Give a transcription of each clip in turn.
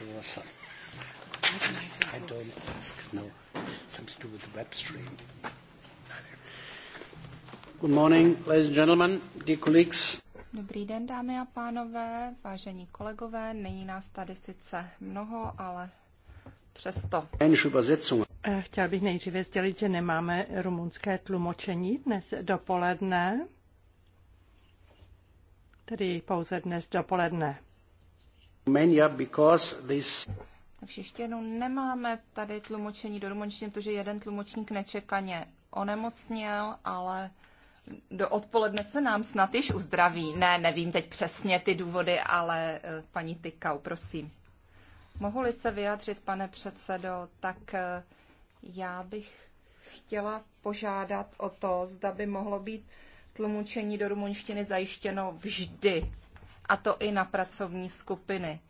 for the sun. I don't ask, no. Something to do with the web stream. Good morning, ladies and gentlemen, dear colleagues. Dobrý den, dámy a pánové, vážení kolegové. Není nás tady sice mnoho, ale přesto. Eh, Chtěl bych nejdříve sdělit, že nemáme rumunské tlumočení dnes dopoledne, tedy pouze dnes dopoledne. Takže ještě jednou nemáme tady tlumočení do rumunštiny, protože jeden tlumočník nečekaně onemocněl, ale do odpoledne se nám snad již uzdraví. Ne, nevím teď přesně ty důvody, ale eh, paní Tykau, prosím. Mohu-li se vyjádřit, pane předsedo, tak eh, já bych chtěla požádat o to, zda by mohlo být tlumočení do rumunštiny zajištěno vždy a to i na pracovní skupiny.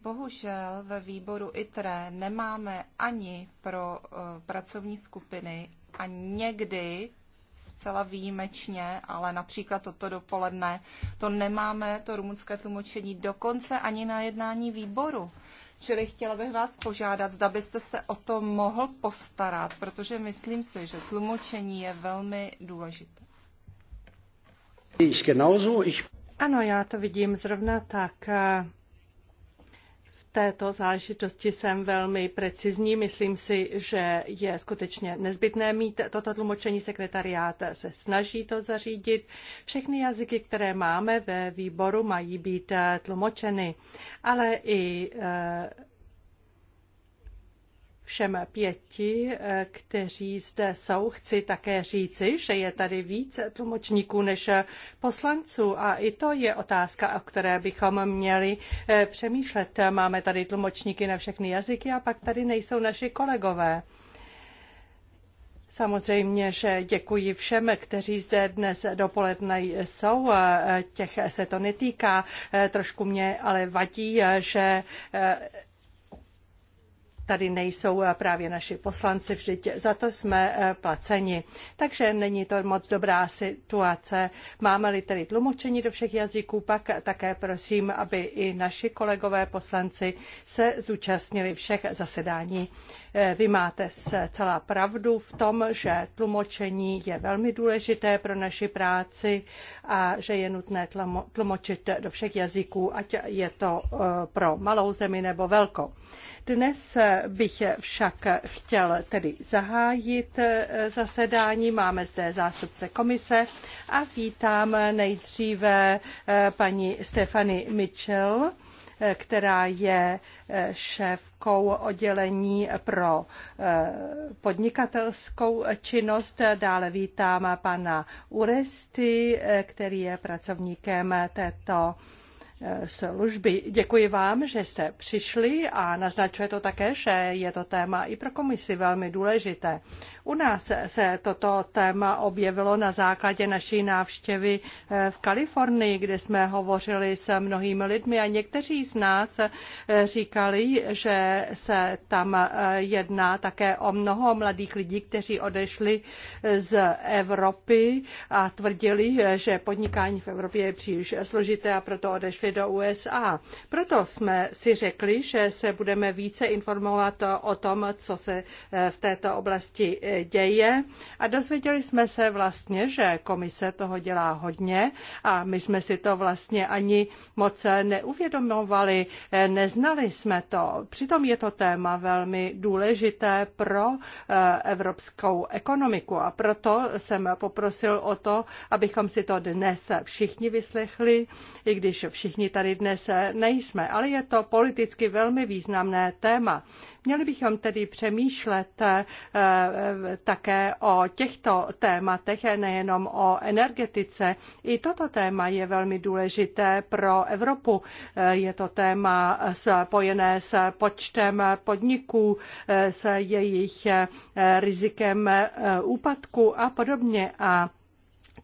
Bohužel ve výboru ITRE nemáme ani pro e, pracovní skupiny a někdy zcela výjimečně, ale například toto dopoledne, to nemáme, to rumunské tlumočení, dokonce ani na jednání výboru. Čili chtěla bych vás požádat, zda byste se o to mohl postarat, protože myslím si, že tlumočení je velmi důležité. Ich genauso, ich... Ano, já to vidím zrovna tak v této záležitosti jsem velmi precizní. Myslím si, že je skutečně nezbytné mít toto tlumočení. Sekretariát se snaží to zařídit. Všechny jazyky, které máme ve výboru, mají být tlumočeny, ale i eh, všem pěti, eh, kteří zde jsou, chci také říci, že je tady více tlumočníků než poslanců a i to je otázka, o které bychom měli eh, přemýšlet. Máme tady tlumočníky na všechny jazyky a pak tady nejsou naši kolegové. Samozřejmě, že děkuji všem, kteří zde dnes dopoledne jsou. Eh, těch se to netýká. Trošku mě ale vadí, že tady nejsou eh, právě naši poslanci, vždyť za to jsme eh, placeni. Takže není to moc dobrá situace. Máme-li tedy tlumočení do všech jazyků, pak také prosím, aby i naši kolegové poslanci se zúčastnili všech zasedání Eh, vy máte celá pravdu v tom, že tlumočení je velmi důležité pro naši práci a že je nutné tlumočit do všech jazyků, ať je to eh, pro malou zemi nebo velkou. Dnes eh, bych však chtěl tedy zahájit zasedání. Máme zde zástupce komise a vítám nejdříve paní Stefany Mitchell, která je eh, šéfkou oddělení pro eh, podnikatelskou činnost. Dále vítám pana Uresty, eh, který je pracovníkem této služby. Děkuji vám, že jste přišli a naznačuje to také, že je to téma i pro komisi velmi důležité. U nás se toto téma objevilo na základě naší návštěvy eh, v Kalifornii, kde jsme hovořili s mnohými lidmi a někteří z nás eh, říkali, že se tam eh, jedná také o mnoho mladých lidí, kteří odešli z Evropy a tvrdili, že podnikání v Evropě je příliš složité a proto odešli do USA. Proto jsme si řekli, že se budeme více informovat o tom, co se v této oblasti děje a dozvěděli jsme se vlastně, že komise toho dělá hodně a my jsme si to vlastně ani moc neuvědomovali, neznali jsme to. Přitom je to téma velmi důležité pro eh, evropskou ekonomiku a proto jsem poprosil o to, abychom si to dnes všichni vyslechli, i když všichni tady dnes nejsme, ale je to politicky velmi významné téma. Měli bychom tedy přemýšlet eh, také o těchto tématech, nejenom o energetice. I toto téma je velmi důležité pro Evropu. Je to téma spojené s počtem podniků, s jejich rizikem úpadku a podobně. A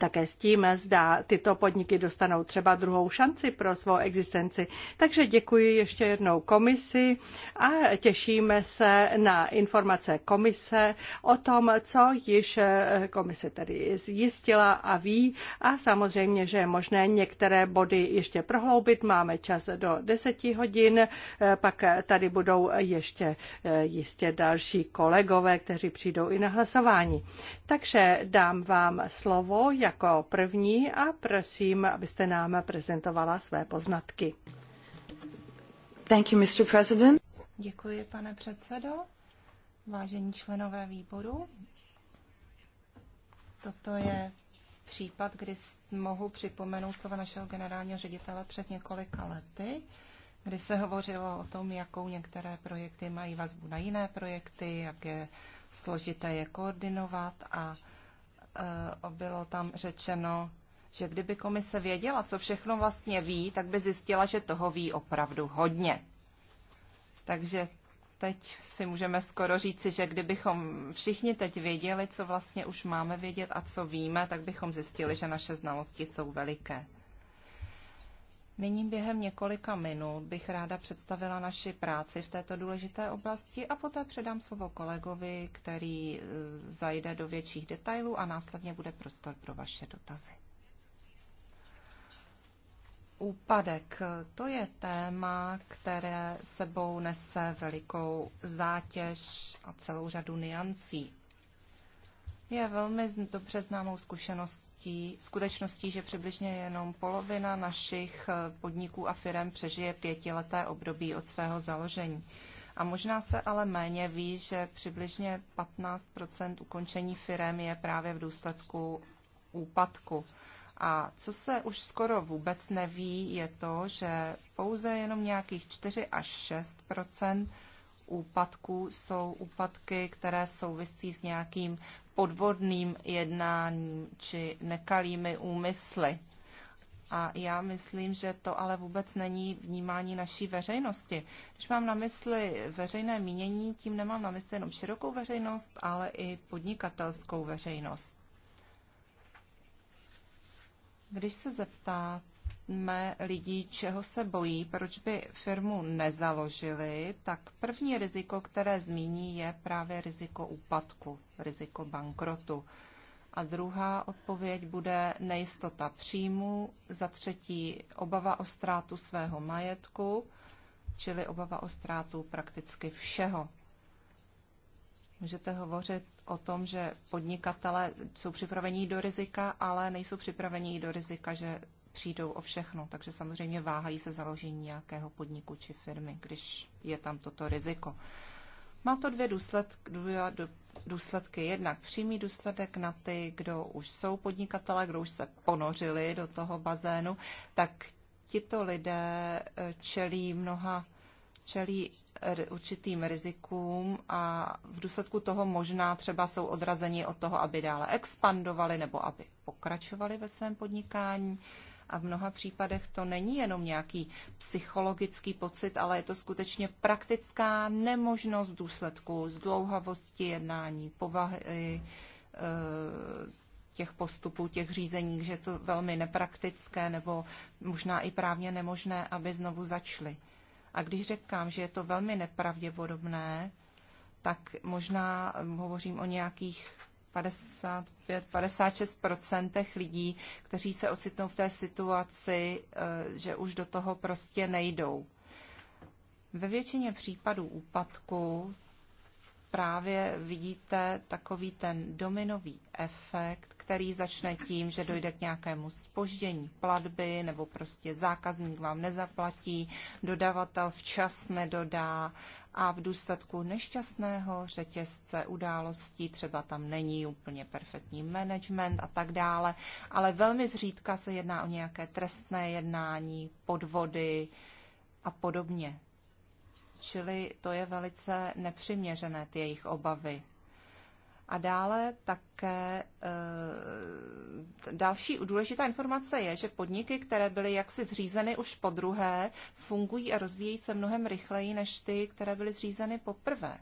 také s tím, zda tyto podniky dostanou třeba druhou šanci pro svou existenci. Takže děkuji ještě jednou komisi a těšíme se na informace komise o tom, co již eh, komise tedy zjistila a ví a samozřejmě, že je možné některé body ještě prohloubit. Máme čas do 10 hodin, eh, pak tady budou ještě eh, jistě další kolegové, kteří přijdou i na hlasování. Takže dám vám slovo, jak jako první a prosím, abyste nám prezentovala své poznatky. Thank you, Mr. President. Děkuji, pane předsedo. Vážení členové výboru, toto je případ, kdy mohu připomenout slova našeho generálního ředitele před několika lety, kdy se hovořilo o tom, jakou některé projekty mají vazbu na jiné projekty, jak je složité je koordinovat a Eh, bylo tam řečeno, že kdyby komise věděla, co všechno vlastně ví, tak by zjistila, že toho ví opravdu hodně. Takže teď si můžeme skoro říci, že kdybychom všichni teď věděli, co vlastně už máme vědět a co víme, tak bychom zjistili, že naše znalosti jsou veliké. Nyní během několika minut bych ráda představila naši práci v této důležité oblasti a poté předám slovo kolegovi, který eh, zajde do větších detailů a následně bude prostor pro vaše dotazy. Úpadek to je téma, které sebou nese velikou zátěž a celou řadu niancí. Je velmi dobře známou zkušenost skutečností, skutečností, že přibližně jenom polovina našich eh, podniků a firm přežije pětileté období od svého založení. A možná se ale méně ví, že přibližně 15 ukončení firm je právě v důsledku úpadku. A co se už skoro vůbec neví, je to, že pouze jenom nějakých 4 až 6 úpadků jsou úpadky, které souvisí s nějakým podvodným jednáním či nekalými úmysly. A já myslím, že to ale vůbec není vnímání naší veřejnosti. Když mám na mysli veřejné mínění, tím nemám na mysli jenom širokou veřejnost, ale i podnikatelskou veřejnost. Když se zeptáte, ptejme lidí, čeho se bojí, proč by firmu nezaložili, tak první riziko, které zmíní, je právě riziko úpadku, riziko bankrotu. A druhá odpověď bude nejistota příjmu, za třetí obava o ztrátu svého majetku, čili obava o ztrátu prakticky všeho. Můžete hovořit o tom, že podnikatele jsou připravení do rizika, ale nejsou připravení do rizika, že přijdou o všechno, takže samozřejmě váhají se založení nějakého podniku či firmy, když je tam toto riziko. Má to dvě důsledky. Dvě důsledky. Jednak přímý důsledek na ty, kdo už jsou podnikatele, kdo už se ponořili do toho bazénu, tak tito lidé eh, čelí mnoha čelí eh, určitým rizikům a v důsledku toho možná třeba jsou odrazeni od toho, aby dále expandovali nebo aby pokračovali ve svém podnikání. A v mnoha případech to není jenom nějaký psychologický pocit, ale je to skutečně praktická nemožnost důsledku zdlouhavosti jednání, povahy e, těch postupů, těch řízení, že je to velmi nepraktické nebo možná i právně nemožné, aby znovu začaly. A když říkám, že je to velmi nepravděpodobné, tak možná hovořím o nějakých 55-56% lidí, kteří se ocitnou v té situaci, eh, že už do toho prostě nejdou. Ve většině případů úpadku právě vidíte takový ten dominový efekt, který začne tím, že dojde k nějakému spoždění platby nebo prostě zákazník vám nezaplatí, dodavatel včas nedodá, a v důsledku nešťastného řetězce událostí třeba tam není úplně perfektní management a tak dále, ale velmi zřídka se jedná o nějaké trestné jednání, podvody a podobně. Čili to je velice nepřiměřené, ty jejich obavy. A dále také e, další důležitá informace je, že podniky, které byly jaksi zřízeny už po druhé, fungují a rozvíjejí se mnohem rychleji než ty, které byly zřízeny poprvé.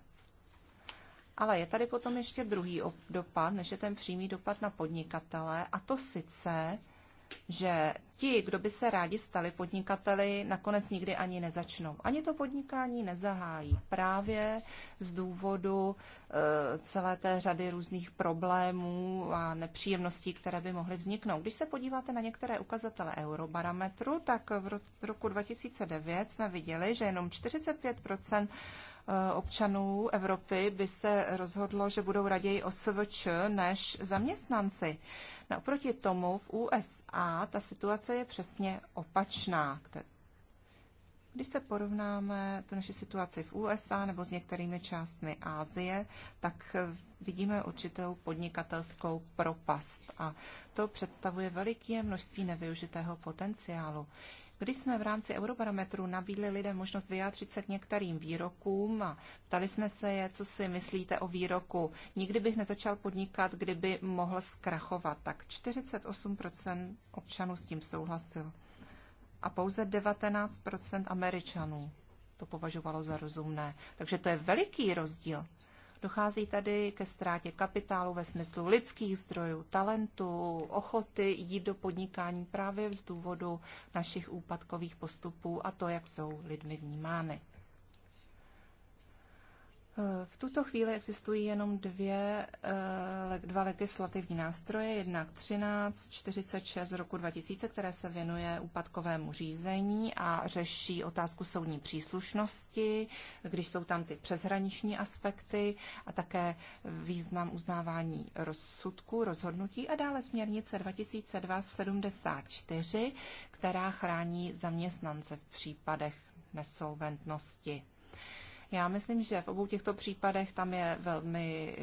Ale je tady potom ještě druhý dopad, než je ten přímý dopad na podnikatele, a to sice, že ti, kdo by se rádi stali podnikateli, nakonec nikdy ani nezačnou. Ani to podnikání nezahájí právě z důvodu eh, celé té řady různých problémů a nepříjemností, které by mohly vzniknout. Když se podíváte na některé ukazatele eurobarometru, tak v roku 2009 jsme viděli, že jenom 45 eh, občanů Evropy by se rozhodlo, že budou raději osvč než zaměstnanci. Naproti no, tomu v USA ta situace je přesně opačná. Když se porovnáme tu naši situaci v USA nebo s některými částmi Ázie, tak vidíme určitou podnikatelskou propast a to představuje veliké množství nevyužitého potenciálu. Když jsme v rámci Eurobarometru nabídli lidem možnost vyjádřit se k některým výrokům a ptali jsme se je, co si myslíte o výroku, nikdy bych nezačal podnikat, kdyby mohl zkrachovat, tak 48% občanů s tím souhlasil. A pouze 19% Američanů to považovalo za rozumné. Takže to je veliký rozdíl. Dochází tady ke ztrátě kapitálu ve smyslu lidských zdrojů, talentu, ochoty jít do podnikání právě z důvodu našich úpadkových postupů a to, jak jsou lidmi vnímány. V tuto chvíli existují jenom dvě, eh, dva legislativní nástroje, jednak 1346 z roku 2000, které se věnuje úpadkovému řízení a řeší otázku soudní příslušnosti, když jsou tam ty přeshraniční aspekty a také význam uznávání rozsudku, rozhodnutí a dále směrnice 2002-74, která chrání zaměstnance v případech nesolventnosti. Já myslím, že v obou těchto případech tam je velmi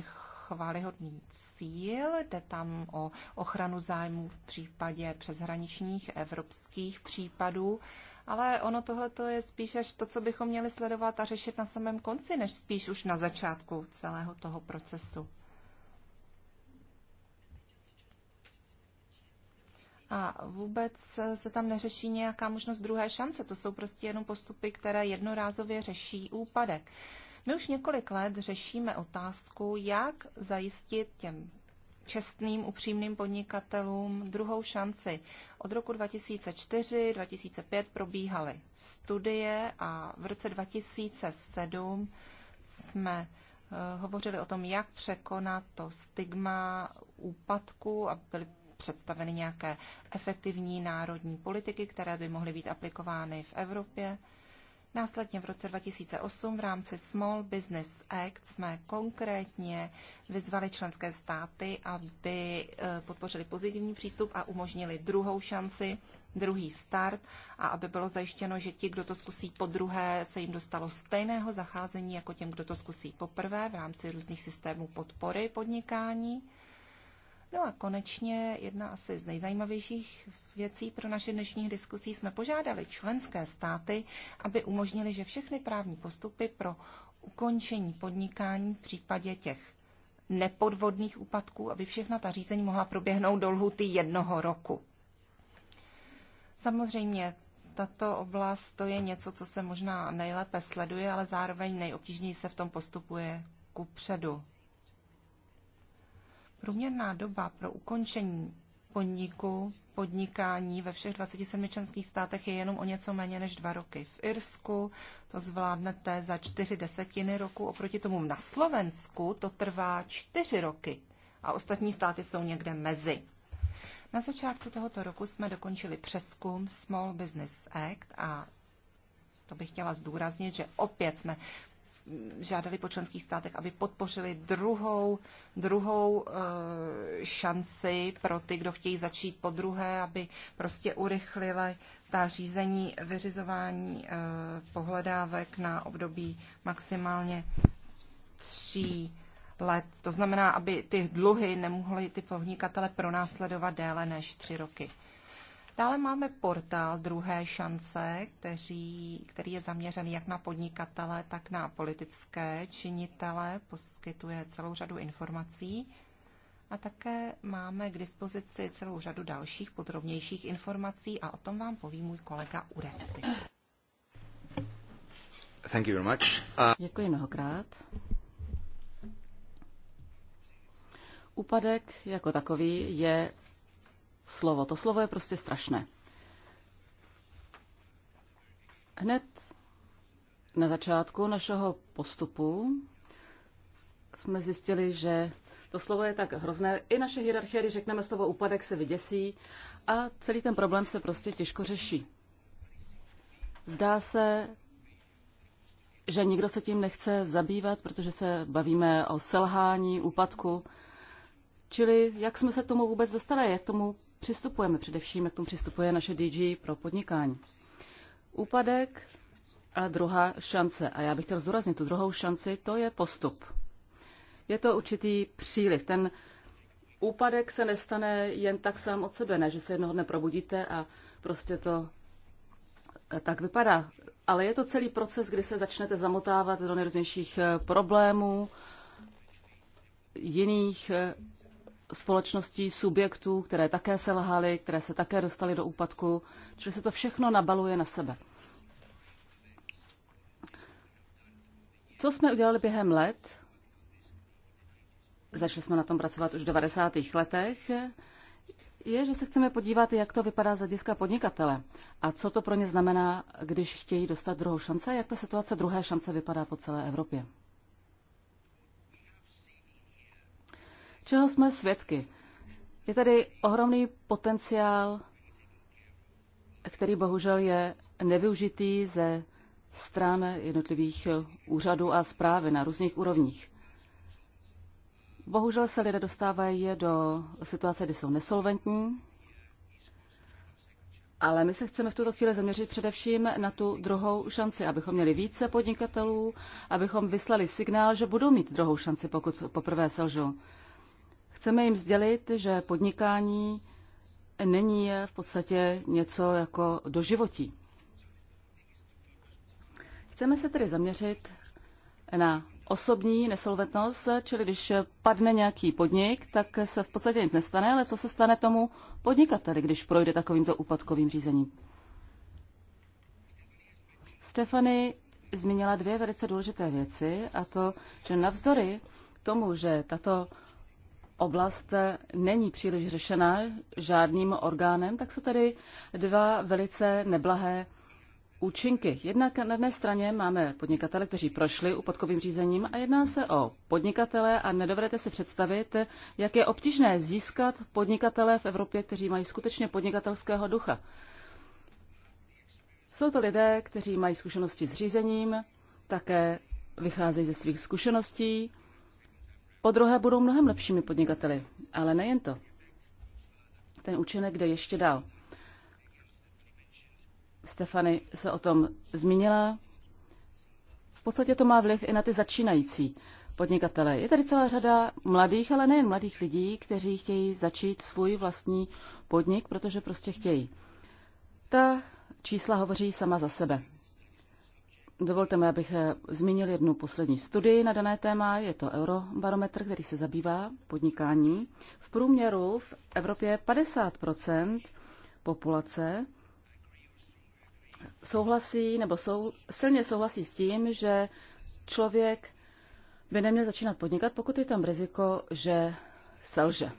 chválihodný cíl. Jde tam o ochranu zájmů v případě přeshraničních evropských případů. Ale ono tohle je spíš až to, co bychom měli sledovat a řešit na samém konci, než spíš už na začátku celého toho procesu. a vůbec se tam neřeší nějaká možnost druhé šance. To jsou prostě jenom postupy, které jednorázově řeší úpadek. My už několik let řešíme otázku, jak zajistit těm čestným, upřímným podnikatelům druhou šanci. Od roku 2004-2005 probíhaly studie a v roce 2007 jsme eh, hovořili o tom, jak překonat to stigma úpadku a byly představeny nějaké efektivní národní politiky, které by mohly být aplikovány v Evropě. Následně v roce 2008 v rámci Small Business Act jsme konkrétně vyzvali členské státy, aby e, podpořili pozitivní přístup a umožnili druhou šanci, druhý start a aby bylo zajištěno, že ti, kdo to zkusí po druhé, se jim dostalo stejného zacházení jako těm, kdo to zkusí poprvé v rámci různých systémů podpory podnikání. No a konečně jedna asi z nejzajímavějších věcí pro naše dnešní diskusí jsme požádali členské státy, aby umožnili, že všechny právní postupy pro ukončení podnikání v případě těch nepodvodných úpadků, aby všechna ta řízení mohla proběhnout do lhuty jednoho roku. Samozřejmě tato oblast to je něco, co se možná nejlépe sleduje, ale zároveň nejobtížněji se v tom postupuje ku předu. Průměrná doba pro ukončení podniku, podnikání ve všech 27 členských státech je jenom o něco méně než dva roky. V Irsku to zvládnete za čtyři desetiny roku, oproti tomu na Slovensku to trvá čtyři roky a ostatní státy jsou někde mezi. Na začátku tohoto roku jsme dokončili přeskum Small Business Act a to bych chtěla zdůraznit, že opět jsme žádali po členských státech, aby podpořili druhou, druhou eh, šanci pro ty, kdo chtějí začít po druhé, aby prostě urychlili ta řízení vyřizování eh, pohledávek na období maximálně tří let. To znamená, aby ty dluhy nemohly ty podnikatele pronásledovat déle než tři roky. Dále máme portál druhé šance, kteří, který je zaměřený jak na podnikatele, tak na politické činitele, poskytuje celou řadu informací. A také máme k dispozici celou řadu dalších podrobnějších informací a o tom vám poví můj kolega Uresty. Thank you very much. Uh... Děkuji mnohokrát. Úpadek jako takový je slovo. To slovo je prostě strašné. Hned na začátku našeho postupu jsme zjistili, že to slovo je tak hrozné. I naše hierarchie, když řekneme slovo úpadek, se vyděsí a celý ten problém se prostě těžko řeší. Zdá se, že nikdo se tím nechce zabývat, protože se bavíme o selhání, úpadku. Čili jak jsme se k tomu vůbec dostali, jak k tomu přistupujeme, především jak k tomu přistupuje naše DG pro podnikání. Úpadek a druhá šance. A já bych chtěl zdůraznit tu druhou šanci, to je postup. Je to určitý příliv. Ten úpadek se nestane jen tak sám od sebe, ne, že se jednoho dne probudíte a prostě to eh, tak vypadá. Ale je to celý proces, kdy se začnete zamotávat do nejrůznějších eh, problémů, jiných eh, společností, subjektů, které také selhaly, které se také dostaly do úpadku, čili se to všechno nabaluje na sebe. Co jsme udělali během let? Začali jsme na tom pracovat už v 90. letech. Je, že se chceme podívat, jak to vypadá z hlediska podnikatele a co to pro ně znamená, když chtějí dostat druhou šance, jak ta situace druhé šance vypadá po celé Evropě. čeho jsme svědky. Je tady ohromný potenciál, který bohužel je nevyužitý ze stran jednotlivých úřadů a zprávy na různých úrovních. Bohužel se lidé dostávají do situace, kdy jsou nesolventní, ale my se chceme v tuto chvíli zaměřit především na tu druhou šanci, abychom měli více podnikatelů, abychom vyslali signál, že budou mít druhou šanci, pokud poprvé selžou. Chceme jim sdělit, že podnikání není v podstatě něco jako doživotí. Chceme se tedy zaměřit na osobní nesolventnost, čili když padne nějaký podnik, tak se v podstatě nic nestane, ale co se stane tomu podnikateli, když projde takovýmto úpadkovým řízením? Stefany zmínila dvě velice důležité věci, a to, že navzdory tomu, že tato oblast není příliš řešena žádným orgánem, tak jsou tady dva velice neblahé účinky. Jednak na jedné straně máme podnikatele, kteří prošli úpadkovým řízením a jedná se o podnikatele a nedovedete si představit, jak je obtížné získat podnikatele v Evropě, kteří mají skutečně podnikatelského ducha. Jsou to lidé, kteří mají zkušenosti s řízením, také vycházejí ze svých zkušeností, po druhé budou mnohem lepšími podnikateli. Ale nejen to. Ten účinek jde ještě dál. Stefany se o tom zmínila. V podstatě to má vliv i na ty začínající podnikatele. Je tady celá řada mladých, ale nejen mladých lidí, kteří chtějí začít svůj vlastní podnik, protože prostě chtějí. Ta čísla hovoří sama za sebe. Dovolte mi, abych eh, zmínil jednu poslední studii na dané téma. Je to Eurobarometr, který se zabývá podnikáním. V průměru v Evropě 50 populace souhlasí nebo sou, silně souhlasí s tím, že člověk by neměl začínat podnikat, pokud je tam riziko, že selže.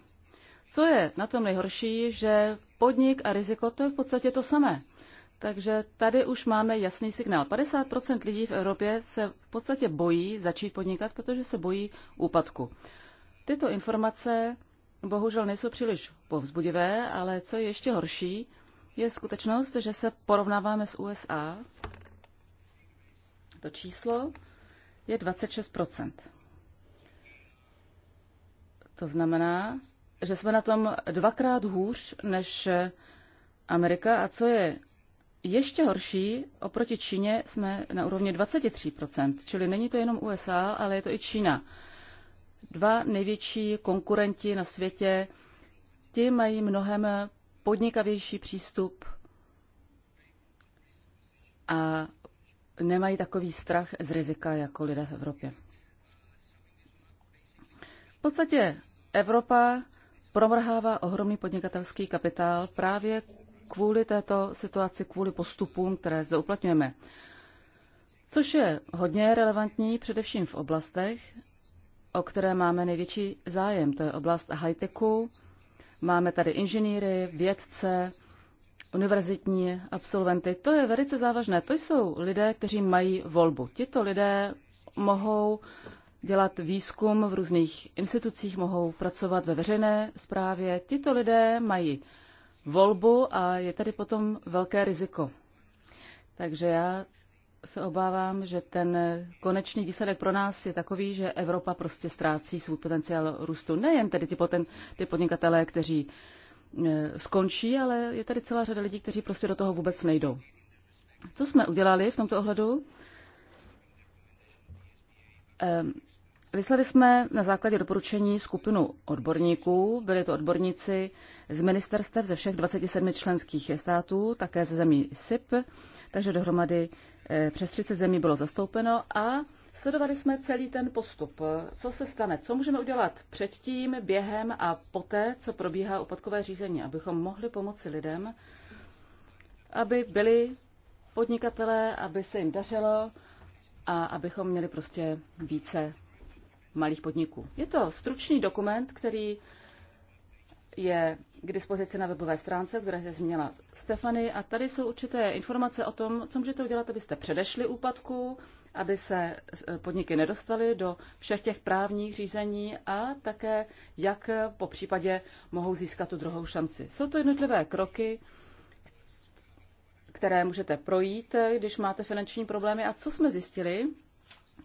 Co je na tom nejhorší, že podnik a riziko to je v podstatě to samé. Takže tady už máme jasný signál. 50% lidí v Evropě se v podstatě bojí začít podnikat, protože se bojí úpadku. Tyto informace bohužel nejsou příliš povzbudivé, ale co je ještě horší, je skutečnost, že se porovnáváme s USA. To číslo je 26%. To znamená, že jsme na tom dvakrát hůř než Amerika. A co je ještě horší, oproti Číně jsme na úrovni 23%, čili není to jenom USA, ale je to i Čína. Dva největší konkurenti na světě, ti mají mnohem podnikavější přístup a nemají takový strach z rizika jako lidé v Evropě. V podstatě Evropa promrhává ohromný podnikatelský kapitál právě kvůli této situaci, kvůli postupům, které zde uplatňujeme. Což je hodně relevantní především v oblastech, o které máme největší zájem. To je oblast high-techu. Máme tady inženýry, vědce, univerzitní absolventy. To je velice závažné. To jsou lidé, kteří mají volbu. Tito lidé mohou dělat výzkum v různých institucích, mohou pracovat ve veřejné správě. Tito lidé mají volbu a je tady potom velké riziko. Takže já se obávám, že ten konečný výsledek pro nás je takový, že Evropa prostě ztrácí svůj potenciál růstu. Nejen tedy ty, poten, ty podnikatelé, kteří e, skončí, ale je tady celá řada lidí, kteří prostě do toho vůbec nejdou. Co jsme udělali v tomto ohledu? Vyslali jsme na základě doporučení skupinu odborníků. Byli to odborníci z ministerstev ze všech 27 členských států, také ze zemí SIP, takže dohromady eh, přes 30 zemí bylo zastoupeno a sledovali jsme celý ten postup. Co se stane? Co můžeme udělat předtím, během a poté, co probíhá upadkové řízení, abychom mohli pomoci lidem, aby byli podnikatelé, aby se jim dařilo a abychom měli prostě více malých podniků. Je to stručný dokument, který je k dispozici na webové stránce, která se změnila Stefany. A tady jsou určité informace o tom, co můžete udělat, abyste předešli úpadku, aby se eh, podniky nedostaly do všech těch právních řízení a také, jak eh, po případě mohou získat tu druhou šanci. Jsou to jednotlivé kroky, které můžete projít, eh, když máte finanční problémy. A co jsme zjistili,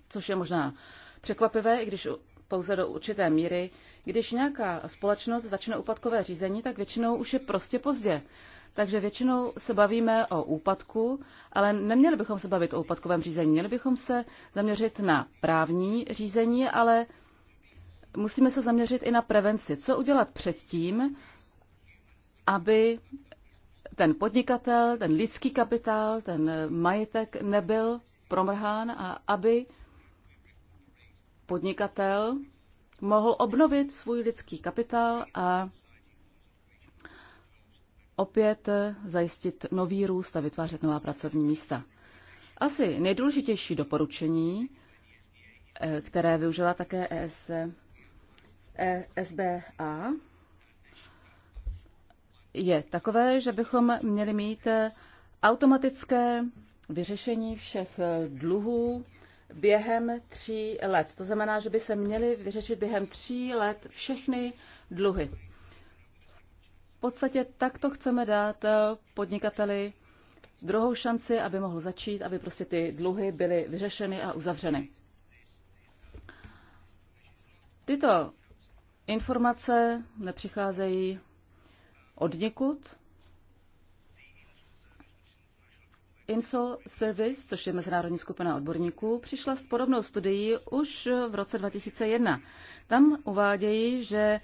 což je možná překvapivé, i když pouze do určité míry. Když nějaká společnost začne úpadkové řízení, tak většinou už je prostě pozdě. Takže většinou se bavíme o úpadku, ale neměli bychom se bavit o úpadkovém řízení. Měli bychom se zaměřit na právní řízení, ale musíme se zaměřit i na prevenci. Co udělat předtím, aby ten podnikatel, ten lidský kapitál, ten majetek nebyl promrhán a aby podnikatel mohl obnovit svůj lidský kapitál a opět zajistit nový růst a vytvářet nová pracovní místa. Asi nejdůležitější doporučení, eh, které využila také ES, e SBA, je takové, že bychom měli mít automatické vyřešení všech dluhů během tří let. To znamená, že by se měly vyřešit během tří let všechny dluhy. V podstatě takto chceme dát eh, podnikateli druhou šanci, aby mohl začít, aby prostě ty dluhy byly vyřešeny a uzavřeny. Tyto informace nepřicházejí od někud, Insol Service, což je mezinárodní skupina odborníků, přišla s podobnou studií už v roce 2001. Tam uvádějí, že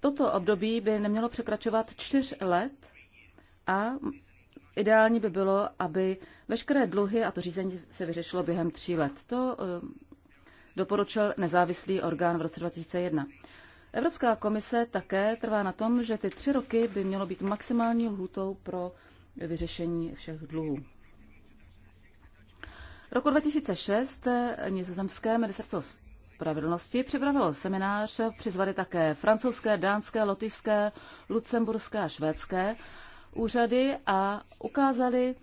toto období by nemělo překračovat čtyř let a ideální by bylo, aby veškeré dluhy a to řízení se vyřešilo během tří let. To eh, doporučil nezávislý orgán v roce 2001. Evropská komise také trvá na tom, že ty tři roky by mělo být maximální lhůtou pro vyřešení všech dluhů. V roku 2006 nizozemské ministerstvo spravedlnosti připravilo seminář, přizvali také francouzské, dánské, lotyšské, lucemburské a švédské úřady a ukázali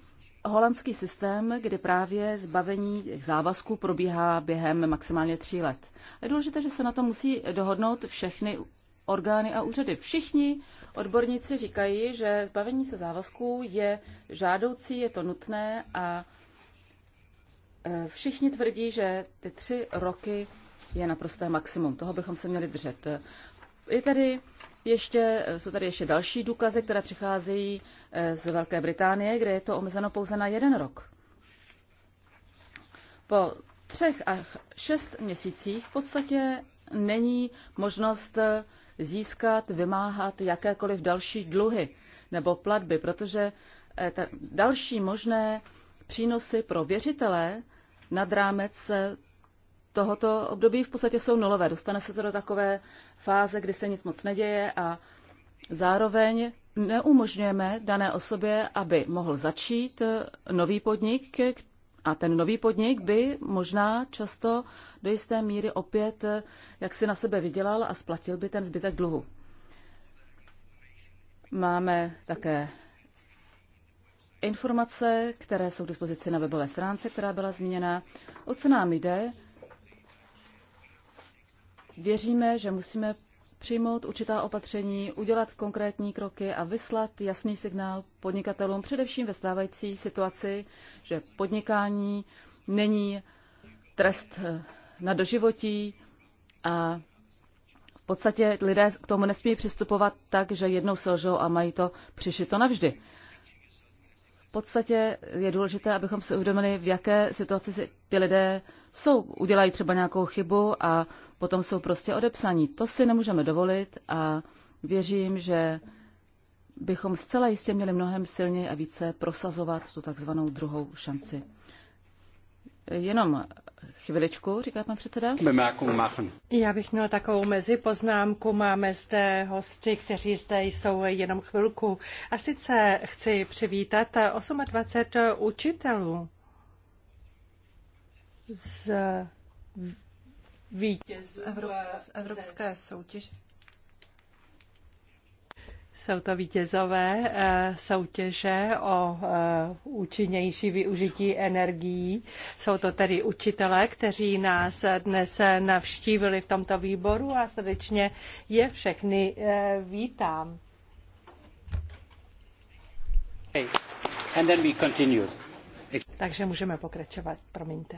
holandský systém, kdy právě zbavení těch závazků probíhá během maximálně tří let. Je důležité, že se na to musí dohodnout všechny orgány a úřady. Všichni Odborníci říkají, že zbavení se závazků je žádoucí, je to nutné a e, všichni tvrdí, že ty tři roky je naprosté maximum. Toho bychom se měli držet. Je tady ještě, jsou tady ještě další důkazy, které přicházejí e, z Velké Británie, kde je to omezeno pouze na jeden rok. Po třech a šest měsících v podstatě není možnost e, získat, vymáhat jakékoliv další dluhy nebo platby, protože eh, další možné přínosy pro věřitele nad rámec eh, tohoto období v podstatě jsou nulové. Dostane se to do takové fáze, kdy se nic moc neděje a zároveň neumožňujeme dané osobě, aby mohl začít eh, nový podnik, a ten nový podnik by možná často do jisté míry opět eh, jak si na sebe vydělal a splatil by ten zbytek dluhu. Máme také informace, které jsou k dispozici na webové stránce, která byla zmíněna. O co nám jde? Věříme, že musíme přijmout určitá opatření, udělat konkrétní kroky a vyslat jasný signál podnikatelům, především ve stávající situaci, že podnikání není trest eh, na doživotí a v podstatě lidé k tomu nesmí přistupovat tak, že jednou selžou a mají to přišito navždy. V podstatě je důležité, abychom si uvědomili, v jaké situaci ty lidé jsou. Udělají třeba nějakou chybu a potom jsou prostě odepsaní. To si nemůžeme dovolit a věřím, že bychom zcela jistě měli mnohem silněji a více prosazovat tu takzvanou druhou šanci. Jenom chviličku, říká pan předseda. Já bych měla takovou mezi poznámku Máme zde hosty, kteří zde jsou jenom chvilku. A sice chci přivítat 28 učitelů z vítěz z evropské soutěže. Jsou to vítězové eh, soutěže o eh, účinnější využití energií. Jsou to tedy učitelé, kteří nás dnes navštívili v tomto výboru a srdečně je všechny eh, vítám. And then we continue. Takže můžeme pokračovat, promiňte.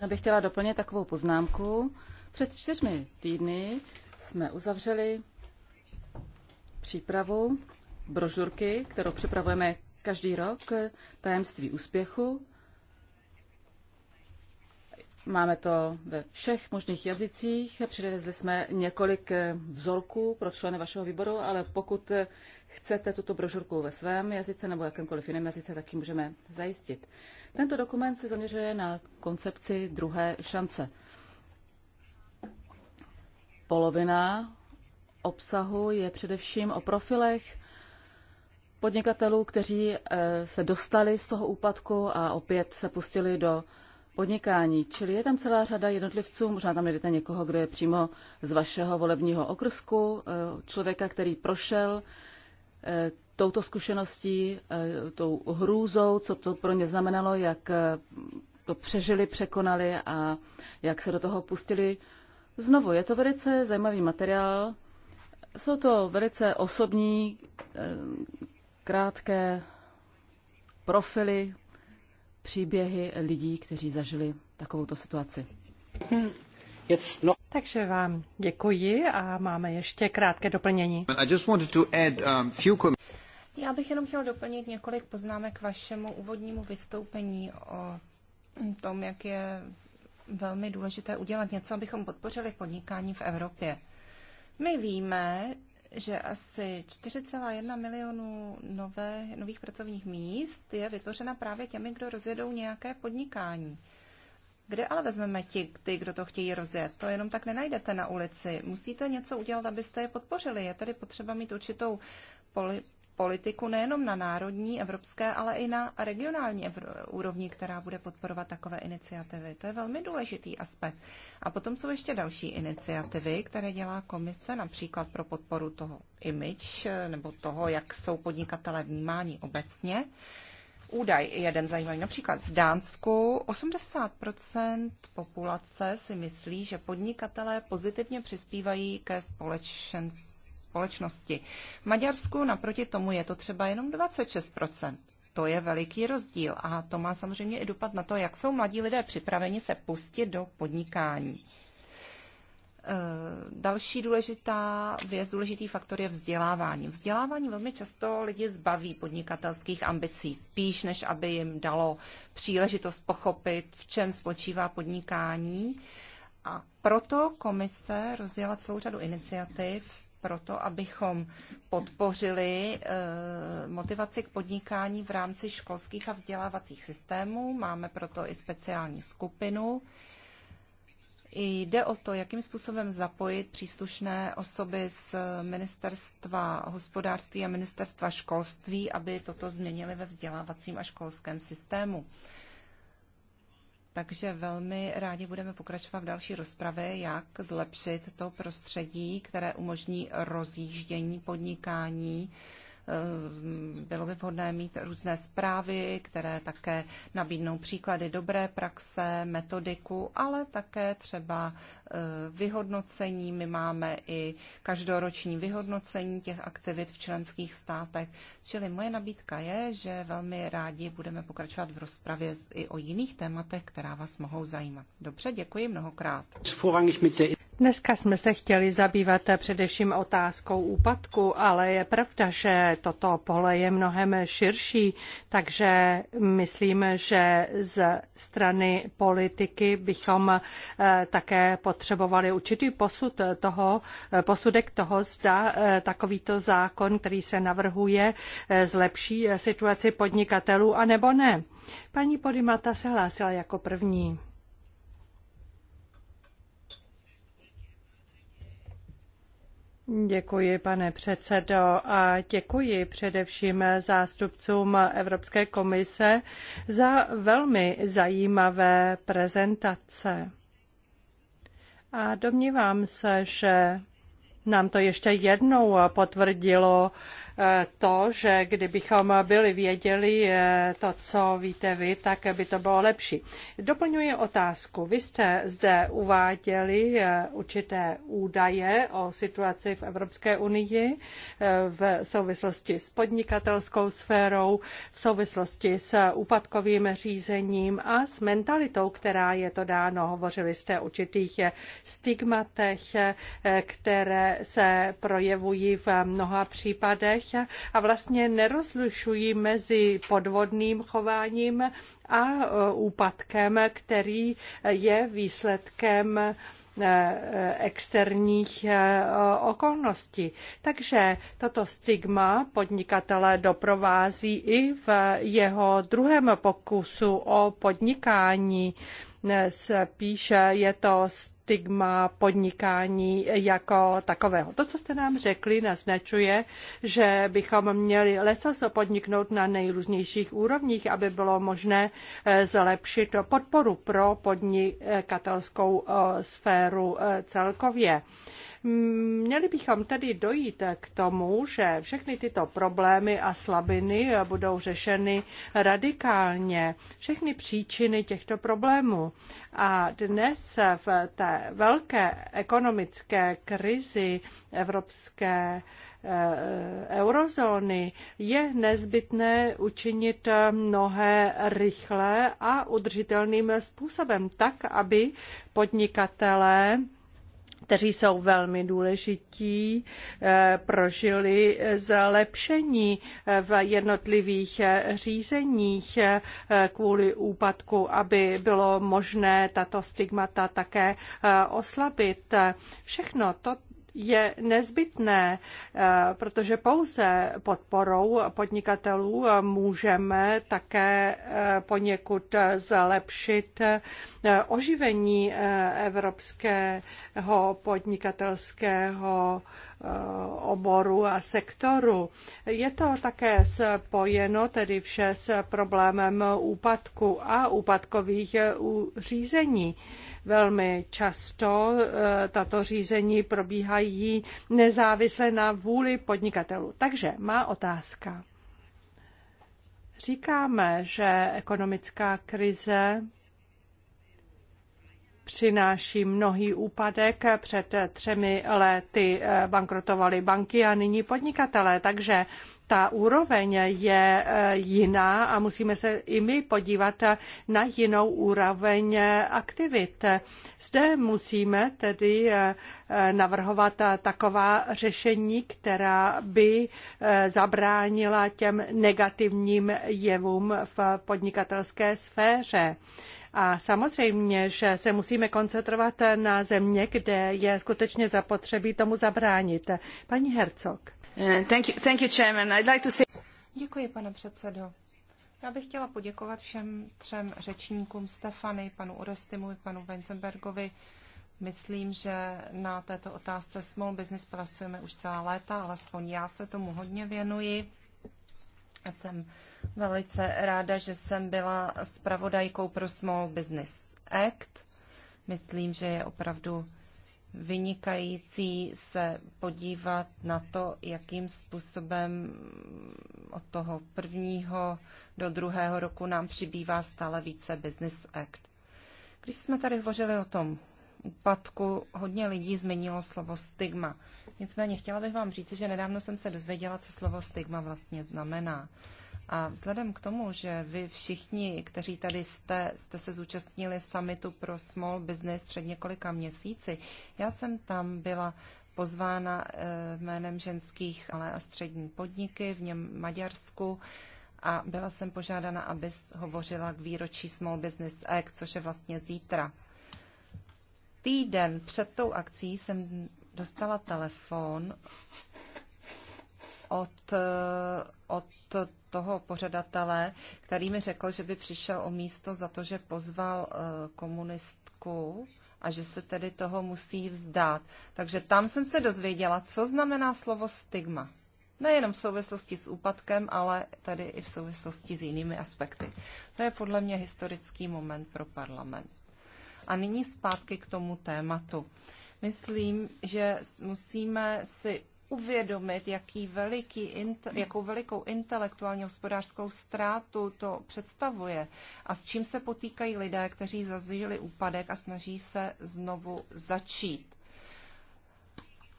Já bych chtěla doplnit takovou poznámku. Před čtyřmi týdny jsme uzavřeli přípravu brožurky, kterou připravujeme každý rok, tajemství úspěchu. Máme to ve všech možných jazycích. Přivezli jsme několik vzorků pro členy vašeho výboru, ale pokud chcete tuto brožurku ve svém jazyce nebo jakémkoliv jiném jazyce, tak ji můžeme zajistit. Tento dokument se zaměřuje na koncepci druhé šance. Polovina obsahu je především o profilech podnikatelů, kteří eh, se dostali z toho úpadku a opět se pustili do podnikání. Čili je tam celá řada jednotlivců, možná tam najdete někoho, kdo je přímo z vašeho volebního okrsku, eh, člověka, který prošel Eh, touto zkušeností, eh, tou hrůzou, co to pro ně znamenalo, jak eh, to přežili, překonali a jak se do toho pustili. Znovu, je to velice zajímavý materiál. Jsou to velice osobní, krátké profily, příběhy lidí, kteří zažili takovouto situaci. Hmm. Takže vám děkuji a máme ještě krátké doplnění. Um, Já bych jenom chtěla doplnit několik poznámek k vašemu úvodnímu vystoupení o tom, jak je velmi důležité udělat něco, abychom podpořili podnikání v Evropě. My víme, že asi 4,1 milionů nové, nových pracovních míst je vytvořena právě těmi, kdo rozjedou nějaké podnikání. Kde ale vezmeme ti, ty, kdo to chtějí rozjet? To jenom tak nenajdete na ulici. Musíte něco udělat, abyste je podpořili. Je tedy potřeba mít určitou poli- politiku nejenom na národní, evropské, ale i na regionální úrovni, která bude podporovat takové iniciativy. To je velmi důležitý aspekt. A potom jsou ještě další iniciativy, které dělá komise, například pro podporu toho image nebo toho, jak jsou podnikatele vnímáni obecně údaj, jeden zajímavý. Například v Dánsku 80 populace si myslí, že podnikatelé pozitivně přispívají ke společnosti. V Maďarsku naproti tomu je to třeba jenom 26 to je veliký rozdíl a to má samozřejmě i dopad na to, jak jsou mladí lidé připraveni se pustit do podnikání. Eh, další důležitá věc, důležitý faktor je vzdělávání. Vzdělávání velmi často lidi zbaví podnikatelských ambicí, spíš než aby jim dalo příležitost pochopit, v čem spočívá podnikání. A proto komise rozjela celou řadu iniciativ proto, abychom podpořili eh, motivaci k podnikání v rámci školských a vzdělávacích systémů. Máme proto i speciální skupinu. Jde o to, jakým způsobem zapojit příslušné osoby z ministerstva hospodářství a ministerstva školství, aby toto změnili ve vzdělávacím a školském systému. Takže velmi rádi budeme pokračovat v další rozpravě, jak zlepšit to prostředí, které umožní rozjíždění podnikání Eh, bylo by vhodné mít různé zprávy, které také nabídnou příklady dobré praxe, metodiku, ale také třeba eh, vyhodnocení. My máme i každoroční vyhodnocení těch aktivit v členských státech. Čili moje nabídka je, že velmi rádi budeme pokračovat v rozpravě i o jiných tématech, která vás mohou zajímat. Dobře, děkuji mnohokrát. Dneska jsme se chtěli zabývat především otázkou úpadku, ale je pravda, že toto pole je mnohem širší, takže myslím, že z strany politiky bychom eh, také potřebovali určitý posud toho, eh, posudek toho, zda eh, takovýto zákon, který se navrhuje, zlepší situaci podnikatelů, anebo ne. Paní Podimata se hlásila jako první. Děkuji, pane předsedo, a děkuji především zástupcům Evropské komise za velmi zajímavé prezentace. A domnívám se, že nám to ještě jednou potvrdilo Eh, to, že kdybychom byli věděli eh, to, co víte vy, tak by to bylo lepší. Doplňuji otázku. Vy jste zde uváděli eh, určité údaje o situaci v Evropské unii v souvislosti s podnikatelskou sférou, v souvislosti s úpadkovým řízením a s mentalitou, která je to dáno. Hovořili jste o určitých stigmatech, které se projevují v mnoha případech a vlastně nerozlišují mezi podvodným chováním a e, úpadkem, který je výsledkem e, externích e, okolností. Takže toto stigma podnikatele doprovází i v jeho druhém pokusu o podnikání. Spíše je to stigma stigma podnikání jako takového. To, co jste nám řekli, naznačuje, že bychom měli se podniknout na nejrůznějších úrovních, aby bylo možné eh, zlepšit podporu pro podnikatelskou eh, sféru eh, celkově. Měli bychom tedy dojít k tomu, že všechny tyto problémy a slabiny budou řešeny radikálně. Všechny příčiny těchto problémů. A dnes v té velké ekonomické krizi Evropské eh, eurozóny je nezbytné učinit mnohé rychle a udržitelným způsobem, tak aby podnikatelé kteří jsou velmi důležití, eh, prožili zlepšení eh, v jednotlivých eh, řízeních kvůli úpadku, aby bylo možné tato stigmata také oslabit. Všechno to je nezbytné, eh, protože pouze podporou podnikatelů eh, můžeme také eh, poněkud zlepšit oživení evropského podnikatelského Eh, oboru a sektoru. Je to také spojeno tedy vše s problémem úpadku a úpadkových eh, řízení. Velmi často eh, tato řízení probíhají nezávisle na vůli podnikatelů. Takže má otázka. Říkáme, že ekonomická krize přináší mnohý úpadek. Před třemi lety eh, bankrotovaly banky a nyní podnikatelé, takže ta úroveň je eh, jiná a musíme se i my podívat eh, na jinou úroveň aktivit. Zde musíme tedy navrhovat taková řešení, která by zabránila těm negativním jevům v podnikatelské sféře. A samozřejmě, že se musíme koncentrovat na země, kde je skutečně zapotřebí tomu zabránit. Paní Hercog. Eh, thank you, thank you, chairman. I'd like to say... Děkuji, pane předsedo. Já bych chtěla poděkovat všem třem řečníkům, Stefany, panu Orestimu i panu Wenzenbergovi. Myslím, že na této otázce Small Business pracujeme už celá léta, alespoň já se tomu hodně věnuji. Jsem velice ráda, že jsem byla spravodajkou pro Small Business Act. Myslím, že je opravdu vynikající se podívat na to, jakým způsobem od toho prvního do druhého roku nám přibývá stále více Business Act. Když jsme tady hovořili o tom úpadku hodně lidí změnilo slovo stigma. Nicméně chtěla bych vám říct, že nedávno jsem se dozvěděla, co slovo stigma vlastně znamená. A vzhledem k tomu, že vy všichni, kteří tady jste, jste se zúčastnili summitu pro small business před několika měsíci, já jsem tam byla pozvána eh, jménem ženských ale a střední podniky v něm Maďarsku a byla jsem požádána, aby hovořila k výročí Small Business Act, což je vlastně zítra týden před tou akcí jsem dostala telefon od, eh, od toho pořadatele, který mi řekl, že by přišel o místo za to, že pozval eh, komunistku a že se tedy toho musí vzdát. Takže tam jsem se dozvěděla, co znamená slovo stigma. Nejenom v souvislosti s úpadkem, ale tady i v souvislosti s jinými aspekty. To je podle mě historický moment pro parlament. A nyní zpátky k tomu tématu. Myslím, že musíme si uvědomit, jaký veliký, jakou velikou intelektuálně hospodářskou ztrátu to představuje a s čím se potýkají lidé, kteří zažili úpadek a snaží se znovu začít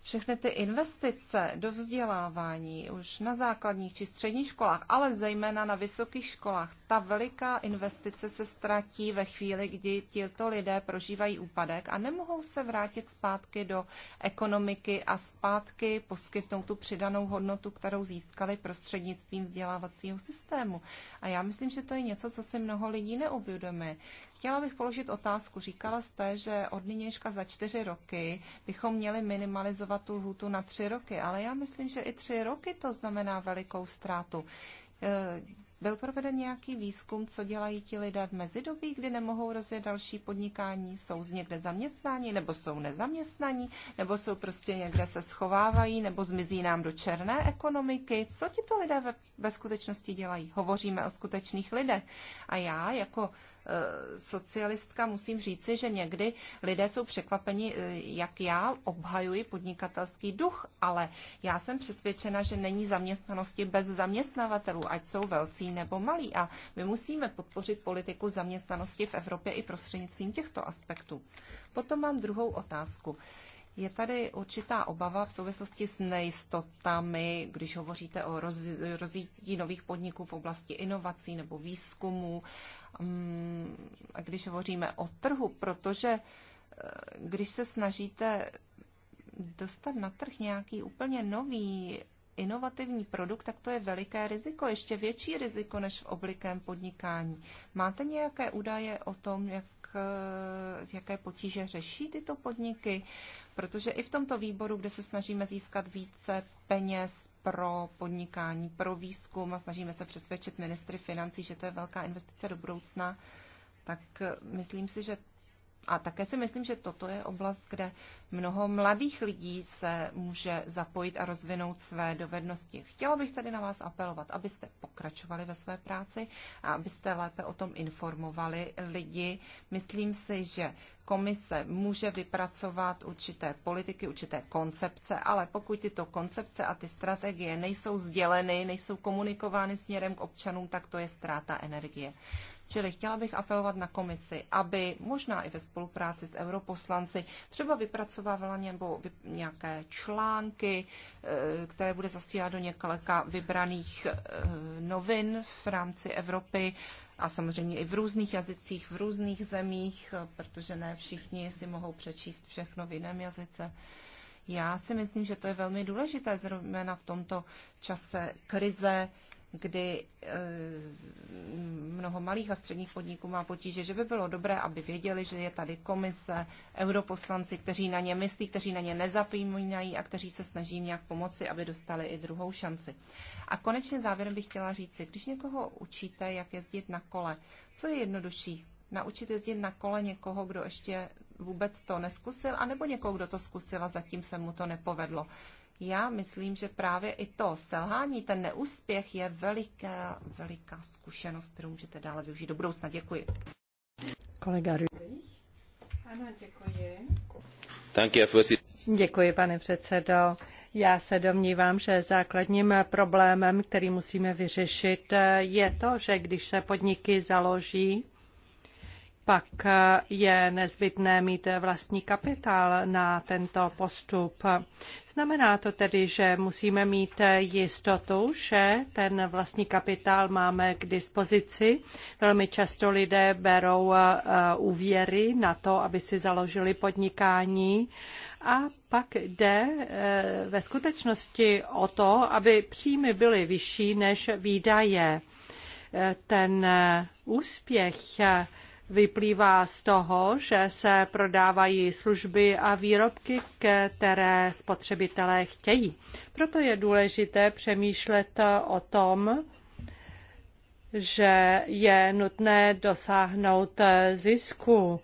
všechny ty investice do vzdělávání už na základních či středních školách, ale zejména na vysokých školách, ta veliká investice se ztratí ve chvíli, kdy tito lidé prožívají úpadek a nemohou se vrátit zpátky do ekonomiky a zpátky poskytnout tu přidanou hodnotu, kterou získali prostřednictvím vzdělávacího systému. A já myslím, že to je něco, co si mnoho lidí neuvědomuje. Chtěla bych položit otázku. Říkala jste, že od nynějška za čtyři roky bychom měli minimalizovat tu lhůtu na tři roky, ale já myslím, že i tři roky to znamená velikou ztrátu. E, byl proveden nějaký výzkum, co dělají ti lidé v mezidobí, kdy nemohou rozjet další podnikání? Jsou z někde zaměstnání, nebo jsou nezaměstnaní, nebo jsou prostě někde se schovávají, nebo zmizí nám do černé ekonomiky? Co ti to lidé ve, ve skutečnosti dělají? Hovoříme o skutečných lidech. A já jako Eh, socialistka, musím říci, že někdy lidé jsou překvapeni, eh, jak já obhajuji podnikatelský duch, ale já jsem přesvědčena, že není zaměstnanosti bez zaměstnavatelů, ať jsou velcí nebo malí. A my musíme podpořit politiku zaměstnanosti v Evropě i prostřednictvím těchto aspektů. Potom mám druhou otázku. Je tady určitá obava v souvislosti s nejistotami, když hovoříte o roz, rozjítí nových podniků v oblasti inovací nebo výzkumu, mm, a když hovoříme o trhu, protože eh, když se snažíte dostat na trh nějaký úplně nový inovativní produkt, tak to je veliké riziko, ještě větší riziko než v oblikém podnikání. Máte nějaké údaje o tom, jak jaké potíže řeší tyto podniky, protože i v tomto výboru, kde se snažíme získat více peněz pro podnikání, pro výzkum a snažíme se přesvědčit ministry financí, že to je velká investice do budoucna, tak myslím si, že a také si myslím, že toto je oblast, kde mnoho mladých lidí se může zapojit a rozvinout své dovednosti. Chtěla bych tady na vás apelovat, abyste pokračovali ve své práci a abyste lépe o tom informovali lidi. Myslím si, že komise může vypracovat určité politiky, určité koncepce, ale pokud tyto koncepce a ty strategie nejsou sděleny, nejsou komunikovány směrem k občanům, tak to je ztráta energie. Čili chtěla bych apelovat na komisi, aby možná i ve spolupráci s europoslanci třeba vypracovávala nebo nějaké články, e, které bude zasílat do několika vybraných e, novin v rámci Evropy, a samozřejmě i v různých jazycích, v různých zemích, e, protože ne všichni si mohou přečíst všechno v jiném jazyce. Já si myslím, že to je velmi důležité, zrovna v tomto čase krize, kdy eh, mnoho malých a středních podniků má potíže, že by bylo dobré, aby věděli, že je tady komise, europoslanci, kteří na ně myslí, kteří na ně nezapomínají a kteří se snaží nějak pomoci, aby dostali i druhou šanci. A konečně závěrem bych chtěla říct, si, když někoho učíte, jak jezdit na kole, co je jednodušší? Naučit jezdit na kole někoho, kdo ještě vůbec to neskusil, anebo někoho, kdo to zkusil a zatím se mu to nepovedlo já myslím, že právě i to selhání, ten neúspěch je veliká, veliká zkušenost, kterou můžete dále využít do budoucna. Děkuji. Kolega Ano, děkuji. Děkuji, pane předsedo. Já se domnívám, že základním problémem, který musíme vyřešit, je to, že když se podniky založí, pak eh, je nezbytné mít vlastní kapitál na tento postup. Znamená to tedy, že musíme mít jistotu, že ten vlastní kapitál máme k dispozici. Velmi často lidé berou eh, úvěry na to, aby si založili podnikání a pak jde eh, ve skutečnosti o to, aby příjmy byly vyšší než výdaje. Ten úspěch Vyplývá z toho, že se prodávají služby a výrobky, které spotřebitelé chtějí. Proto je důležité přemýšlet o tom, že je nutné dosáhnout zisku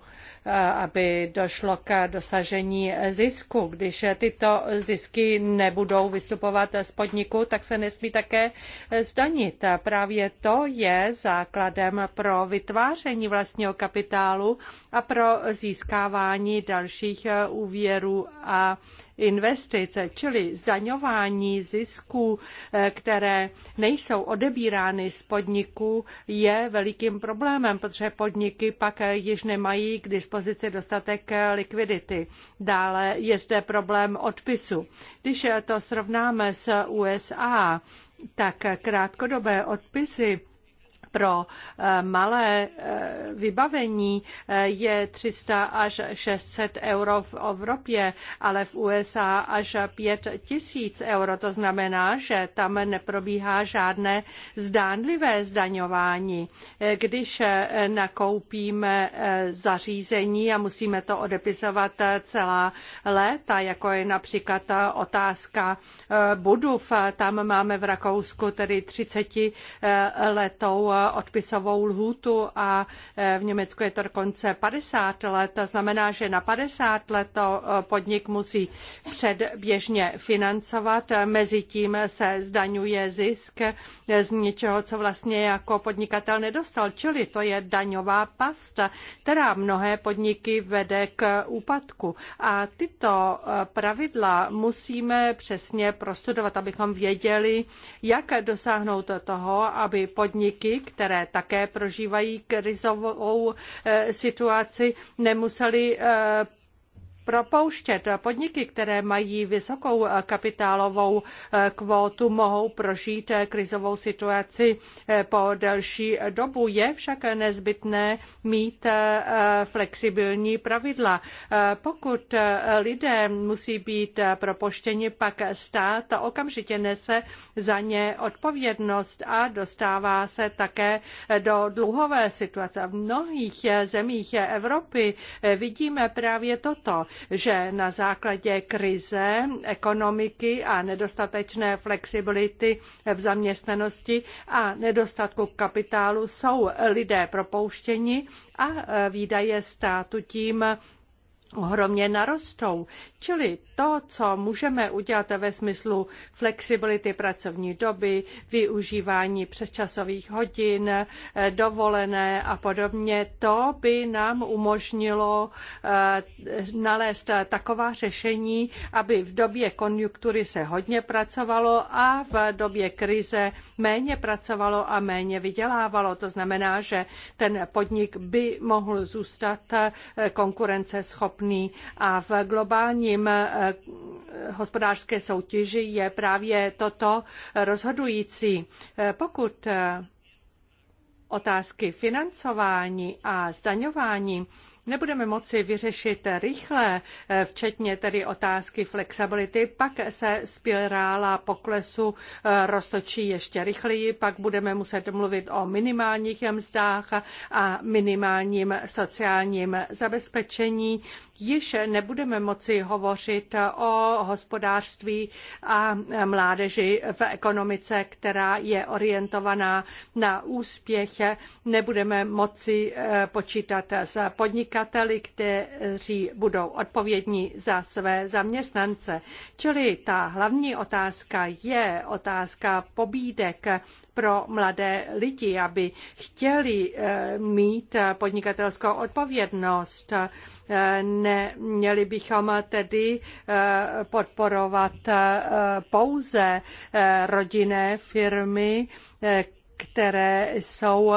aby došlo k dosažení zisku. Když tyto zisky nebudou vystupovat z podniku, tak se nesmí také zdanit. Právě to je základem pro vytváření vlastního kapitálu a pro získávání dalších úvěrů a Investice, čili zdaňování zisků, eh, které nejsou odebírány z podniků, je velikým problémem, protože podniky pak eh, již nemají k dispozici dostatek eh, likvidity. Dále je zde problém odpisu. Když to srovnáme s USA, tak krátkodobé odpisy pro eh, malé eh, vybavení eh, je 300 až 600 euro v Evropě, ale v USA až 5 tisíc euro. To znamená, že tam neprobíhá žádné zdánlivé zdaňování. Když nakoupíme zařízení a musíme to odepisovat celá léta, jako je například otázka budov, tam máme v Rakousku tedy 30 letou odpisovou lhůtu a e, v Německu je to dokonce 50 let. To znamená, že na 50 let to e, podnik musí předběžně financovat. Mezitím se zdaňuje zisk z něčeho, co vlastně jako podnikatel nedostal. Čili to je daňová pasta, která mnohé podniky vede k úpadku. A tyto e, pravidla musíme přesně prostudovat, abychom věděli, jak dosáhnout toho, aby podniky, které také prožívají krizovou eh, situaci, nemuseli eh, propouštět. Podniky, které mají vysokou eh, kapitálovou eh, kvótu, mohou prožít eh, krizovou situaci po delší dobu. Je však nezbytné mít flexibilní pravidla. Pokud lidé musí být propuštěni, pak stát okamžitě nese za ně odpovědnost a dostává se také do dluhové situace. V mnohých zemích Evropy vidíme právě toto že na základě krize ekonomiky a nedostatečné flexibility v zaměstnanosti a nedostatku kapitálu jsou lidé propouštěni a výdaje státu tím ohromně narostou. Čili to, co můžeme udělat ve smyslu flexibility pracovní doby, využívání přesčasových hodin, eh, dovolené a podobně, to by nám umožnilo eh, nalézt eh, taková řešení, aby v době konjunktury se hodně pracovalo a v době krize méně pracovalo a méně vydělávalo. To znamená, že ten podnik by mohl zůstat konkurenceschopný schopný a v globálním eh, hospodářské soutěži je právě toto rozhodující. Eh, pokud eh, otázky financování a zdaňování nebudeme moci vyřešit rychle, eh, včetně tedy otázky flexibility, pak se spirála poklesu eh, roztočí ještě rychleji, pak budeme muset mluvit o minimálních mzdách a minimálním sociálním zabezpečení. Již nebudeme moci hovořit o hospodářství a mládeži v ekonomice, která je orientovaná na úspěch. Nebudeme moci eh, počítat s podnikáním podnikateli, kteří budou odpovědní za své zaměstnance. Čili ta hlavní otázka je otázka pobídek pro mladé lidi, aby chtěli eh, mít podnikatelskou odpovědnost. Eh, Neměli bychom tedy eh, podporovat pouze rodinné firmy, které jsou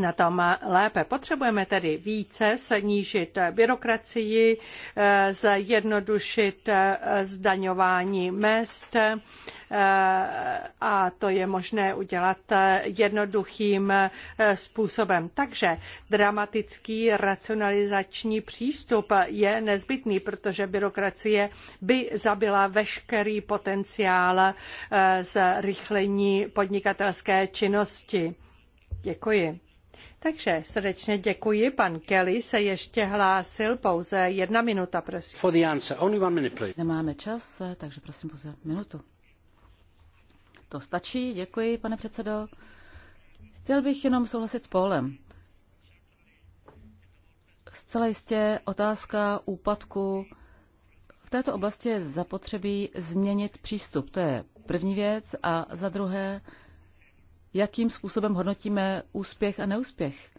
na tom lépe. Potřebujeme tedy více snížit byrokracii, eh, zjednodušit eh, zdaňování mest eh, a to je možné udělat jednoduchým způsobem. Takže dramatický racionalizační přístup je nezbytný, protože byrokracie by zabila veškerý potenciál zrychlení podnikatelské činnosti. Děkuji. Takže srdečně děkuji. Pan Kelly se ještě hlásil pouze jedna minuta, prosím. For the answer, only one minute, please. Nemáme čas, takže prosím pouze minutu. To stačí, děkuji, pane předsedo. Chtěl bych jenom souhlasit s Polem. Zcela jistě otázka úpadku v této oblasti je zapotřebí změnit přístup. To je první věc. A za druhé, jakým způsobem hodnotíme úspěch a neúspěch.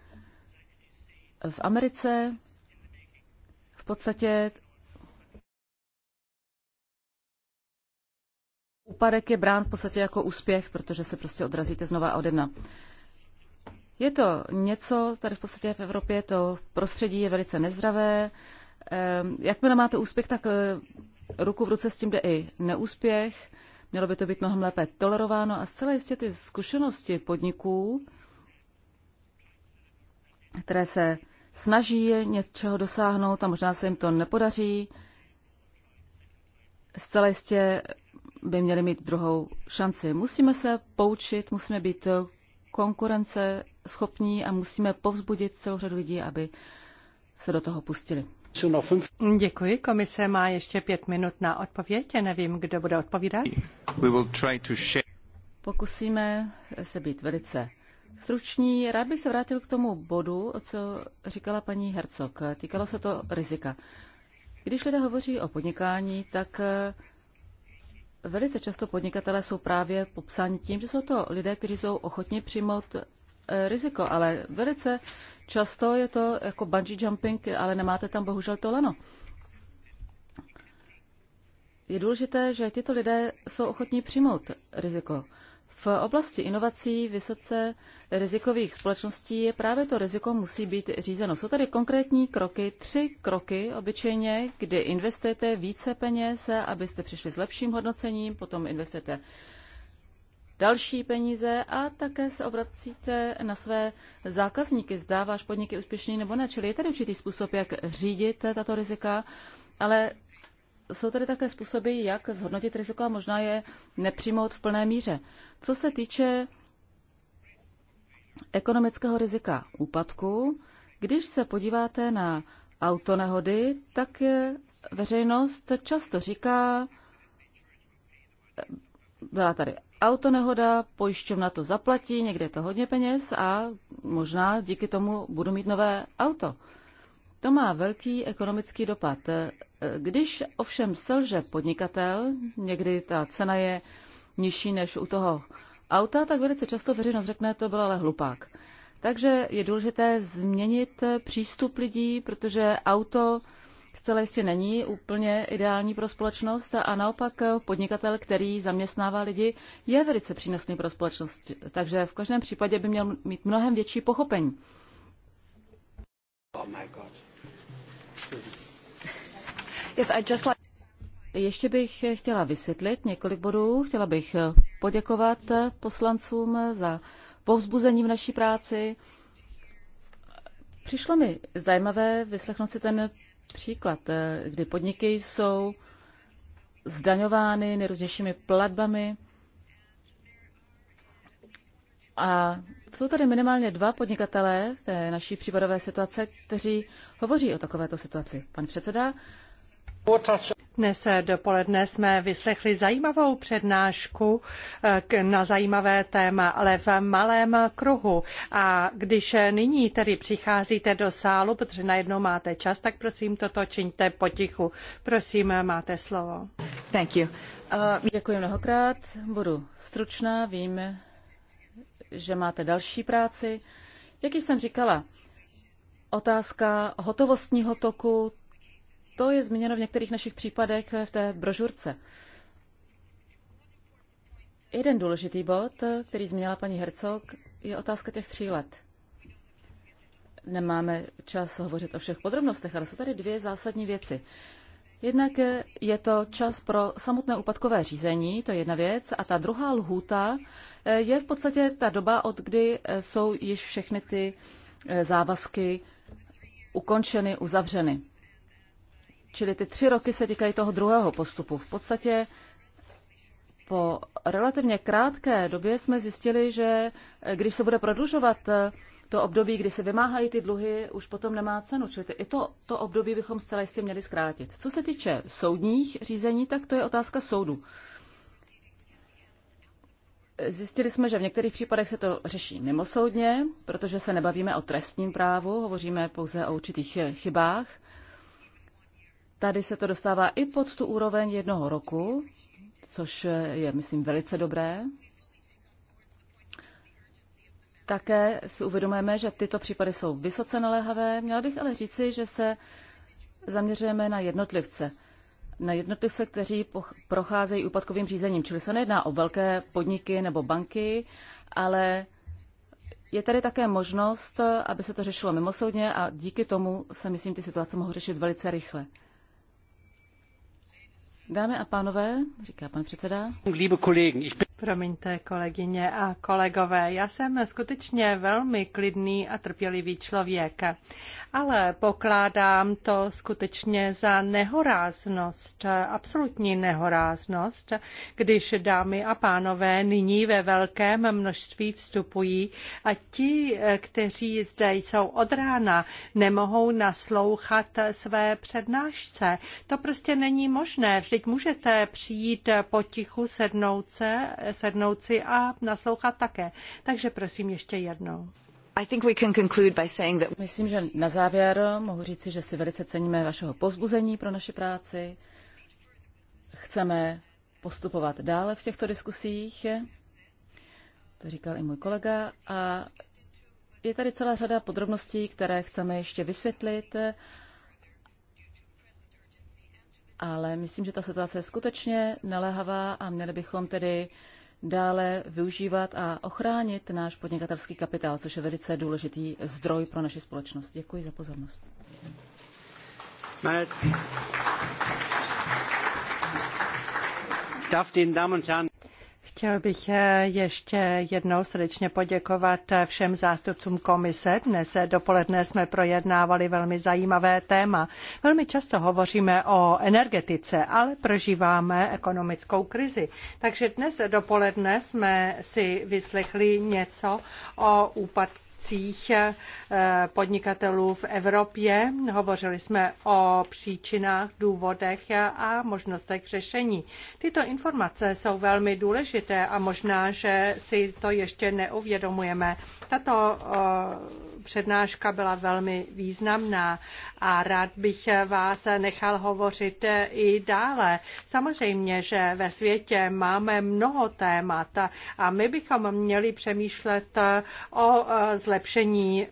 V Americe v podstatě úpadek je brán v podstatě jako úspěch, protože se prostě odrazíte znova od dna. Je to něco, tady v podstatě v Evropě to prostředí je velice nezdravé. Ehm, jakmile máte úspěch, tak eh, ruku v ruce s tím jde i neúspěch. Mělo by to být mnohem lépe tolerováno a zcela jistě ty zkušenosti podniků, které se snaží něčeho dosáhnout a možná se jim to nepodaří, zcela jistě by měly mít druhou šanci. Musíme se poučit, musíme být konkurence schopní a musíme povzbudit celou řadu lidí, aby se do toho pustili. Děkuji. Komise má ještě pět minut na odpověď. Já nevím, kdo bude odpovídat. Pokusíme se být velice struční. Rád bych se vrátil k tomu bodu, co říkala paní Hercog. Týkalo se to rizika. Když lidé hovoří o podnikání, tak eh, velice často podnikatelé jsou právě popsáni tím, že jsou to lidé, kteří jsou ochotni přijmout Eh, riziko, ale velice často je to jako bungee jumping, ale nemáte tam bohužel to lano. Je důležité, že tyto lidé jsou ochotní přijmout riziko. V oblasti inovací vysoce rizikových společností je právě to riziko musí být řízeno. Jsou tady konkrétní kroky, tři kroky obyčejně, kdy investujete více peněz, abyste přišli s lepším hodnocením, potom investujete další peníze a také se obracíte na své zákazníky. Zdá váš podnik je úspěšný nebo ne? Čili je tady určitý způsob, jak řídit tato rizika, ale jsou tady také způsoby, jak zhodnotit riziko a možná je nepřijmout v plné míře. Co se týče ekonomického rizika úpadku, když se podíváte na autonehody, tak veřejnost často říká, byla tady autonehoda, pojišťovna to zaplatí, někde je to hodně peněz a možná díky tomu budu mít nové auto. To má velký ekonomický dopad. Když ovšem selže podnikatel, někdy ta cena je nižší než u toho auta, tak velice často veřejnost řekne, to byl ale hlupák. Takže je důležité změnit přístup lidí, protože auto zcela jistě není úplně ideální pro společnost a naopak podnikatel, který zaměstnává lidi, je velice přínosný pro společnost. Takže v každém případě by měl mít mnohem větší pochopení. Oh my God. Yes, I just like... Ještě bych chtěla vysvětlit několik bodů. Chtěla bych poděkovat poslancům za povzbuzení v naší práci. Přišlo mi zajímavé vyslechnout si ten příklad, eh, kdy podniky jsou zdaňovány nejrůznějšími platbami. A jsou tady minimálně dva podnikatelé v té naší případové situace, kteří hovoří o takovéto situaci. Pan předseda. Dnes dopoledne jsme vyslechli zajímavou přednášku eh, na zajímavé téma, ale v malém kruhu. A když nyní tedy přicházíte do sálu, protože najednou máte čas, tak prosím toto čiňte potichu. Prosím, máte slovo. Thank you. Uh... Děkuji mnohokrát, budu stručná, vím, že máte další práci. Jak jsem říkala, otázka hotovostního toku, to je zmíněno v některých našich případech v té brožurce. Jeden důležitý bod, který zmínila paní Hercog, je otázka těch tří let. Nemáme čas hovořit o všech podrobnostech, ale jsou tady dvě zásadní věci. Jednak je to čas pro samotné úpadkové řízení, to je jedna věc, a ta druhá lhůta eh, je v podstatě ta doba, od kdy eh, jsou již všechny ty eh, závazky ukončeny, uzavřeny. Čili ty tři roky se týkají toho druhého postupu. V podstatě po relativně krátké době jsme zjistili, že když se bude prodlužovat eh, to období, kdy se vymáhají ty dluhy, už potom nemá cenu. Čili i to, to období bychom zcela jistě měli zkrátit. Co se týče soudních řízení, tak to je otázka soudu. Zjistili jsme, že v některých případech se to řeší mimosoudně, protože se nebavíme o trestním právu, hovoříme pouze o určitých chybách. Tady se to dostává i pod tu úroveň jednoho roku, což je, myslím, velice dobré. Také si uvědomujeme, že tyto případy jsou vysoce naléhavé. Měla bych ale říci, že se zaměřujeme na jednotlivce. Na jednotlivce, kteří procházejí úpadkovým řízením. Čili se nejedná o velké podniky nebo banky, ale je tady také možnost, aby se to řešilo mimosoudně a díky tomu se, myslím, ty situace mohou řešit velice rychle. Dámy a pánové, říká pan předseda. Promiňte, kolegyně a kolegové, já jsem skutečně velmi klidný a trpělivý člověk, ale pokládám to skutečně za nehoráznost, absolutní nehoráznost, když dámy a pánové nyní ve velkém množství vstupují a ti, kteří zde jsou od rána, nemohou naslouchat své přednášce. To prostě není možné. Vždyť Teď můžete přijít potichu, sednout, se, sednout si a naslouchat také. Takže prosím ještě jednou. I think we can conclude by saying that... Myslím, že na závěr mohu říci, že si velice ceníme vašeho pozbuzení pro naši práci. Chceme postupovat dále v těchto diskusích, to říkal i můj kolega, a je tady celá řada podrobností, které chceme ještě vysvětlit ale myslím, že ta situace je skutečně naléhavá a měli bychom tedy dále využívat a ochránit náš podnikatelský kapitál, což je velice důležitý zdroj pro naši společnost. Děkuji za pozornost. Darf Damen und Herren Chtěl bych eh, ještě jednou srdečně poděkovat eh, všem zástupcům komise. Dnes eh, dopoledne jsme projednávali velmi zajímavé téma. Velmi často hovoříme o energetice, ale prožíváme ekonomickou krizi. Takže dnes dopoledne jsme si vyslechli něco o úpadku akcích eh, podnikatelů v Evropě. Hovořili jsme o příčinách, důvodech a možnostech řešení. Tyto informace jsou velmi důležité a možná, že si to ještě neuvědomujeme. Tato eh, přednáška byla velmi významná a rád bych vás nechal hovořit i dále. Samozřejmě, že ve světě máme mnoho témat a my bychom měli přemýšlet o zlepšení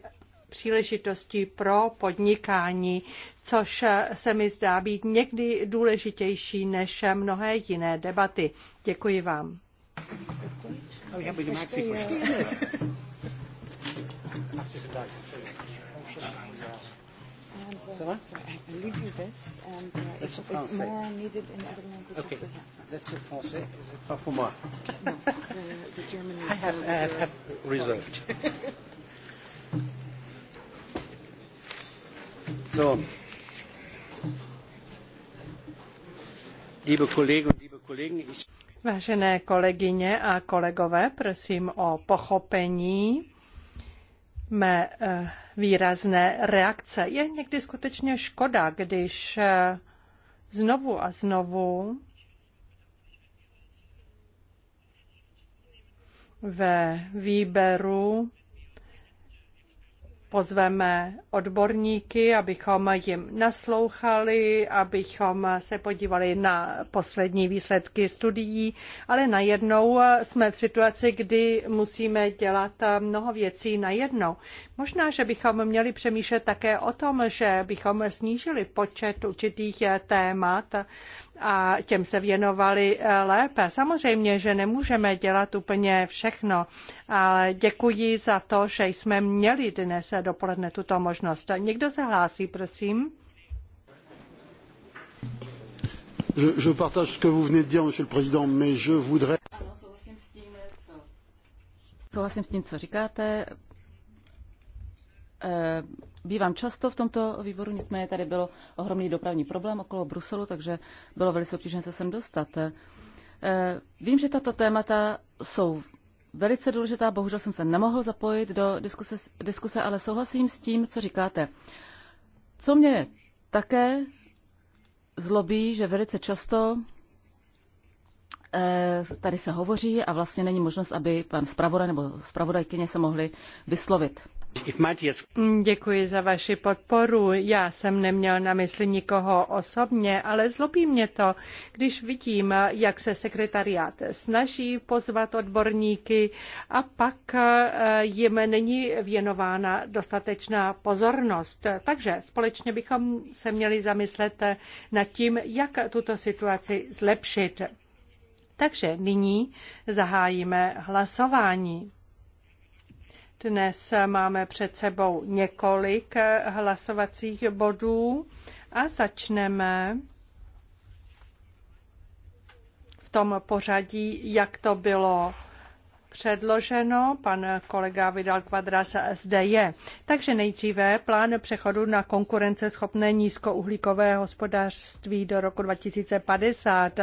příležitostí pro podnikání, což se mi zdá být někdy důležitější než mnohé jiné debaty. Děkuji vám. Vážené kolegyně a kolegové, prosím o pochopení mé eh, výrazné reakce. Je někdy skutečně škoda, když eh, znovu a znovu ve výberu pozveme odborníky, abychom jim naslouchali, abychom se podívali na poslední výsledky studií, ale najednou jsme v situaci, kdy musíme dělat mnoho věcí najednou. Možná, že bychom měli přemýšlet také o tom, že bychom snížili počet určitých témat, a těm se věnovali eh, lépe. Samozřejmě, že nemůžeme dělat úplně všechno, ale děkuji za to, že jsme měli dnes dopoledne tuto možnost. Někdo se hlásí, prosím? Je, je partage ce que vous venez de dire, monsieur le président, mais je voudrais... souhlasím s tím, co, říkáte. E bývám často v tomto výboru, nicméně tady byl ohromný dopravní problém okolo Bruselu, takže bylo velice obtížné se sem dostat. Eh, vím, že tato témata jsou velice důležitá, bohužel jsem se nemohl zapojit do diskuse, diskuse ale souhlasím s tím, co říkáte. Co mě také zlobí, že velice často eh, tady se hovoří a vlastně není možnost, aby pan zpravodaj nebo zpravodajkyně se mohli vyslovit. Mm, děkuji za vaši podporu. Já jsem neměl na mysli nikoho osobně, ale zlobí mě to, když vidím, jak se sekretariát snaží pozvat odborníky a pak eh, jim není věnována dostatečná pozornost. Takže společně bychom se měli zamyslet nad tím, jak tuto situaci zlepšit. Takže nyní zahájíme hlasování. Dnes máme před sebou několik hlasovacích bodů a začneme v tom pořadí, jak to bylo předloženo. Pan kolega Vidal Quadras zde je. Takže nejdříve plán přechodu na konkurenceschopné nízkouhlíkové hospodářství do roku 2050.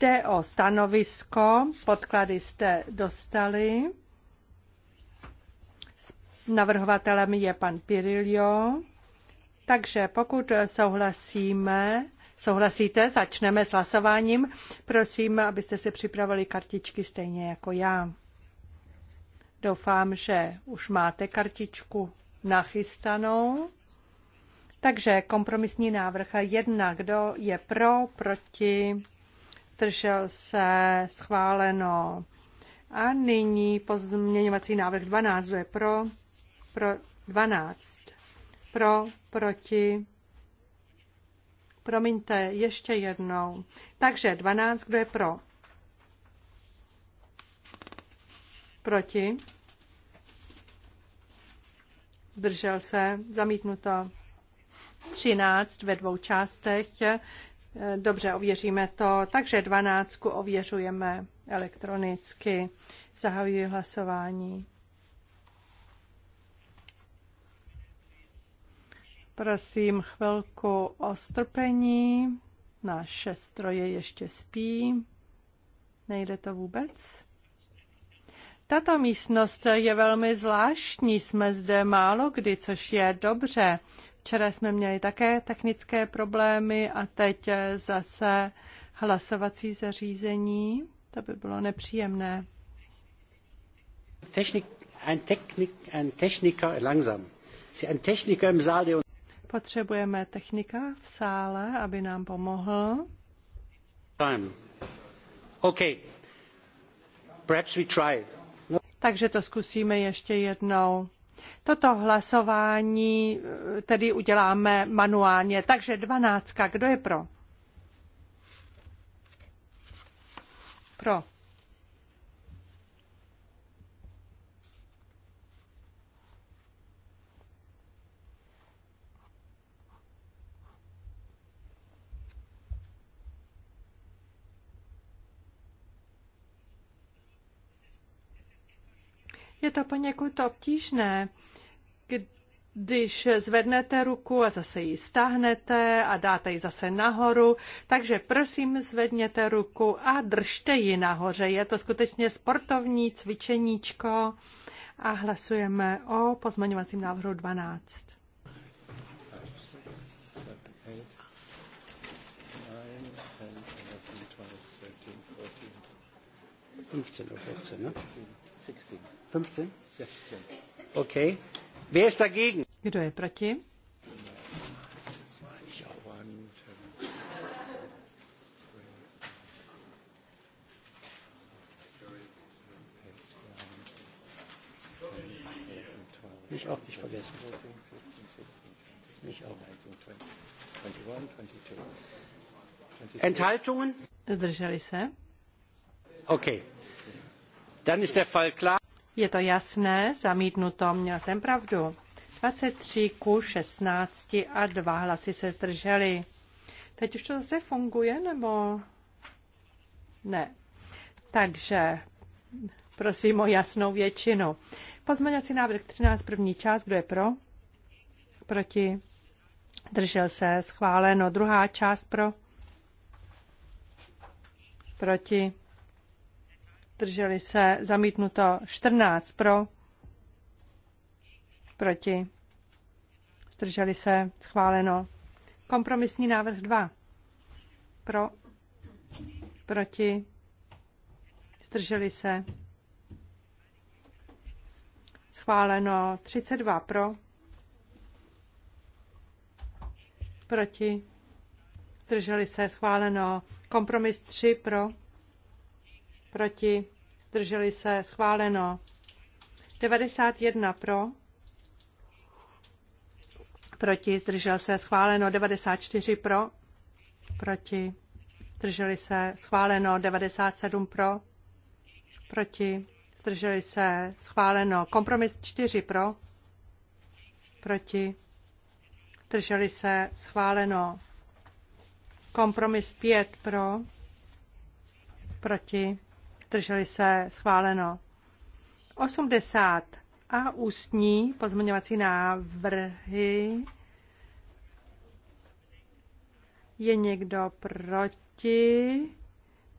Jde o stanovisko, podklady jste dostali. Navrhovatelem je pan Pirilio. Takže pokud souhlasíme, souhlasíte, začneme s hlasováním. Prosím, abyste si připravili kartičky stejně jako já. Doufám, že už máte kartičku nachystanou. Takže kompromisní návrh jedna. Kdo je pro, proti, držel se, schváleno. A nyní pozměňovací návrh 12. Kdo je pro, pro 12. Pro, proti, promiňte, ještě jednou. Takže 12, kdo je pro? Proti? Držel se, zamítnuto. 13 ve dvou částech. Dobře, ověříme to. Takže 12 ověřujeme elektronicky. Zahajuji hlasování. Prosím chvilku o strpení. Naše stroje ještě spí. Nejde to vůbec? Tato místnost je velmi zvláštní. Jsme zde málo kdy, což je dobře. Včera jsme měli také technické problémy a teď zase hlasovací zařízení. To by bylo nepříjemné. Technik, ein, Technik, ein Techniker, langsam. Ein Techniker im Saal, der Potřebujeme technika v sále, aby nám pomohl. Time. Okay. Perhaps we try. No. Takže to zkusíme ještě jednou. Toto hlasování eh, tedy uděláme manuálně. Takže dvanáctka, kdo je pro? Pro. Je to poněkud obtížné, když zvednete ruku a zase ji stáhnete a dáte ji zase nahoru. Takže prosím, zvedněte ruku a držte ji nahoře. Je to skutečně sportovní cvičeníčko a hlasujeme o pozmaňovacím návrhu 12. Fünfzehn oder vierzehn, ne? 16. 15? 16. Okay. Wer ist dagegen? Kdo je proti? Mich auch nicht vergessen. Mich auch. Enthaltungen? Zdrželi se. Okay. Dann ist der Fall klar. Je to jasné, zamítnuto, měl jsem pravdu. 23 ku 16 a dva hlasy se zdržely. Teď už to zase funguje, nebo ne? Takže prosím o jasnou většinu. Pozměňovací návrh 13, první část, kdo je pro? Proti? Držel se, schváleno. Druhá část pro? Proti? zdrželi se, zamítnuto 14 pro, proti, zdrželi se, schváleno. Kompromisní návrh 2 pro, proti, zdrželi se, schváleno 32 pro, proti, zdrželi se, schváleno kompromis 3 pro, proti, drželi se, schváleno. 91 pro, proti, zdržel se, schváleno. 94 pro, proti, drželi se, schváleno. 97 pro, proti, zdrželi se, schváleno. Kompromis 4 pro, proti, drželi se, schváleno. Kompromis 5 pro, proti, drželi se schváleno. 80 a ústní pozměňovací návrhy. Je někdo proti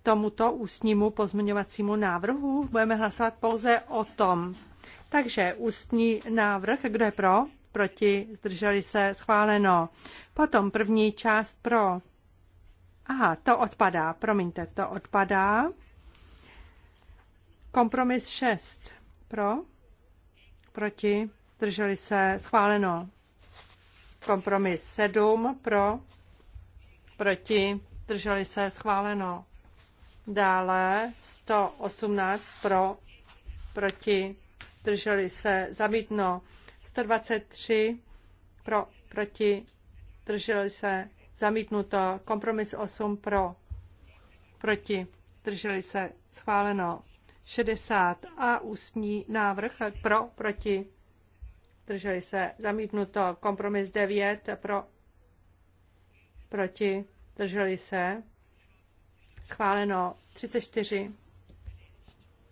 tomuto ústnímu pozměňovacímu návrhu? Budeme hlasovat pouze o tom. Takže ústní návrh, kdo je pro? Proti, zdrželi se, schváleno. Potom první část pro. Aha, to odpadá, promiňte, to odpadá. Kompromis 6. Pro? Proti? Drželi se? Schváleno. Kompromis 7. Pro? Proti? Drželi se? Schváleno. Dále 118 pro, proti, drželi se, zamítno. 123 pro, proti, drželi se, zamítnuto. Kompromis 8 pro, proti, drželi se, schváleno. 60 a ústní návrh pro, proti, drželi se, zamítnuto, kompromis 9 pro, proti, drželi se, schváleno 34,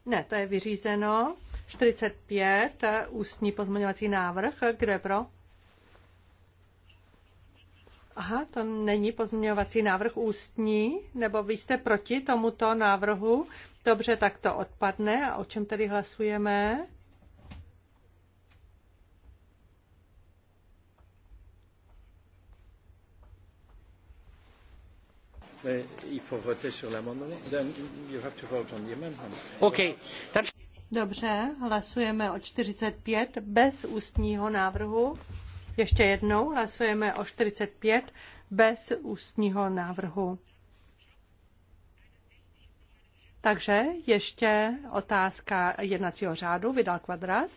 ne, to je vyřízeno, 45, ústní pozměňovací návrh, kde pro? Aha, to není pozměňovací návrh ústní, nebo vy jste proti tomuto návrhu? Dobře, tak to odpadne. A o čem tedy hlasujeme? Dobře, hlasujeme o 45 bez ústního návrhu. Ještě jednou hlasujeme o 45 bez ústního návrhu. Takže ještě otázka jednacího řádu, vydal kvadras.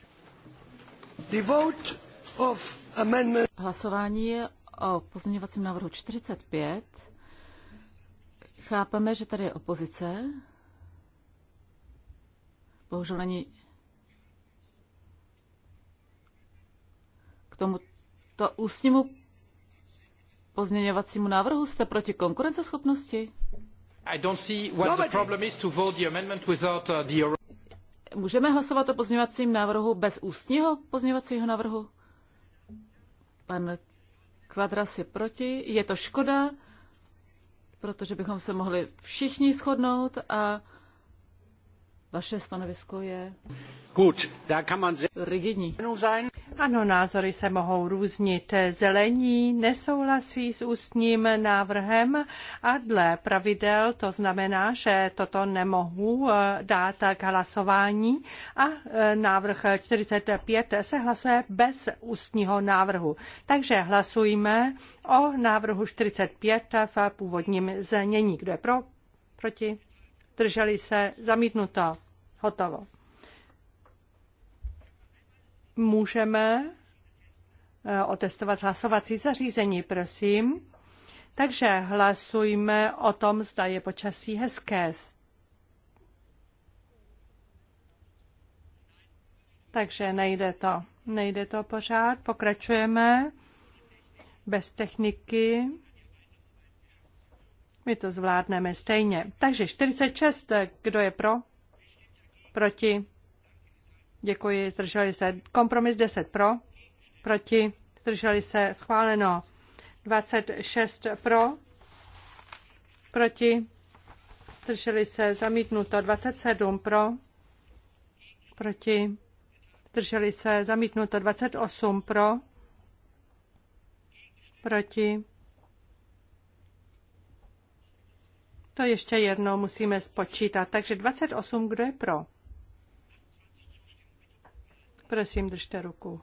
The vote of amendment. Hlasování o pozměňovacím návrhu 45. Chápeme, že tady je opozice. Bohužel není k tomuto ústnímu pozměňovacímu návrhu. Jste proti konkurenceschopnosti? Můžeme hlasovat o pozměňovacím návrhu bez ústního pozměňovacího návrhu? Pan Kvadras je proti. Je to škoda, protože bychom se mohli všichni shodnout a vaše stanovisko je Gut, da rigidní. Ano, názory se mohou různit. Zelení nesouhlasí s ústním návrhem a dle pravidel to znamená, že toto nemohu eh, dát k hlasování a eh, návrh 45 se hlasuje bez ústního návrhu. Takže hlasujme o návrhu 45 v původním znění. Kdo je pro? Proti? zdrželi se, zamítnuto, hotovo. Můžeme eh, otestovat hlasovací zařízení, prosím. Takže hlasujme o tom, zda je počasí hezké. Takže nejde to. Nejde to pořád. Pokračujeme bez techniky. My to zvládneme stejně. Takže 46, kdo je pro? Proti? Děkuji, zdrželi se. Kompromis 10 pro? Proti? Zdrželi se. Schváleno. 26 pro? Proti? Zdrželi se. Zamítnuto. 27 pro? Proti? Zdrželi se. Zamítnuto. 28 pro? Proti? to ještě jednou musíme spočítat. Takže 28, kdo je pro? Prosím, držte ruku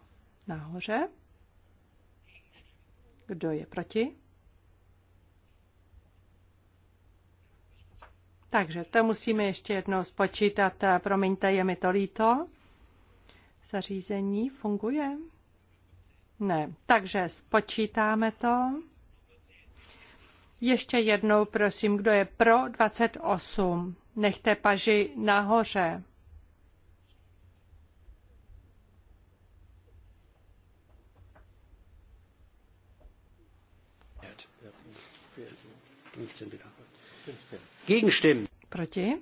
nahoře. Kdo je proti? Takže to musíme ještě jednou spočítat. Promiňte, je mi to líto. Zařízení funguje? Ne. Takže spočítáme to. Ještě jednou prosím, kdo je pro 28? Nechte paži nahoře. Gegenstimmen. Proti?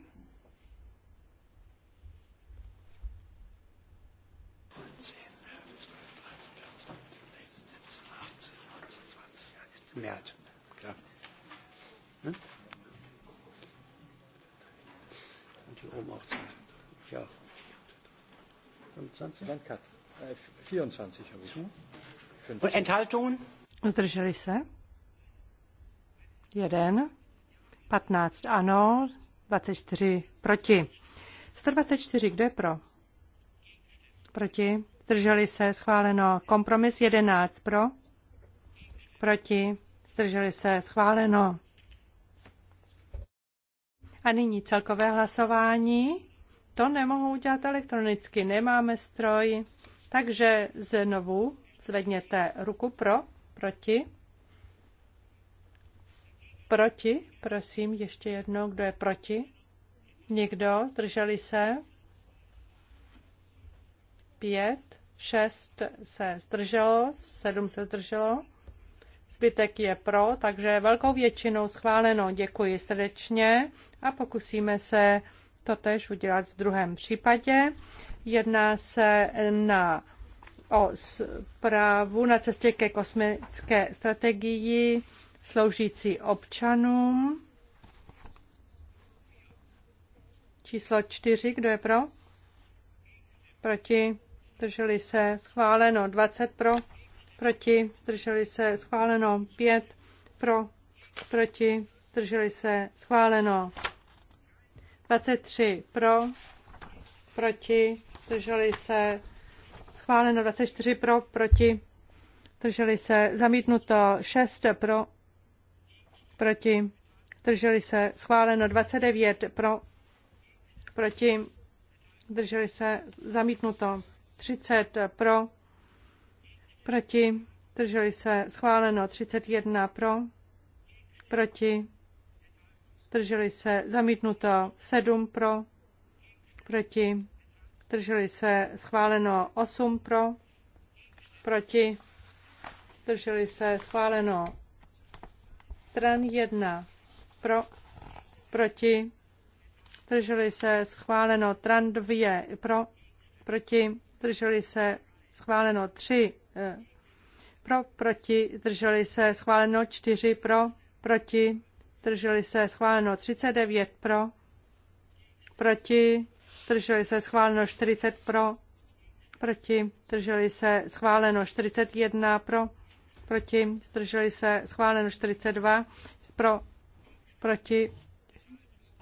Mehrheit. 25? 24. 24 habe ich. Und Enthaltungen? Zdrželi se? Jeden. 15 ano, 24 proti. 124, kdo je pro? Proti. Zdrželi se, schváleno. Kompromis 11 pro. Proti. Zdrželi se, schváleno. A nyní celkové hlasování. To nemohou udělat elektronicky, nemáme stroj. Takže znovu zvedněte ruku pro, proti. Proti, prosím, ještě jednou, kdo je proti? Někdo? Zdrželi se? Pět, šest se zdrželo, sedm se zdrželo. Zbytek je pro, takže velkou většinou schváleno. Děkuji srdečně a pokusíme se to tež udělat v druhém případě. Jedná se na, o zprávu na cestě ke kosmické strategii sloužící občanům. Číslo čtyři, kdo je pro? Proti? Zdrželi se schváleno 20 pro, proti, zdrželi se schváleno 5 pro, proti, zdrželi se schváleno 23 pro, proti, zdrželi se, schváleno 24 pro, proti, zdrželi se, zamítnuto 6 pro, proti, zdrželi se, schváleno 29 pro, proti, zdrželi se, zamítnuto 30 pro, proti, zdrželi se, schváleno 31 pro, proti, zdrželi se, zamítnuto 7 pro, proti, zdrželi se, schváleno 8 pro, proti, zdrželi se, schváleno stran 1 pro, proti, zdrželi se, schváleno tran 2 pro, proti, zdrželi se, schváleno 3 eh, pro, proti, zdrželi se, schváleno 4 pro, proti, zdrželi se schváleno 39 pro, proti, zdrželi se schváleno 40 pro, proti, zdrželi se schváleno 41 pro, proti, zdrželi se schváleno 42 pro, proti,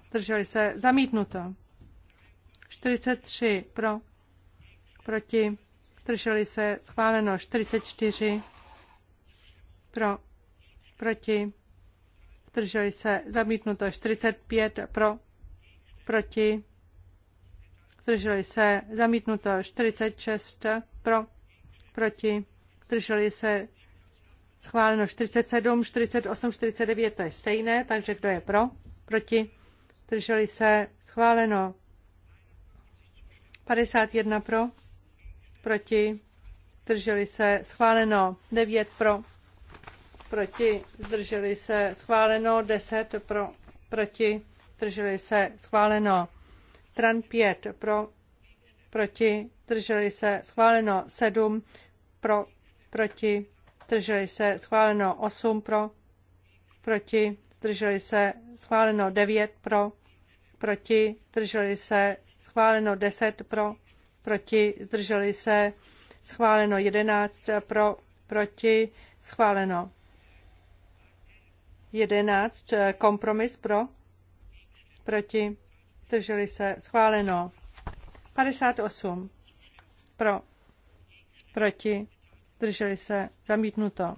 zdrželi se zamítnuto. 43 pro, proti, zdrželi se schváleno 44 pro, proti, zdrželi se, zamítnuto 45 pro, proti, zdrželi se, zamítnuto 46 pro, proti, zdrželi se, schváleno 47, 48, 49, to je stejné, takže kdo je pro, proti, zdrželi se, schváleno 51 pro, proti, zdrželi se, schváleno 9 pro, proti, zdrželi se, schváleno, 10 pro, proti, zdrželi se, schváleno, tran 5 pro, proti, zdrželi se, schváleno, 7 pro, proti, zdrželi se, schváleno, 8 pro, proti, zdrželi se, schváleno, 9 pro, proti, zdrželi se, schváleno, 10 pro, proti, zdrželi se, schváleno, 11 pro, proti, schváleno. 11. Eh, kompromis pro? Proti? Drželi se? Schváleno. 58. Pro? Proti? Drželi se? Zamítnuto.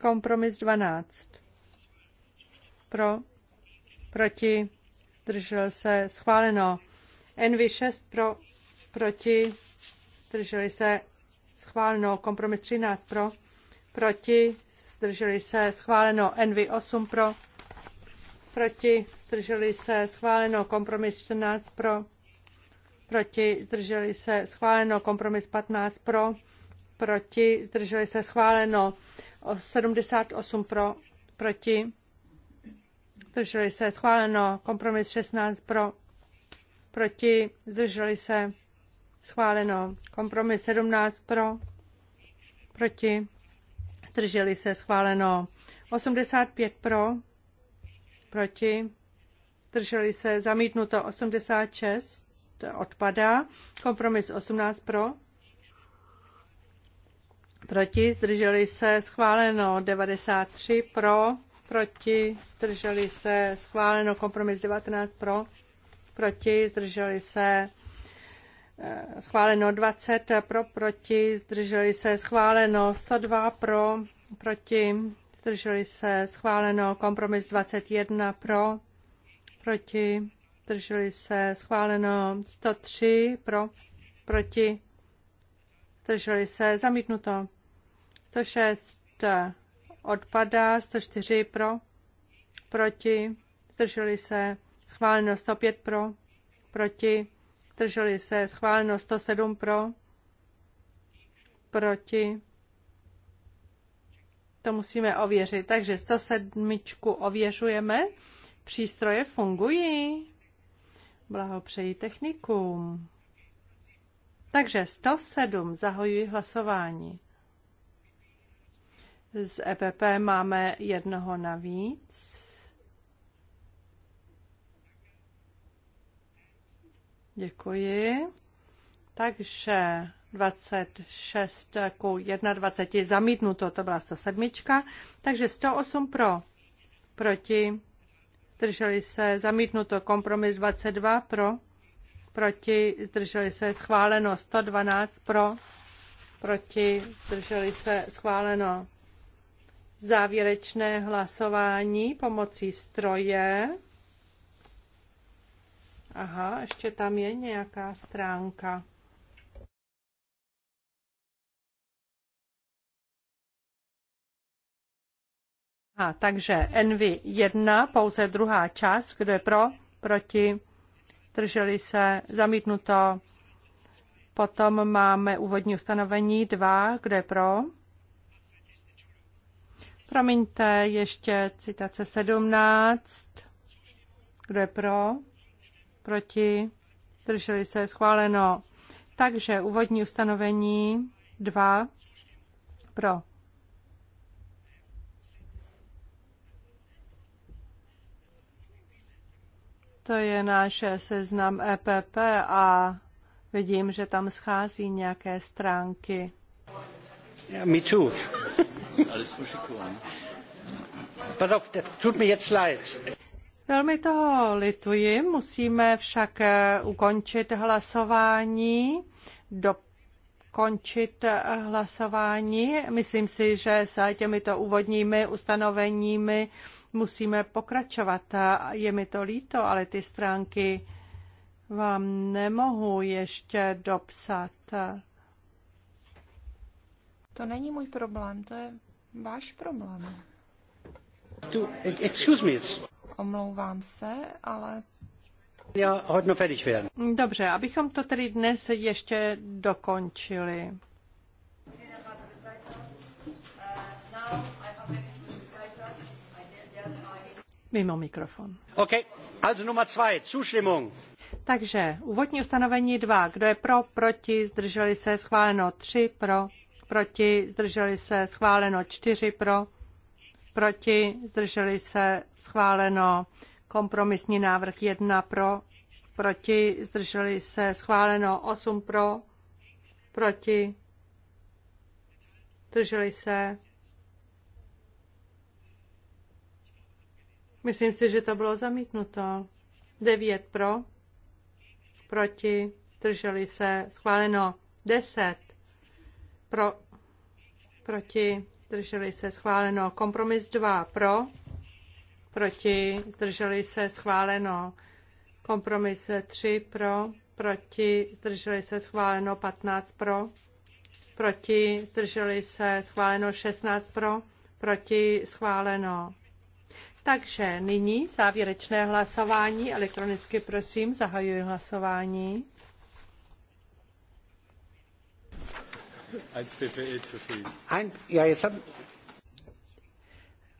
Kompromis 12. Pro? Proti? Držel se? Schváleno. NV6 pro? Proti? Drželi se? Schváleno. Kompromis 13 pro? Proti? zdrželi se, schváleno NV8 pro, proti, zdrželi se, schváleno kompromis 14 pro, proti, zdrželi se, schváleno kompromis 15 pro, proti, zdrželi se, schváleno 78 pro, proti, zdrželi se, schváleno kompromis 16 pro, proti, zdrželi se, schváleno kompromis 17 pro, proti, zdrželi se schváleno 85 pro, proti, zdrželi se zamítnuto 86, odpadá, kompromis 18 pro, proti, zdrželi se schváleno 93 pro, proti, zdrželi se schváleno kompromis 19 pro, proti, zdrželi se Eh, schváleno 20 pro, proti, zdrželi se, schváleno 102 pro, proti, zdrželi se, schváleno kompromis 21 pro, proti, zdrželi se, schváleno 103 pro, proti, zdrželi se, zamítnuto 106 odpadá, 104 pro, proti, zdrželi se, schváleno 105 pro, proti, Drželi se schváleno 107 pro, proti. To musíme ověřit. Takže 107 ověřujeme. Přístroje fungují. Blahopřeji technikům. Takže 107 zahojuji hlasování. Z EPP máme jednoho navíc. Děkuji. Takže 26 ku 21 zamítnuto, to byla 107. Takže 108 pro, proti, zdrželi se, zamítnuto, kompromis 22 pro, proti, zdrželi se, schváleno, 112 pro, proti, zdrželi se, schváleno. Závěrečné hlasování pomocí stroje. Aha, ještě tam je nějaká stránka. A, takže nv 1, pouze druhá část, kdo je pro, proti, drželi se, zamítnuto. Potom máme úvodní ustanovení 2, kdo je pro. Promiňte, ještě citace 17, kdo je pro proti, drželi se, schváleno. Takže úvodní ustanovení 2 pro. To je náš seznam EPP a vidím, že tam schází nějaké stránky. Ja, me too. Alles Pass auf, tut mir jetzt leid. Velmi toho lituji, musíme však eh, ukončit hlasování, dokončit eh, hlasování. Myslím si, že s těmito úvodními ustanoveními musíme pokračovat. Je mi to líto, ale ty stránky vám nemohu ještě dopsat. To není můj problém, to je váš problém. To, excuse me, it's... Omlouvám se, ale... Já hodno fertig werden. Dobře, abychom to tedy dnes ještě dokončili. Mimo mikrofon. Ok. Also Nummer zwei, Zustimmung. Takže úvodní ustanovení 2. Kdo je pro, proti, zdrželi se, schváleno 3 pro, proti, zdrželi se, schváleno 4 pro, proti, zdrželi se, schváleno. Kompromisní návrh 1 pro, proti, zdrželi se, schváleno. 8 pro, proti, zdrželi se. Myslím si, že to bylo zamítnuto. 9 pro, proti, zdrželi se, schváleno. 10 pro, proti, zdrželi se schváleno. Kompromis 2 pro, proti, zdrželi se schváleno. Kompromis 3 pro, proti, zdrželi se schváleno 15 pro, proti, zdrželi se schváleno 16 pro, proti, schváleno. Takže nyní závěrečné hlasování. Elektronicky prosím, zahajuji hlasování. E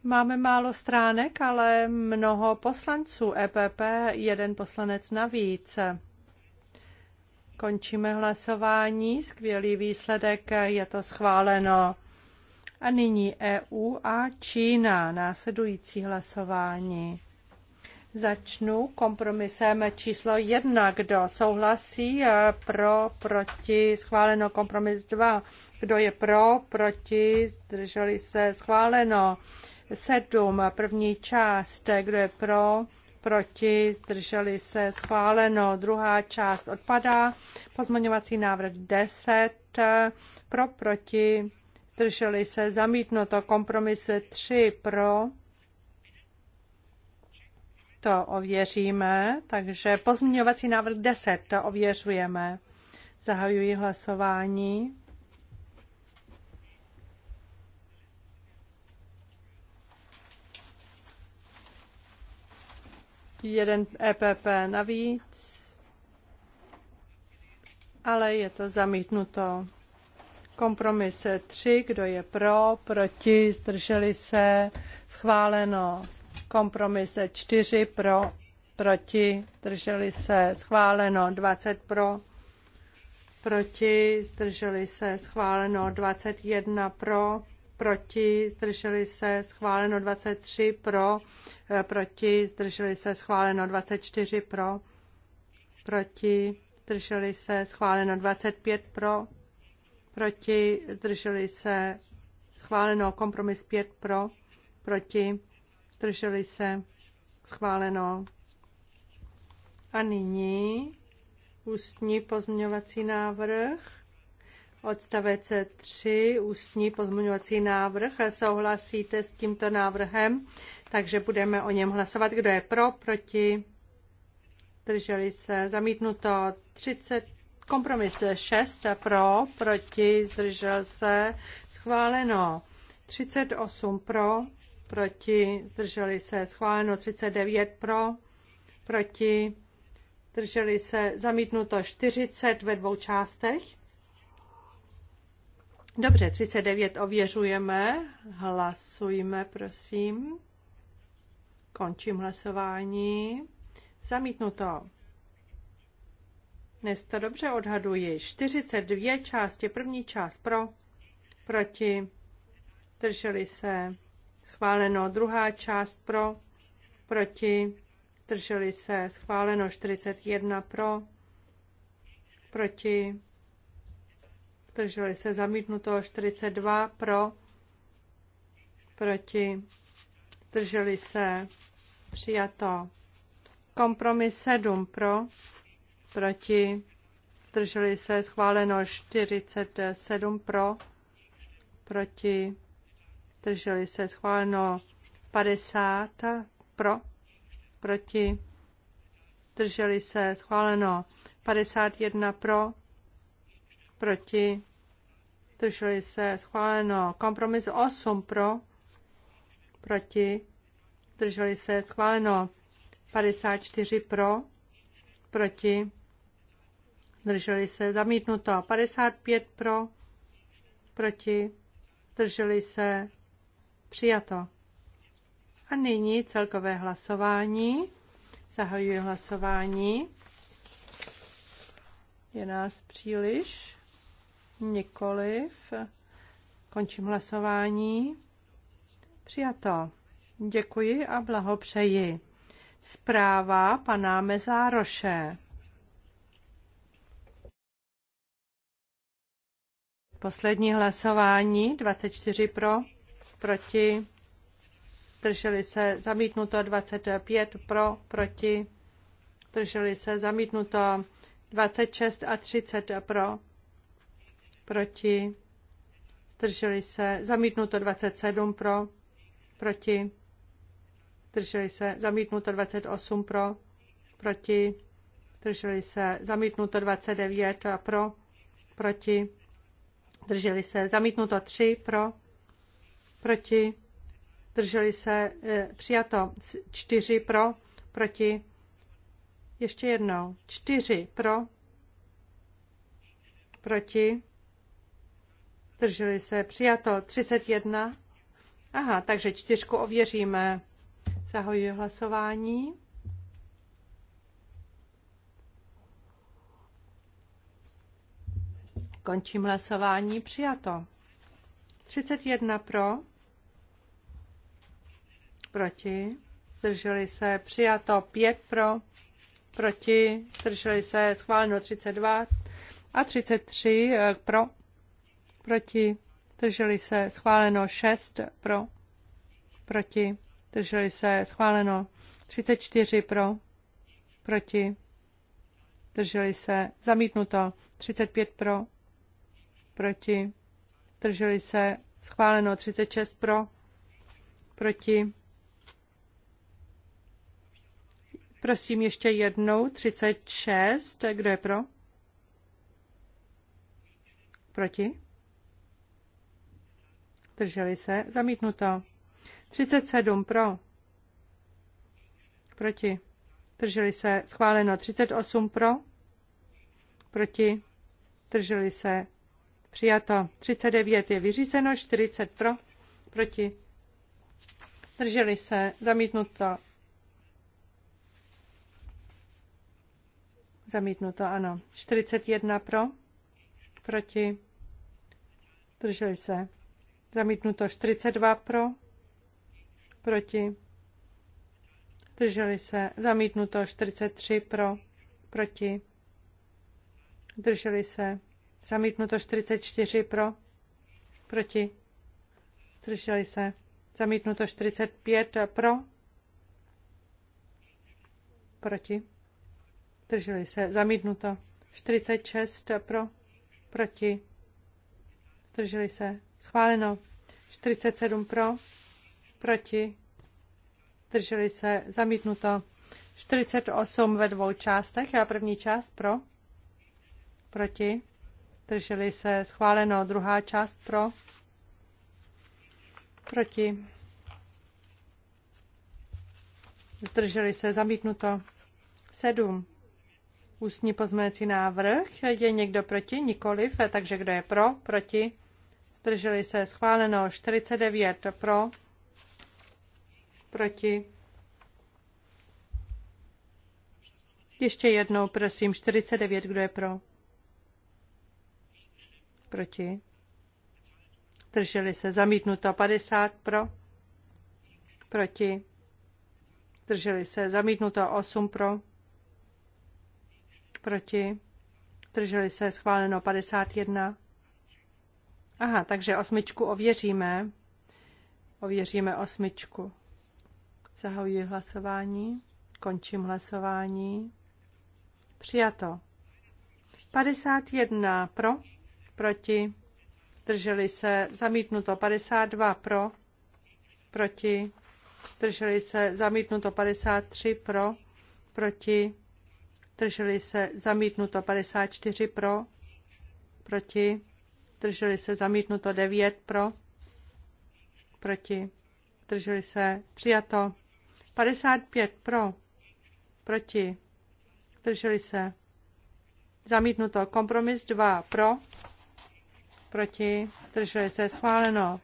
Máme málo stránek, ale mnoho poslanců EPP, jeden poslanec navíc. Končíme hlasování, skvělý výsledek, je to schváleno. A nyní EU a Čína, následující hlasování. Začnu kompromisem číslo jedna. Kdo souhlasí eh, pro, proti, schváleno kompromis dva. Kdo je pro, proti, zdrželi se, schváleno sedm. První část, kdo je pro, proti, zdrželi se, schváleno. Druhá část odpadá. Pozmaňovací návrh 10, pro, proti, zdrželi se, zamítnuto. Kompromis 3 pro, to ověříme, takže pozměňovací návrh 10 to ověřujeme. Zahajuji hlasování. Jeden EPP navíc, ale je to zamítnuto. Kompromis 3, kdo je pro, proti, zdrželi se, schváleno. Kompromis čtyři pro, proti, zdrželi se, schváleno 20 pro, proti, zdrželi se, schváleno 21 pro, proti, zdrželi se, schváleno 23 eh, pro, proti, zdrželi se, schváleno 24 pro, proti, zdrželi se, schváleno 25 pro, proti, zdrželi se, schváleno kompromis 5 pro, proti, zdrželi se, schváleno. A nyní ústní pozměňovací návrh. Odstavec 3, ústní pozměňovací návrh. Souhlasíte s tímto návrhem, takže budeme o něm hlasovat. Kdo je pro, proti? Drželi se. Zamítnuto 30. Kompromis 6 pro, proti, zdržel se. Schváleno. 38 pro, proti, zdrželi se, schváleno 39 pro, proti, drželi se, zamítnuto 40 ve dvou částech. Dobře, 39 ověřujeme, hlasujme, prosím. Končím hlasování. Zamítnuto. Dnes to dobře odhaduji. 42 části, první část pro, proti, drželi se, schváleno. Druhá část pro, proti, drželi se, schváleno 41 pro, proti, drželi se, zamítnuto 42 pro, proti, drželi se, přijato. Kompromis 7 pro, proti, drželi se, schváleno 47 pro, proti, zdrželi se schváleno 50 pro, proti, zdrželi se schváleno 51 pro, proti, zdrželi se schváleno kompromis 8 pro, proti, zdrželi se schváleno 54 pro, proti, zdrželi se zamítnuto 55 pro, proti, zdrželi se Přijato. A nyní celkové hlasování. Zahajuji hlasování. Je nás příliš? Nikoliv. Končím hlasování. Přijato. Děkuji a blahopřeji. Zpráva pana Mezároše. Poslední hlasování, 24 pro, proti, drželi se zamítnuto 25 pro, proti, drželi se zamítnuto 26 a 30 pro, proti, drželi se zamítnuto 27 pro, proti, drželi se zamítnuto 28 pro, proti, drželi se zamítnuto 29 pro, proti, drželi se zamítnuto 3 pro, proti, drželi se, e, přijato čtyři pro, proti, ještě jednou, čtyři pro, proti, drželi se, přijato 31. Aha, takže čtyřku ověříme. Zahojuji hlasování. Končím hlasování. Přijato. 31 pro proti, zdrželi se, přijato 5 pro, proti, zdrželi se, schváleno 32 a 33 eh, pro, proti, zdrželi se, schváleno 6 pro, proti, zdrželi se, schváleno 34 pro, proti, zdrželi se, zamítnuto 35 pro, proti, zdrželi se, schváleno 36 pro, proti, Prosím ještě jednou 36. Kdo je pro? Proti? Drželi se. Zamítnuto. 37 pro. Proti. Drželi se. Schváleno. 38 pro. Proti. Drželi se. Přijato. 39 je vyřízeno. 40 pro. Proti. Drželi se. Zamítnuto. Zamítnuto, ano. 41 pro, proti, drželi se. Zamítnuto 42 pro, proti, drželi se. Zamítnuto 43 pro, proti, drželi se. Zamítnuto 44 pro, proti, drželi se. Zamítnuto 45 pro, proti Drželi se. Zamítnuto. 46 pro. Proti. Drželi se. Schváleno. 47 pro. Proti. Drželi se. Zamítnuto. 48 ve dvou částech. A první část pro. Proti. Drželi se. Schváleno. Druhá část pro. Proti. Zdrželi se. Zamítnuto. 7 Ústní pozměňovací návrh. Je někdo proti? Nikoliv. Takže kdo je pro? Proti? Zdrželi se. Schváleno 49 pro. Proti. Ještě jednou, prosím, 49, kdo je pro? Proti? Drželi se. Zamítnuto 50 pro? Proti? Drželi se. Zamítnuto 8 pro? proti, drželi se, schváleno 51. Aha, takže osmičku ověříme. Ověříme osmičku. Zahajuji hlasování, končím hlasování. Přijato. 51 pro, proti, drželi se, zamítnuto 52 pro, proti, drželi se, zamítnuto 53 pro, proti, Drželi se zamítnuto 54 pro, proti. Drželi se zamítnuto 9 pro, proti. Drželi se přijato 55 pro, proti. Drželi se zamítnuto kompromis 2 pro, proti. Drželi se schváleno.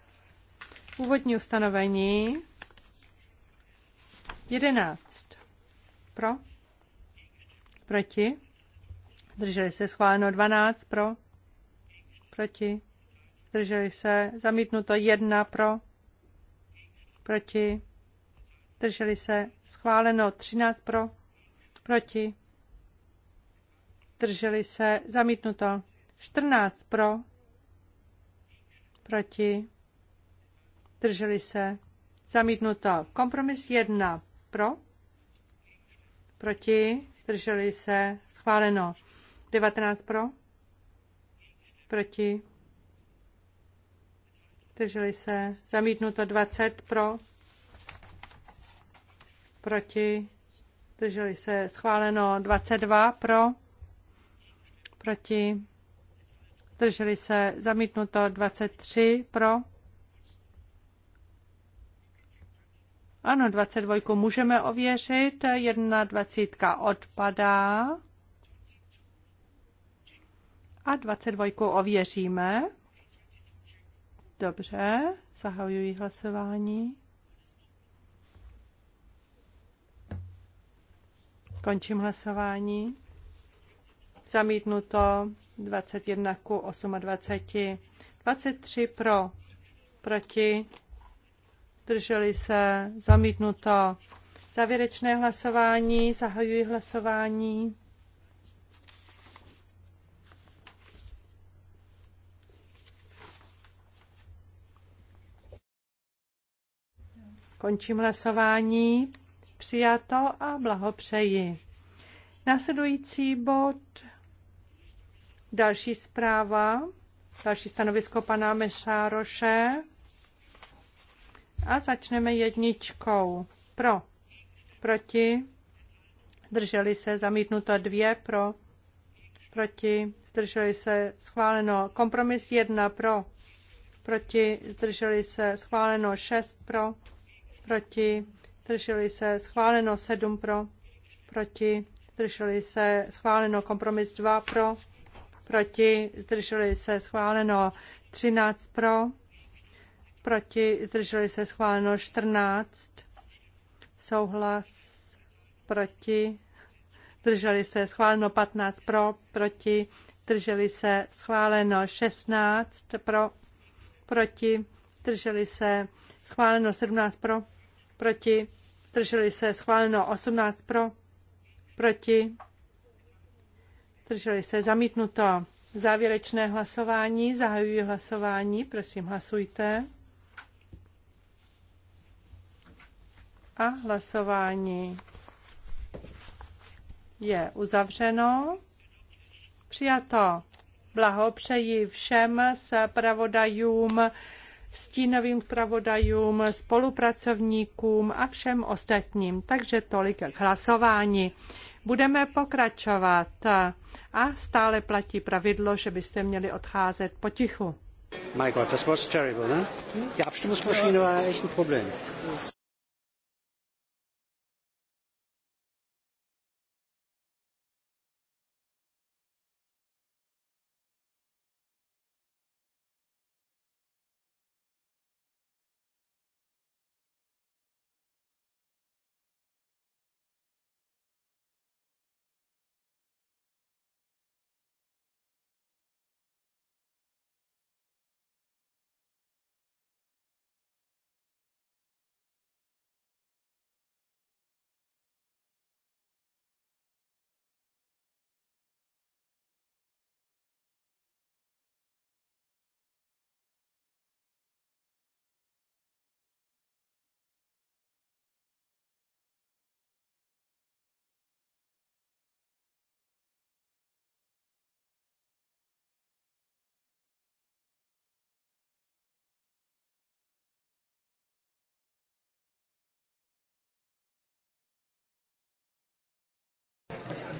úvodní ustanovení 11 pro Proti? Zdrželi se schváleno 12 pro. Proti? Zdrželi se zamítnuto 1 pro. Proti? Zdrželi se schváleno 13 pro. Proti? Zdrželi se zamítnuto 14 pro. Proti? Zdrželi se zamítnuto kompromis 1 pro. Proti? zdrželi se, schváleno. 19 pro, proti, zdrželi se, zamítnuto 20 pro, proti, zdrželi se, schváleno 22 pro, proti, zdrželi se, zamítnuto 23 pro, Ano, 22 můžeme ověřit, 21 odpadá. A 22 ověříme. Dobře, zahajuji hlasování. Končím hlasování. Zamítnuto 21 ku 28. 23 pro, proti zdrželi se, zamítnuto. Závěrečné hlasování, zahajuji hlasování. Končím hlasování. Přijato a blahopřeji. Následující bod, další zpráva, další stanovisko pana Mešároše. A začneme jedničkou. Pro. Proti. Zdrželi se. Zamítnuto dvě. Pro. Proti. Zdrželi se. Schváleno. Kompromis jedna. Pro. Proti. Zdrželi se. Schváleno šest. Pro. Proti. Zdrželi se. Schváleno sedm. Pro. Proti. Zdrželi se. Schváleno. Kompromis dva. Pro. Proti. Zdrželi se. Schváleno 13 pro proti, zdrželi se schváleno 14, souhlas, proti, zdrželi se schváleno 15 pro, proti, zdrželi se schváleno 16 pro, proti, zdrželi se schváleno 17 pro, proti, zdrželi se schváleno 18 pro, proti, zdrželi se zamítnuto. Závěrečné hlasování, zahajuji hlasování, prosím hlasujte. a hlasování je uzavřeno. Přijato. Blahopřeji všem zpravodajům, stínovým zpravodajům, spolupracovníkům a všem ostatním. Takže tolik k hlasování. Budeme pokračovat a stále platí pravidlo, že byste měli odcházet potichu. My God, das war terrible, ne? Die Abstimmungsmaschine war echt ein Problem.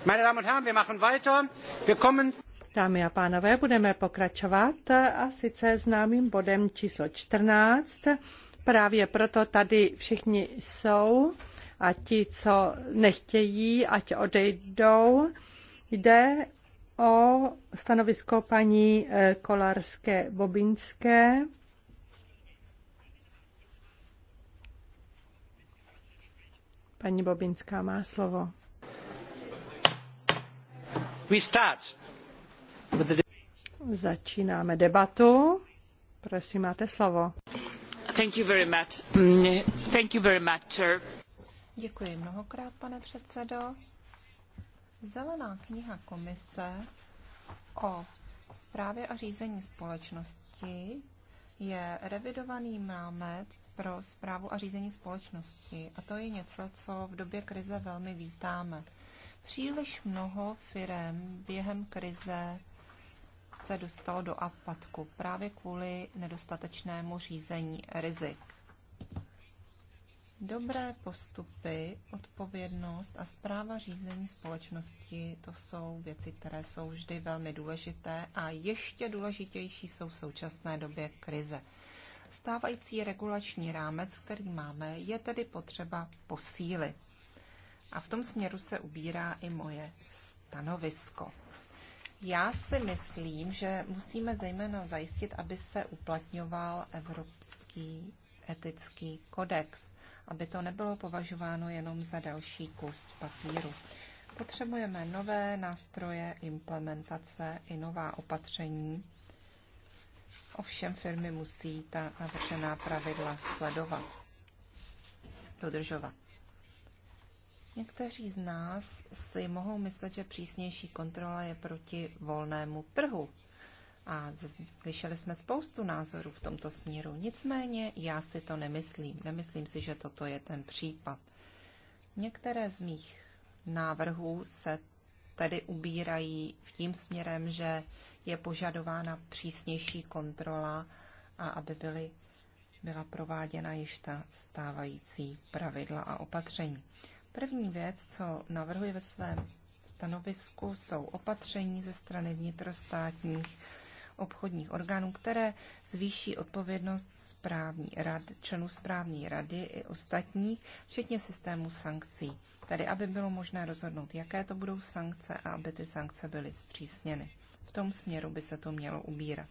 Meine Damen und Herren, wir machen weiter. Wir kommen Dámy a pánové, budeme pokračovat a sice známým bodem číslo 14. Právě proto tady všichni jsou a ti, co nechtějí, ať odejdou. Jde o stanovisko paní eh, Kolarské Bobinské. Paní Bobinská má slovo. We start with the... Začínáme debatu. Prosím, máte slovo. Děkuji mnohokrát, pane předsedo. Zelená kniha komise o zprávě a řízení společnosti je revidovaný rámec pro zprávu a řízení společnosti. A to je něco, co v době krize velmi vítáme. Příliš mnoho firm během krize se dostalo do apatku právě kvůli nedostatečnému řízení rizik. Dobré postupy, odpovědnost a zpráva řízení společnosti, to jsou věci, které jsou vždy velmi důležité a ještě důležitější jsou v současné době krize. Stávající regulační rámec, který máme, je tedy potřeba posílit. A v tom směru se ubírá i moje stanovisko. Já si myslím, že musíme zejména zajistit, aby se uplatňoval Evropský etický kodex, aby to nebylo považováno jenom za další kus papíru. Potřebujeme nové nástroje implementace i nová opatření. Ovšem firmy musí ta navržená pravidla sledovat, dodržovat. Někteří z nás si mohou myslet, že přísnější kontrola je proti volnému trhu. A slyšeli jsme spoustu názorů v tomto směru. Nicméně já si to nemyslím. Nemyslím si, že toto je ten případ. Některé z mých návrhů se tedy ubírají v tím směrem, že je požadována přísnější kontrola a aby byly, byla prováděna již ta stávající pravidla a opatření. První věc, co navrhuji ve svém stanovisku, jsou opatření ze strany vnitrostátních obchodních orgánů, které zvýší odpovědnost správní rad, členů správní rady i ostatních, včetně systému sankcí. Tedy, aby bylo možné rozhodnout, jaké to budou sankce a aby ty sankce byly zpřísněny. V tom směru by se to mělo ubírat.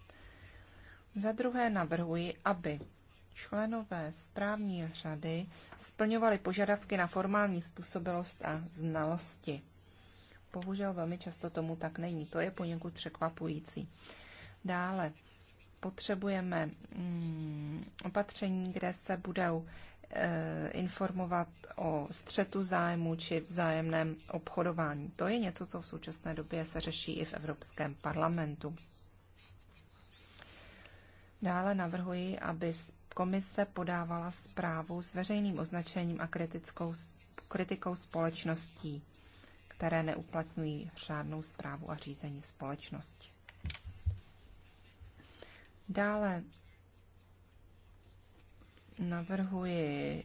Za druhé navrhuji, aby členové správní řady splňovali požadavky na formální způsobilost a znalosti. Bohužel velmi často tomu tak není. To je poněkud překvapující. Dále potřebujeme mm, opatření, kde se budou e, informovat o střetu zájmu či vzájemném obchodování. To je něco, co v současné době se řeší i v Evropském parlamentu. Dále navrhuji, aby komise podávala zprávu s veřejným označením a kritickou, kritikou společností, které neuplatňují řádnou zprávu a řízení společnosti. Dále navrhuji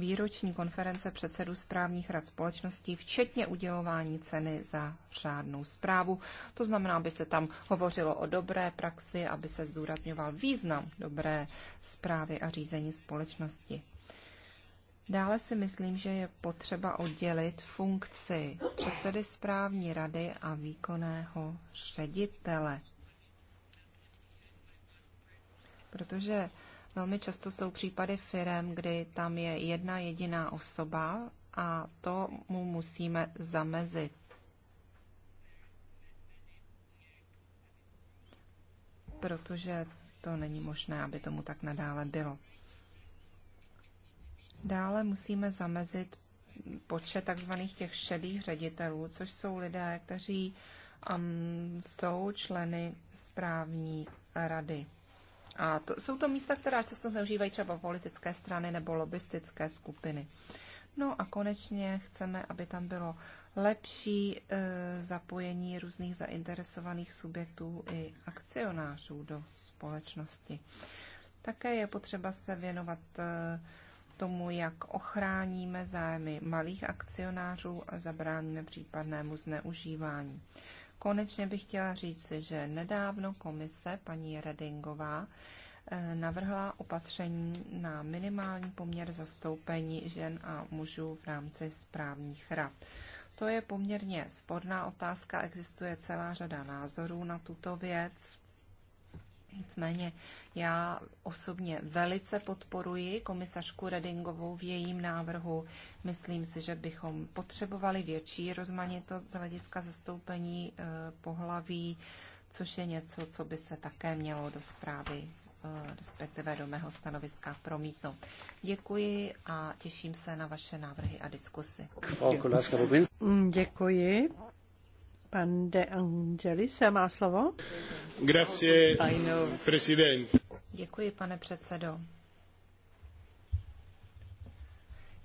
výroční konference předsedů správních rad společností, včetně udělování ceny za řádnou zprávu. To znamená, aby se tam hovořilo o dobré praxi, aby se zdůrazňoval význam dobré zprávy a řízení společnosti. Dále si myslím, že je potřeba oddělit funkci předsedy správní rady a výkonného ředitele. Protože Velmi často jsou případy firm, kdy tam je jedna jediná osoba a to mu musíme zamezit. Protože to není možné, aby tomu tak nadále bylo. Dále musíme zamezit počet takzvaných těch šedých ředitelů, což jsou lidé, kteří um, jsou členy správní rady a to, jsou to místa, která často zneužívají třeba politické strany nebo lobbystické skupiny. No a konečně chceme, aby tam bylo lepší e, zapojení různých zainteresovaných subjektů i akcionářů do společnosti. Také je potřeba se věnovat e, tomu, jak ochráníme zájmy malých akcionářů a zabráníme případnému zneužívání. E, Konečně bych chtěla říct, že nedávno komise paní Redingová eh, navrhla opatření na minimální poměr zastoupení žen a mužů v rámci správních rad. To je poměrně sporná otázka, existuje celá řada názorů na tuto věc. Nicméně já osobně velice podporuji komisařku Redingovou v jejím návrhu. Myslím si, že bychom potřebovali větší rozmanitost z hlediska zastoupení eh, pohlaví, což je něco, co by se také mělo do zprávy, eh, respektive do mého stanoviska promítnout. Děkuji a těším se na vaše návrhy a diskusy. Děkuji. Pan De Angelis má slovo. Grazie, prezident. Děkuji, pane předsedo.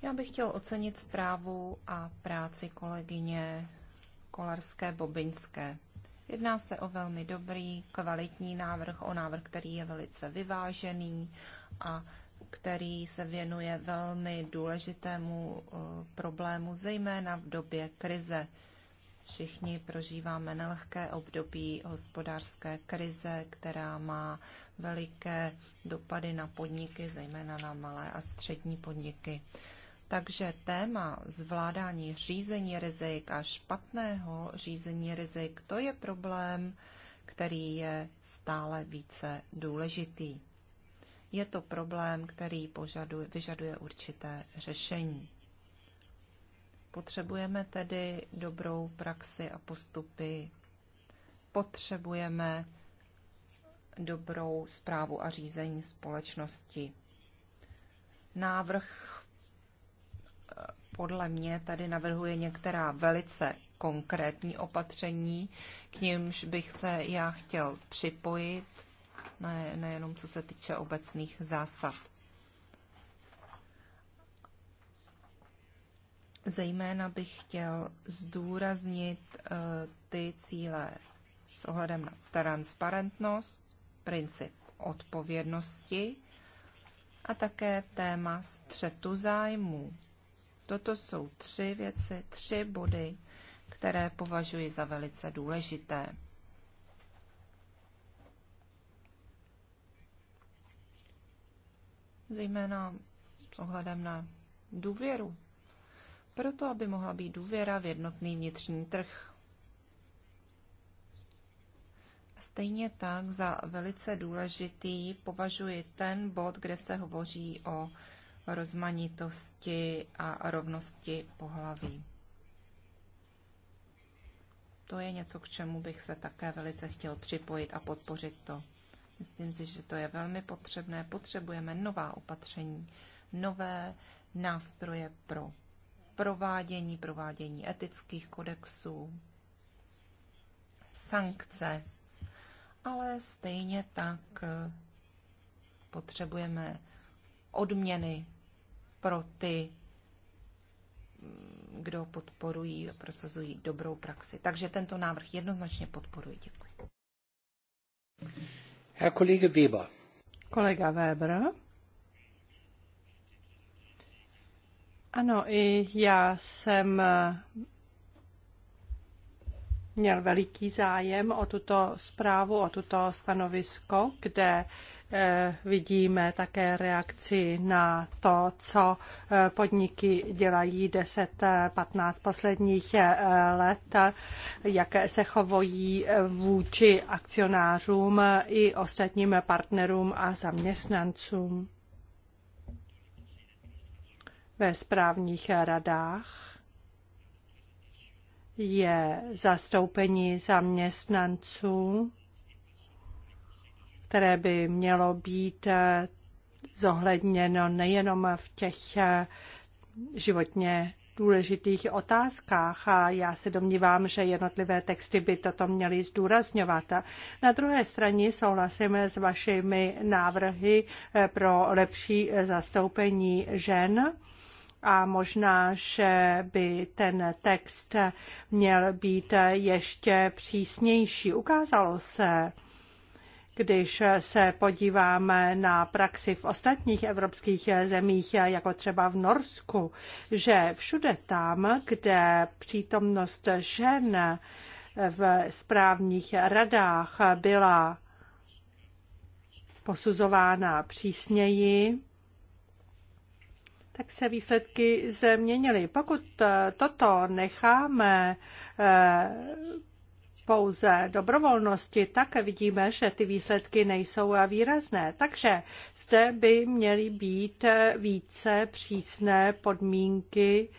Já bych chtěl ocenit zprávu a práci kolegyně Kolarské Bobinské. Jedná se o velmi dobrý, kvalitní návrh, o návrh, který je velice vyvážený a který se věnuje velmi důležitému eh, problému, zejména v době krize. Všichni prožíváme nelehké období hospodářské krize, která má veliké dopady na podniky, zejména na malé a střední podniky. Takže téma zvládání řízení rizik a špatného řízení rizik, to je problém, který je stále více důležitý. Je to problém, který požaduje, vyžaduje určité řešení. Potřebujeme tedy dobrou praxi a postupy. Potřebujeme dobrou zprávu a řízení společnosti. Návrh eh, podle mě tady navrhuje některá velice konkrétní opatření, k nímž bych se já chtěl připojit, ne, nejenom co se týče obecných zásad. Zejména bych chtěl zdůraznit eh, ty cíle s ohledem na transparentnost, princip odpovědnosti a také téma střetu zájmů. Toto jsou tři věci, tři body, které považuji za velice důležité. Zejména s ohledem na důvěru proto aby mohla být důvěra v jednotný vnitřní trh. Stejně tak za velice důležitý považuji ten bod, kde se hovoří o rozmanitosti a rovnosti pohlaví. To je něco, k čemu bych se také velice chtěl připojit a podpořit to. Myslím si, že to je velmi potřebné. Potřebujeme nová opatření, nové nástroje pro provádění, provádění etických kodexů, sankce, ale stejně tak eh, potřebujeme odměny pro ty, mm, kdo podporují a prosazují dobrou praxi. Takže tento návrh jednoznačně podporuji. Děkuji. Herr Kollege Weber. Kolega Weber. Ano, i já jsem eh, měl veliký zájem o tuto zprávu, o tuto stanovisko, kde eh, vidíme také reakci na to, co eh, podniky dělají 10-15 posledních let, jak se chovají vůči akcionářům i ostatním partnerům a zaměstnancům ve správních radách je zastoupení zaměstnanců, které by mělo být zohledněno nejenom v těch eh, životně důležitých otázkách a já se domnívám, že jednotlivé texty by toto měly zdůrazňovat. Na druhé straně souhlasím s vašimi návrhy eh, pro lepší zastoupení žen a možná, že by ten text měl být ještě přísnější. Ukázalo se, když se podíváme na praxi v ostatních evropských zemích, jako třeba v Norsku, že všude tam, kde přítomnost žen v správních radách byla posuzována přísněji, tak se výsledky změnily. Pokud eh, toto necháme eh, pouze dobrovolnosti, tak vidíme, že ty výsledky nejsou výrazné. Takže zde by měly být více přísné podmínky,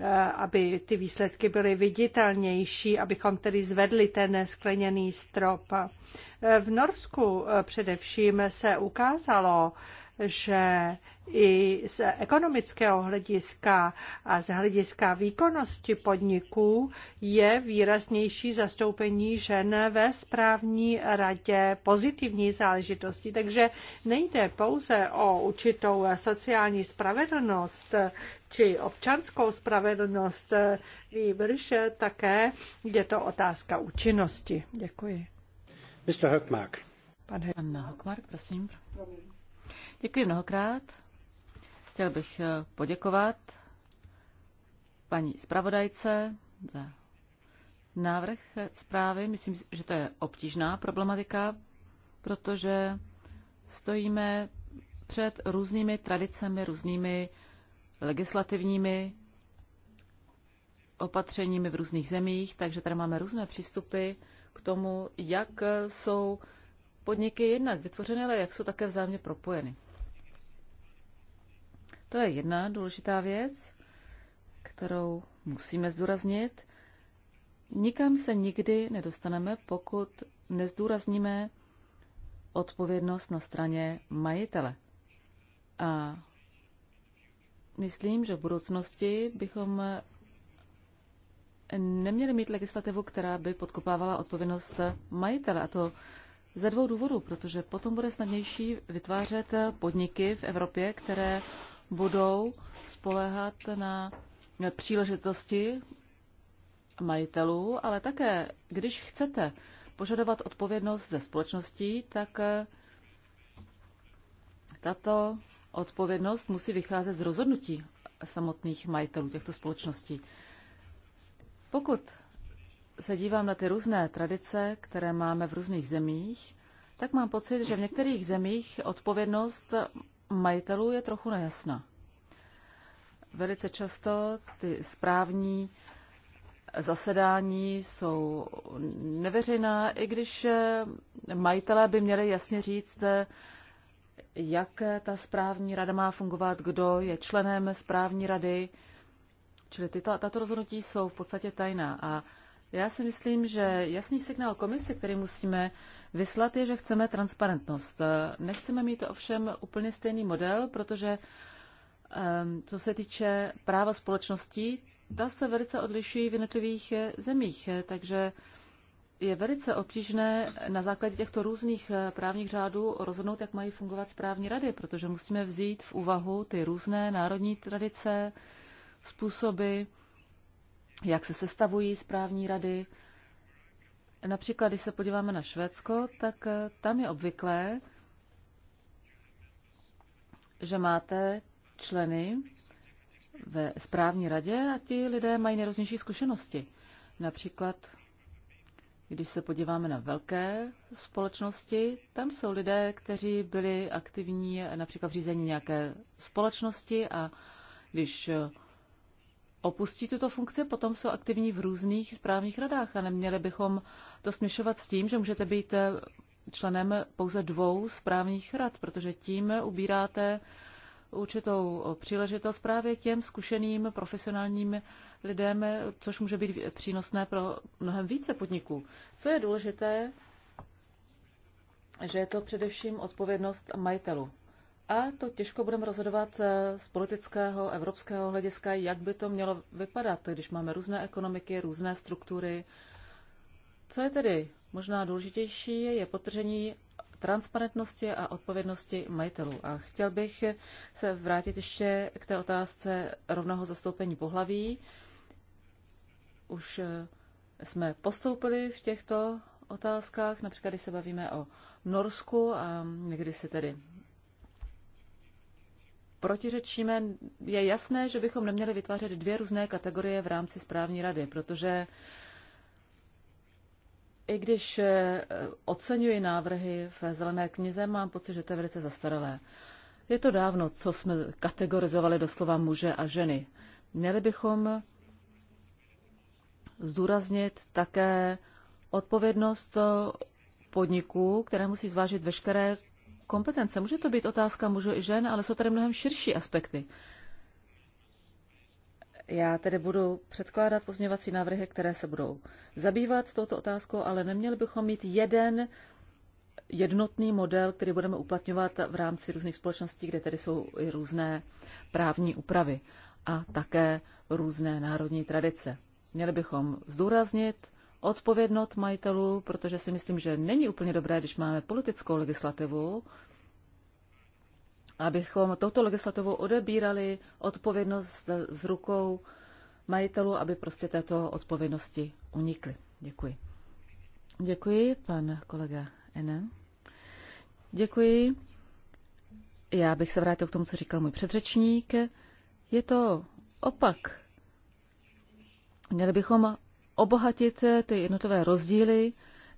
eh, aby ty výsledky byly viditelnější, abychom tedy zvedli ten skleněný strop. V Norsku především se ukázalo, že i z ekonomického hlediska a z hlediska výkonnosti podniků je výraznější zastoupení žen ve správní radě pozitivní záležitosti. Takže nejde pouze o určitou sociální spravedlnost či občanskou spravedlnost, výbrž také je to otázka účinnosti. Děkuji. Mr. Höckmark. Pan Hockmark, prosím. Promiň. Děkuji mnohokrát. Chtěl bych eh, poděkovat paní zpravodajce za návrh eh, zprávy. Myslím, že to je obtížná problematika, protože stojíme před různými tradicemi, různými legislativními opatřeními v různých zemích, takže tady máme různé přístupy k tomu, jak jsou podniky jednak vytvořeny, ale jak jsou také vzájemně propojeny. To je jedna důležitá věc, kterou musíme zdůraznit. Nikam se nikdy nedostaneme, pokud nezdůrazníme odpovědnost na straně majitele. A myslím, že v budoucnosti bychom neměli mít legislativu, která by podkopávala odpovědnost majitele. A to ze dvou důvodů, protože potom bude snadnější vytvářet podniky v Evropě, které budou spoléhat na příležitosti majitelů, ale také, když chcete požadovat odpovědnost ze společností, tak eh, tato odpovědnost musí vycházet z rozhodnutí samotných majitelů těchto společností. Pokud se dívám na ty různé tradice, které máme v různých zemích, tak mám pocit, že v některých zemích odpovědnost majitelů je trochu nejasná. Velice často ty správní zasedání jsou neveřejná, i když eh, majitelé by měli jasně říct, eh, jak ta správní rada má fungovat, kdo je členem správní rady. Čili tyto, tato rozhodnutí jsou v podstatě tajná. A já si myslím, že jasný signál komise, který musíme vyslat, je, že chceme transparentnost. Nechceme mít ovšem úplně stejný model, protože ehm, co se týče práva společností, ta se velice odliší v jednotlivých eh, zemích, eh, takže je velice obtížné na základě těchto různých eh, právních řádů rozhodnout, jak mají fungovat správní rady, protože musíme vzít v úvahu ty různé národní tradice, způsoby, jak se sestavují správní rady. Například, když se podíváme na Švédsko, tak eh, tam je obvyklé, že máte členy ve správní radě a ti lidé mají nejrůznější zkušenosti. Například, když se podíváme na velké společnosti, tam jsou lidé, kteří byli aktivní například v řízení nějaké společnosti a když eh, opustí tuto funkci, potom jsou aktivní v různých správních radách a neměli bychom to směšovat s tím, že můžete být eh, členem pouze dvou správních rad, protože tím ubíráte určitou eh, příležitost právě těm zkušeným profesionálním lidem, eh, což může být přínosné pro mnohem více podniků. Co je důležité, že je to především odpovědnost majitelů. A to těžko budeme rozhodovat eh, z politického, evropského hlediska, jak by to mělo vypadat, když máme různé ekonomiky, různé struktury. Co je tedy možná důležitější, je potržení transparentnosti a odpovědnosti majitelů. A chtěl bych se vrátit ještě k té otázce rovného zastoupení pohlaví. Už eh, jsme postoupili v těchto otázkách, například když se bavíme o Norsku a někdy si tedy protiřečíme, je jasné, že bychom neměli vytvářet dvě různé kategorie v rámci správní rady, protože i když eh, oceňuji návrhy v zelené knize, mám pocit, že to je velice zastaralé. Je to dávno, co jsme kategorizovali doslova muže a ženy. Měli bychom zdůraznit také odpovědnost podniků, které musí zvážit veškeré kompetence. Může to být otázka mužů i žen, ale jsou tady mnohem širší aspekty. Já tedy budu předkládat pozměvací návrhy, které se budou zabývat touto otázkou, ale neměli bychom mít jeden jednotný model, který budeme uplatňovat v rámci různých společností, kde tedy jsou i různé právní úpravy a také různé národní tradice. Měli bychom zdůraznit odpovědnost majitelů, protože si myslím, že není úplně dobré, když máme politickou legislativu, abychom touto legislativou odebírali odpovědnost z rukou majitelů, aby prostě této odpovědnosti unikly. Děkuji. Děkuji, pan kolega Enem. Děkuji. Já bych se vrátil k tomu, co říkal můj předřečník. Je to opak. Měli bychom obohatit eh, ty jednotové rozdíly,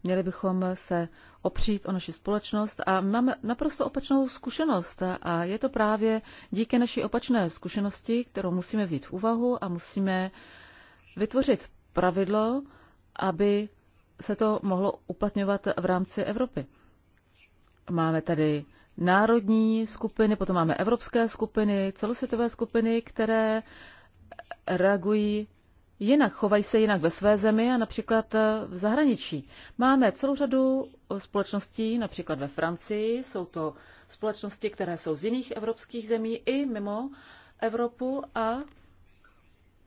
měli bychom se opřít o naši společnost a máme naprosto opačnou zkušenost a je to právě díky naší opačné zkušenosti, kterou musíme vzít v úvahu a musíme vytvořit pravidlo, aby se to mohlo uplatňovat v rámci Evropy. Máme tady národní skupiny, potom máme evropské skupiny, celosvětové skupiny, které reagují jinak, chovají se jinak ve své zemi a například eh, v zahraničí. Máme celou řadu eh, společností, například ve Francii, jsou to společnosti, které jsou z jiných evropských zemí i mimo Evropu a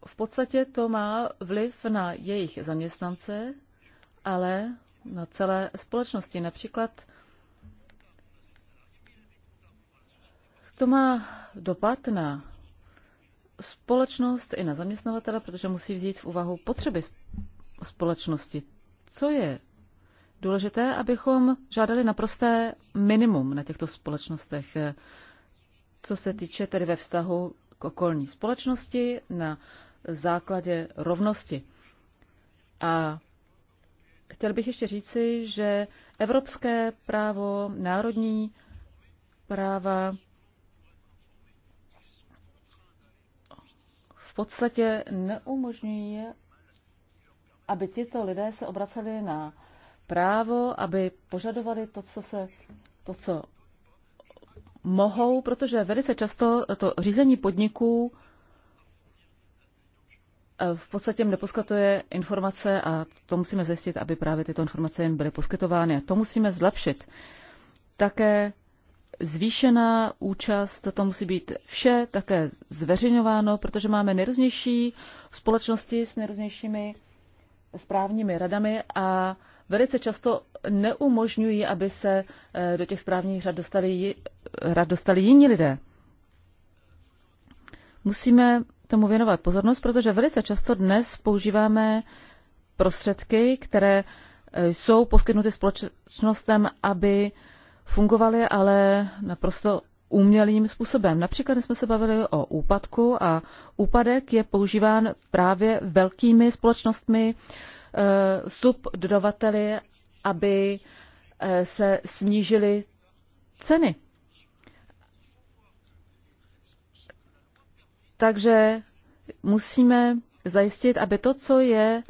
v podstatě to má vliv na jejich zaměstnance, ale na celé společnosti. Například to má dopad na společnost i na zaměstnavatele, protože musí vzít v úvahu potřeby společnosti. Co je důležité, abychom žádali naprosté minimum na těchto společnostech, co se týče tedy ve vztahu k okolní společnosti na základě rovnosti. A chtěl bych ještě říci, že evropské právo, národní práva podstatě neumožňuje, aby tyto lidé se obraceli na právo, aby požadovali to, co se, to, co mohou, protože velice často to řízení podniků eh, v podstatě jim neposkytuje informace a to musíme zjistit, aby právě tyto informace jim byly poskytovány. A to musíme zlepšit. Také zvýšená účast, to musí být vše také zveřejňováno, protože máme nejrůznější společnosti s nejrůznějšími správními radami a velice často neumožňují, aby se eh, do těch správních rad dostali, rad dostali jiní lidé. Musíme tomu věnovat pozornost, protože velice často dnes používáme prostředky, které eh, jsou poskytnuty společnostem, aby fungovaly, ale naprosto umělým způsobem. Například jsme se bavili o úpadku a úpadek je používán právě velkými společnostmi, eh, subdodavateli, aby eh, se snížily ceny. Takže musíme zajistit, aby to, co je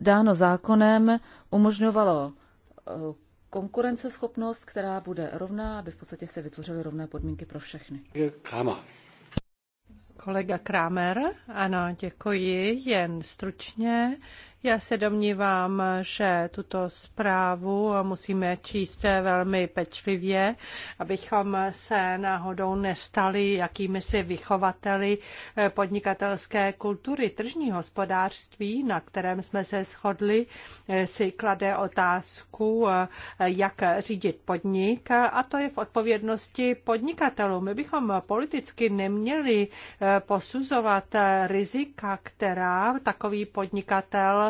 dáno zákonem, umožňovalo eh, konkurenceschopnost, která bude rovná, aby v podstatě se vytvořily rovné podmínky pro všechny. Kráma. Kolega Kramer, ano, děkuji, jen stručně. Já se domnívám, že tuto zprávu musíme číst velmi pečlivě, abychom se náhodou nestali jakými si vychovateli eh, podnikatelské kultury. Tržní hospodářství, na kterém jsme se shodli, eh, si klade otázku, eh, jak řídit podnik a to je v odpovědnosti podnikatelů. My bychom politicky neměli posuzovat rizika, která takový podnikatel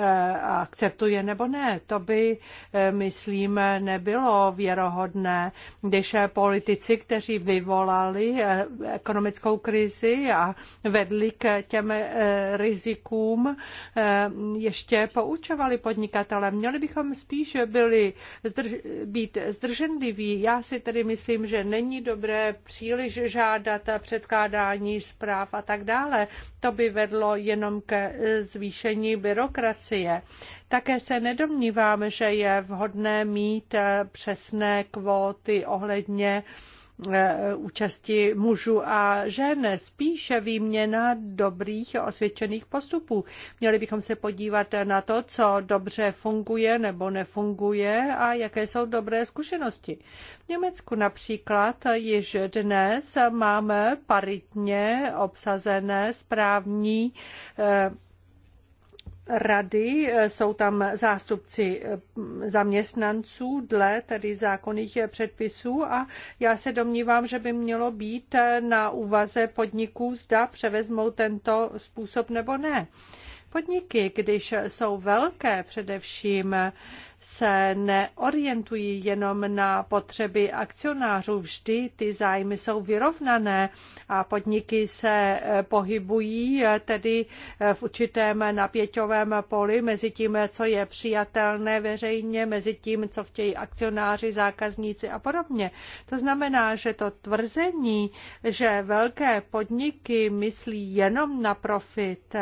Eh, akceptuje nebo ne. To by, eh, myslím, nebylo věrohodné, když eh, politici, kteří vyvolali ekonomickou krizi a vedli k těm rizikům, ještě poučovali podnikatele. Měli bychom spíš byli zdrž- být zdrženliví. Já si tedy myslím, že není dobré příliš žádat předkládání zpráv a tak dále. To by vedlo jenom ke zvýšení byrokracie Francie. Také se nedomnívám, že je vhodné mít eh, přesné kvóty ohledně eh, účasti mužů a žen, spíše výměna dobrých osvědčených postupů. Měli bychom se podívat na to, co dobře funguje nebo nefunguje a jaké jsou dobré zkušenosti. V Německu například již dnes máme paritně obsazené správní eh, rady, jsou tam zástupci mm, zaměstnanců dle tedy zákonných předpisů a já se domnívám, že by mělo být na úvaze podniků, zda převezmou tento způsob nebo ne. Podniky, když jsou velké především, se neorientují jenom na potřeby akcionářů. Vždy ty zájmy jsou vyrovnané a podniky se eh, pohybují eh, tedy eh, v určitém napěťovém poli mezi tím, co je přijatelné veřejně, mezi tím, co chtějí akcionáři, zákazníci a podobně. To znamená, že to tvrzení, že velké podniky myslí jenom na profit,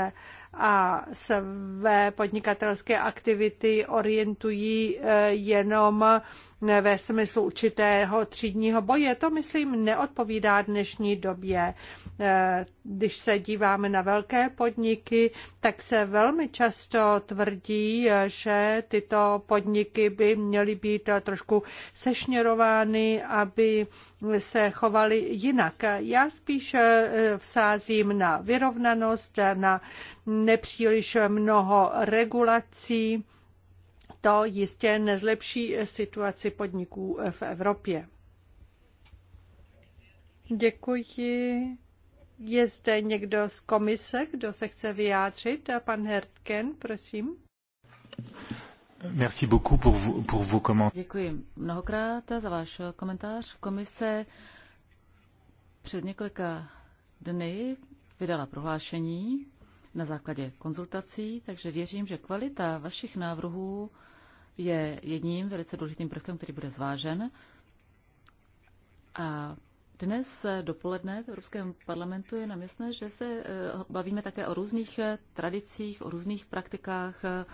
a své podnikatelské aktivity orientují eh, jenom ve smyslu určitého třídního boje. To, myslím, neodpovídá dnešní době. E, když se díváme na velké podniky, tak se velmi často tvrdí, že tyto podniky by měly být trošku sešněrovány, aby se chovaly jinak. Já spíš e, vsázím na vyrovnanost, na nepříliš mnoho regulací, to jistě nezlepší situaci podniků v Evropě. Děkuji. Je zde někdo z komise, kdo se chce vyjádřit? pan Hertgen, prosím. Merci beaucoup pour vous, pour vous comment... Děkuji mnohokrát za váš komentář. Komise před několika dny vydala prohlášení na základě konzultací, takže věřím, že kvalita vašich návrhů je jedním velice důležitým prvkem, který bude zvážen. A dnes dopoledne v Evropském parlamentu je nám jasné, že se eh, bavíme také o různých eh, tradicích, o různých praktikách, eh,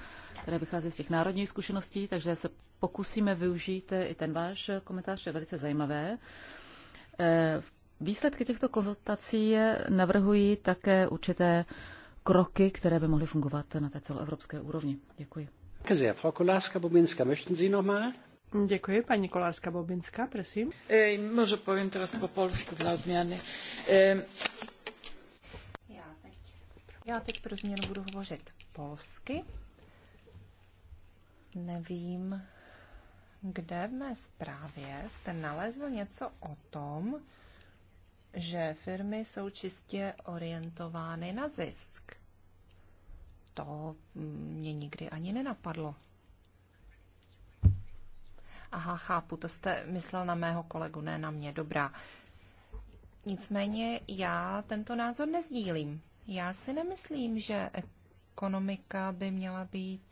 které vychází z těch národních zkušeností, takže se pokusíme využít i ten váš komentář, je velice zajímavé. Výsledky těchto konzultací navrhují také určité kroky, které by mohly fungovat na té celoevropské úrovni. Děkuji. Děkuji, paní Kolárska Bobinská, prosím. E, Možná povím teraz po polsku dla odměny. E... Já, teď, já teď pro změnu budu hovořit polsky. Nevím, kde v mé zprávě jste nalezl něco o tom, že firmy jsou čistě orientovány na zisk to mě nikdy ani nenapadlo. Aha, chápu, to jste myslel na mého kolegu, ne na mě, dobrá. Nicméně já tento názor nezdílím. Já si nemyslím, že ekonomika by měla být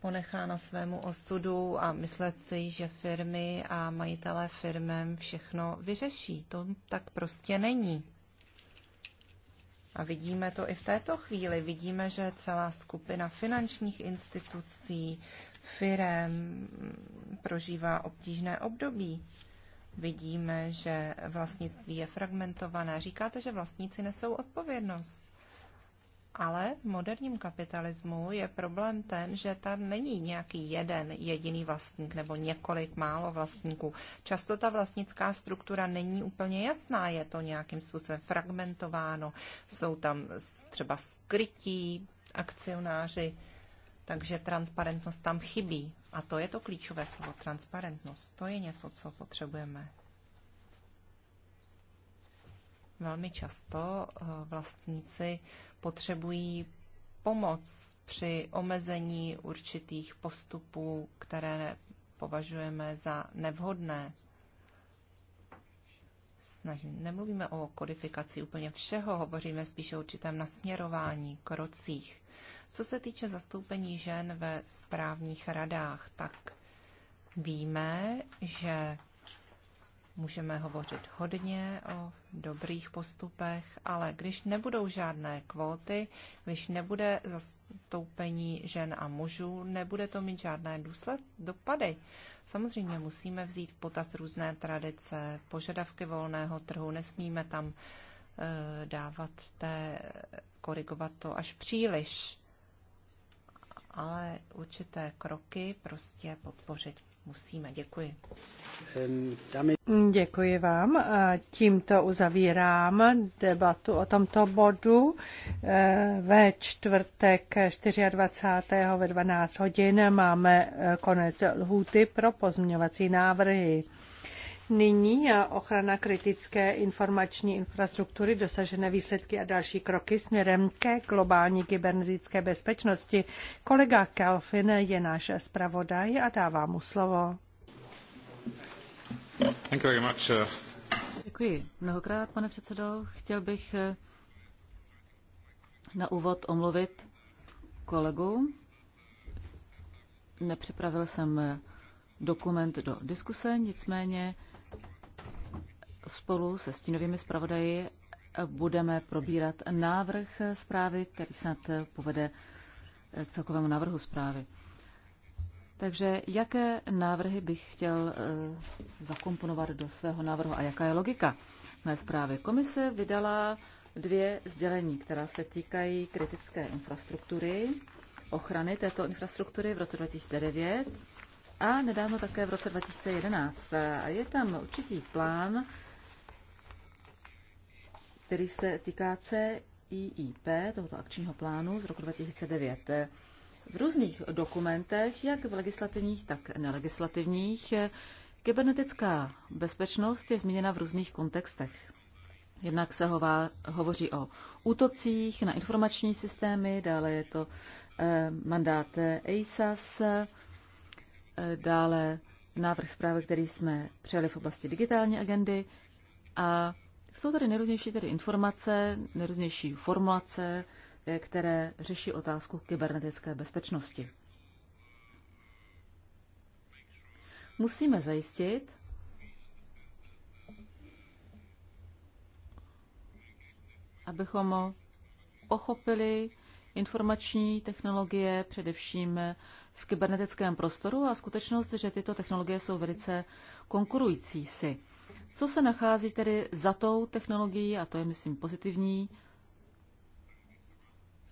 ponechána svému osudu a myslet si, že firmy a majitelé firmem všechno vyřeší. To tak prostě není. A vidíme to i v této chvíli. Vidíme, že celá skupina finančních institucí, firem prožívá obtížné období. Vidíme, že vlastnictví je fragmentované. Říkáte, že vlastníci nesou odpovědnost. Ale v moderním kapitalismu je problém ten, že tam není nějaký jeden jediný vlastník nebo několik málo vlastníků. Často ta vlastnická struktura není úplně jasná, je to nějakým způsobem fragmentováno, jsou tam třeba skrytí akcionáři, takže transparentnost tam chybí. A to je to klíčové slovo, transparentnost. To je něco, co potřebujeme. Velmi často eh, vlastníci potřebují pomoc při omezení určitých postupů, které považujeme za nevhodné. Snažím. nemluvíme o kodifikaci úplně všeho, hovoříme spíše o určitém nasměrování, krocích. Co se týče zastoupení žen ve správních radách, tak víme, že Můžeme hovořit hodně o dobrých postupech, ale když nebudou žádné kvóty, když nebude zastoupení žen a mužů, nebude to mít žádné důsled, dopady. Samozřejmě musíme vzít v potaz různé tradice, požadavky volného trhu, nesmíme tam e, dávat té, korigovat to až příliš, ale určité kroky prostě podpořit musíme. Děkuji. Děkuji vám. Tímto uzavírám debatu o tomto bodu. Eh, ve čtvrtek 24. ve 12 hodin máme eh, konec lhůty pro pozměňovací návrhy. Nyní ochrana kritické informační infrastruktury, dosažené výsledky a další kroky směrem ke globální kybernetické bezpečnosti. Kolega Kelfin je náš zpravodaj a dává mu slovo. Thank you very much. Uh, Děkuji mnohokrát, pane předsedo. Chtěl bych eh, na úvod omluvit kolegu. Nepřipravil jsem eh, dokument do diskuse, nicméně spolu se stínovými zpravodaji budeme probírat návrh zprávy, který snad povede k celkovému návrhu zprávy. Takže jaké návrhy bych chtěl eh, zakomponovat do svého návrhu a jaká je logika mé zprávy? Komise vydala dvě sdělení, která se týkají kritické infrastruktury, ochrany této infrastruktury v roce 2009 a nedávno také v roce 2011. A je tam určitý plán který se týká CIIP, tohoto akčního plánu z roku 2009. V různých dokumentech, jak v legislativních, tak nelegislativních, kybernetická bezpečnost je zmíněna v různých kontextech. Jednak se hová, hovoří o útocích na informační systémy, dále je to eh, mandát EISAS, eh, dále návrh zprávy, který jsme přijali v oblasti digitální agendy a jsou tady nejrůznější tedy informace, nejrůznější formulace, eh, které řeší otázku kybernetické bezpečnosti. Musíme zajistit, abychom pochopili informační technologie, především v kybernetickém prostoru a skutečnost, že tyto technologie jsou velice konkurující si co se nachází tedy za tou technologií, a to je, myslím, pozitivní.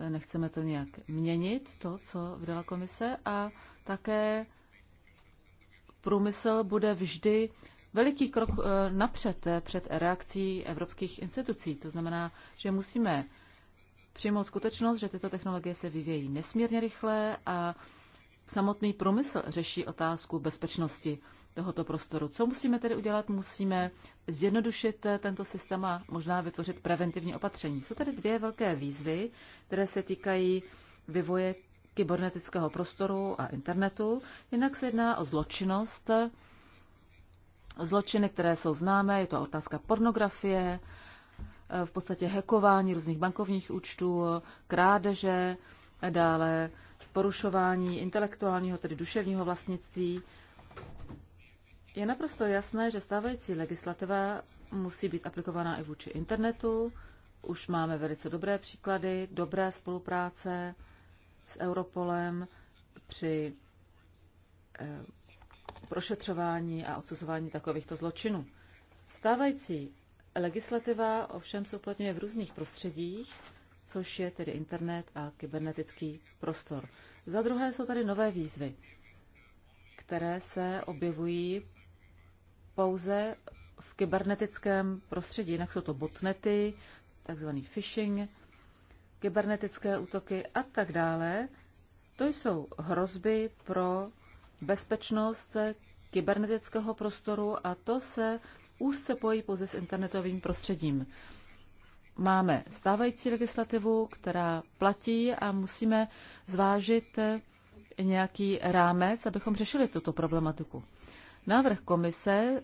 Nechceme to nějak měnit, to, co vydala komise, a také průmysl bude vždy veliký krok eh, napřed eh, před reakcí evropských institucí. To znamená, že musíme přijmout skutečnost, že tyto technologie se vyvějí nesmírně rychle a samotný průmysl řeší otázku bezpečnosti tohoto prostoru. Co musíme tedy udělat? Musíme zjednodušit eh, tento systém a možná vytvořit preventivní opatření. Jsou tady dvě velké výzvy, které se týkají vyvoje kybernetického prostoru a internetu. Jinak se jedná o zločinnost, zločiny, které jsou známé, je to otázka pornografie, eh, v podstatě hackování různých bankovních účtů, krádeže, dále porušování intelektuálního, tedy duševního vlastnictví. Je naprosto jasné, že stávající legislativa musí být aplikovaná i vůči internetu. Už máme velice dobré příklady, dobré spolupráce s Europolem při eh, prošetřování a odsuzování takovýchto zločinů. Stávající legislativa ovšem se uplatňuje v různých prostředích, což je tedy internet a kybernetický prostor. Za druhé jsou tady nové výzvy, které se objevují pouze v kybernetickém prostředí, jinak jsou to botnety, takzvaný phishing, kybernetické útoky a tak dále. To jsou hrozby pro bezpečnost kybernetického prostoru a to se úzce pojí pouze s internetovým prostředím. Máme stávající legislativu, která platí a musíme zvážit nějaký rámec, abychom řešili tuto problematiku. Návrh komise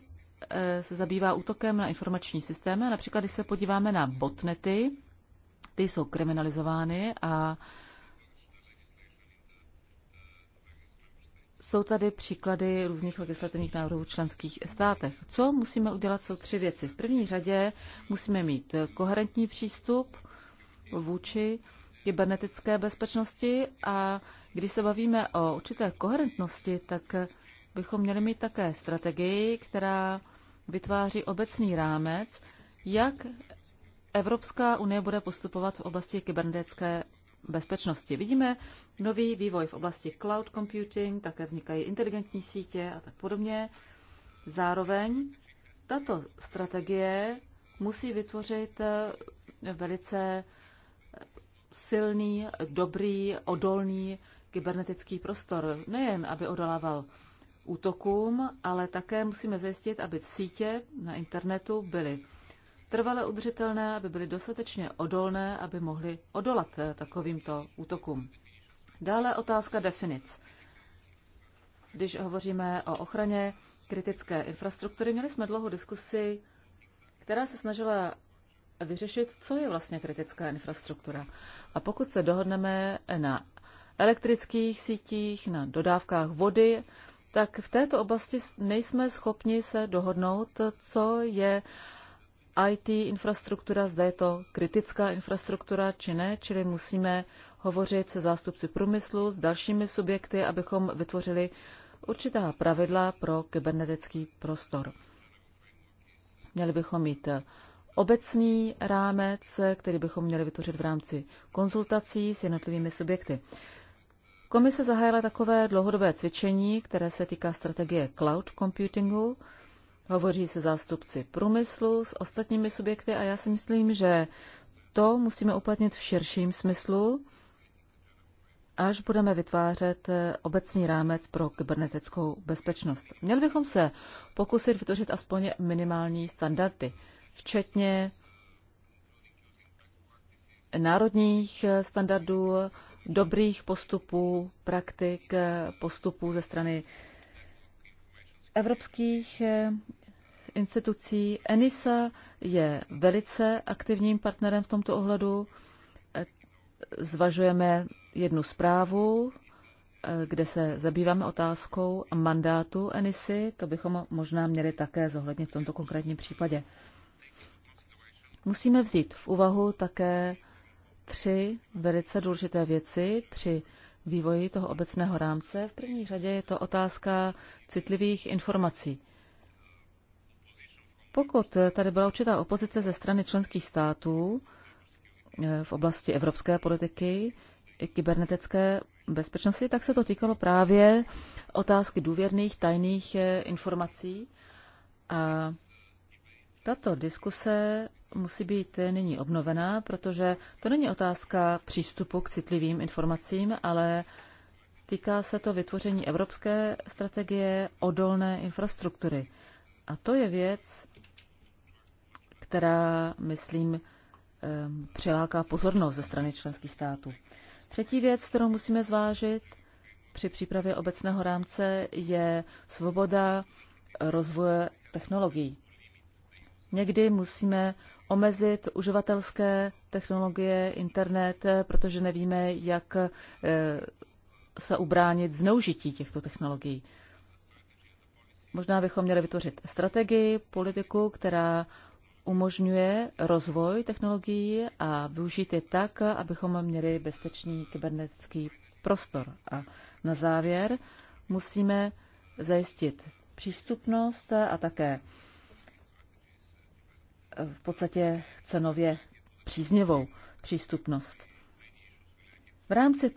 eh, se zabývá útokem na informační systémy. Například, když se podíváme na botnety, ty jsou kriminalizovány a Jsou tady příklady různých legislativních návrhů v členských státech. Co musíme udělat, jsou tři věci. V první řadě musíme mít koherentní přístup vůči kybernetické bezpečnosti a když se bavíme o určité koherentnosti, tak bychom měli mít také strategii, která vytváří obecný rámec, jak Evropská unie bude postupovat v oblasti kybernetické bezpečnosti. Vidíme nový vývoj v oblasti cloud computing, také vznikají inteligentní sítě a tak podobně. Zároveň tato strategie musí vytvořit eh, velice eh, silný, dobrý, odolný kybernetický prostor. Nejen, aby odolával útokům, ale také musíme zajistit, aby sítě na internetu byly trvale udržitelné, aby byly dostatečně odolné, aby mohly odolat eh, takovýmto útokům. Dále otázka definic. Když hovoříme o ochraně kritické infrastruktury, měli jsme dlouhou diskusi, která se snažila vyřešit, co je vlastně kritická infrastruktura. A pokud se dohodneme na elektrických sítích, na dodávkách vody, tak v této oblasti nejsme schopni se dohodnout, co je IT infrastruktura, zda je to kritická infrastruktura či ne, čili musíme hovořit se zástupci průmyslu, s dalšími subjekty, abychom vytvořili určitá pravidla pro kybernetický prostor. Měli bychom mít obecný rámec, který bychom měli vytvořit v rámci konzultací s jednotlivými subjekty. Komise zahájila takové dlouhodobé cvičení, které se týká strategie cloud computingu. Hovoří se zástupci průmyslu s ostatními subjekty a já si myslím, že to musíme uplatnit v širším smyslu, až budeme vytvářet eh, obecný rámec pro kybernetickou bezpečnost. Měli bychom se pokusit vytvořit aspoň minimální standardy, včetně národních eh, standardů, dobrých postupů, praktik, postupů ze strany evropských eh, institucí. ENISA je velice aktivním partnerem v tomto ohledu. Eh, zvažujeme jednu zprávu, eh, kde se zabýváme otázkou mandátu ENISY. To bychom možná měli také zohlednit v tomto konkrétním případě. Musíme vzít v úvahu také tři velice důležité věci při vývoji toho obecného rámce. V první řadě je to otázka citlivých informací. Pokud tady byla určitá opozice ze strany členských států eh, v oblasti evropské politiky, kybernetické bezpečnosti, tak se to týkalo právě otázky důvěrných tajných eh, informací. A tato diskuse musí být nyní obnovená, protože to není otázka přístupu k citlivým informacím, ale týká se to vytvoření evropské strategie odolné infrastruktury. A to je věc, která, myslím, přiláká pozornost ze strany členských států. Třetí věc, kterou musíme zvážit při přípravě obecného rámce, je svoboda rozvoje technologií. Někdy musíme omezit uživatelské technologie, internet, protože nevíme, jak eh, se ubránit zneužití těchto technologií. Možná bychom měli vytvořit strategii, politiku, která umožňuje rozvoj technologií a využít je tak, abychom měli bezpečný kybernetický prostor. A na závěr musíme zajistit přístupnost a také v podstatě cenově příznivou přístupnost. V rámci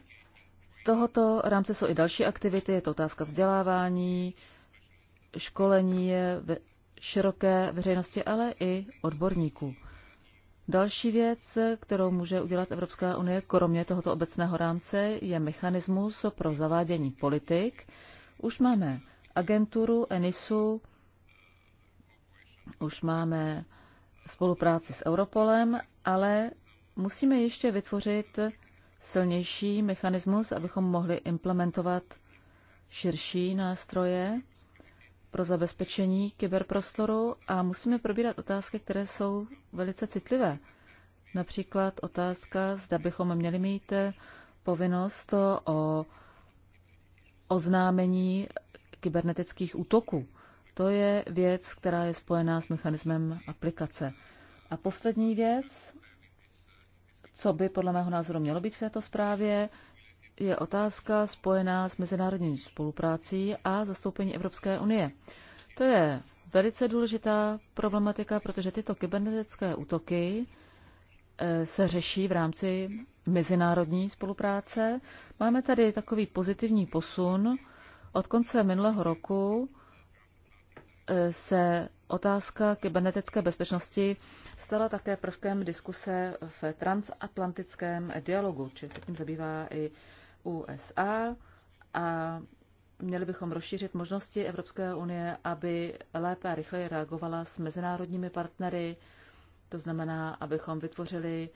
tohoto rámce jsou i další aktivity, je to otázka vzdělávání, školení ve široké veřejnosti, ale i odborníků. Další věc, kterou může udělat Evropská unie, kromě tohoto obecného rámce, je mechanismus pro zavádění politik. Už máme agenturu ENISu, už máme spolupráci s Europolem, ale musíme ještě vytvořit silnější mechanismus, abychom mohli implementovat širší nástroje pro zabezpečení kyberprostoru a musíme probírat otázky, které jsou velice citlivé. Například otázka, zda bychom měli mít povinnost o oznámení kybernetických útoků. To je věc, která je spojená s mechanismem aplikace. A poslední věc, co by podle mého názoru mělo být v této zprávě, je otázka spojená s mezinárodní spoluprácí a zastoupení Evropské unie. To je velice důležitá problematika, protože tyto kybernetické útoky eh, se řeší v rámci mezinárodní spolupráce. Máme tady takový pozitivní posun. Od konce minulého roku se otázka kybernetické bezpečnosti stala také prvkem diskuse v transatlantickém dialogu, či se tím zabývá i USA a měli bychom rozšířit možnosti Evropské unie, aby lépe a rychleji reagovala s mezinárodními partnery, to znamená, abychom vytvořili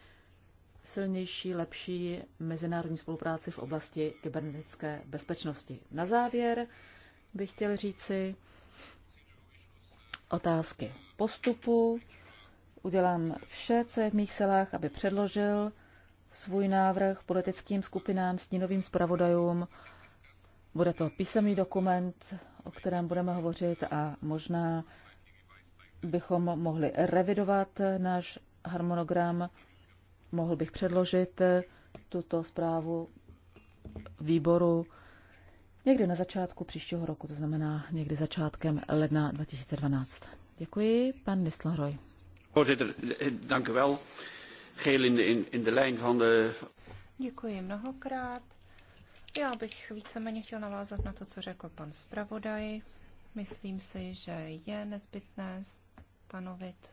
silnější, lepší mezinárodní spolupráci v oblasti kybernetické bezpečnosti. Na závěr bych chtěl říci, otázky postupu. Udělám vše, co je v mých silách, aby předložil svůj návrh politickým skupinám, stínovým zpravodajům. Bude to písemný dokument, o kterém budeme hovořit a možná bychom mohli revidovat náš harmonogram. Mohl bych předložit tuto zprávu výboru někdy na začátku příštího roku, to znamená někdy začátkem ledna 2012. Děkuji, pan Nislohroj. Děkuji mnohokrát. Já bych víceméně chtěl navázat na to, co řekl pan zpravodaj. Myslím si, že je nezbytné stanovit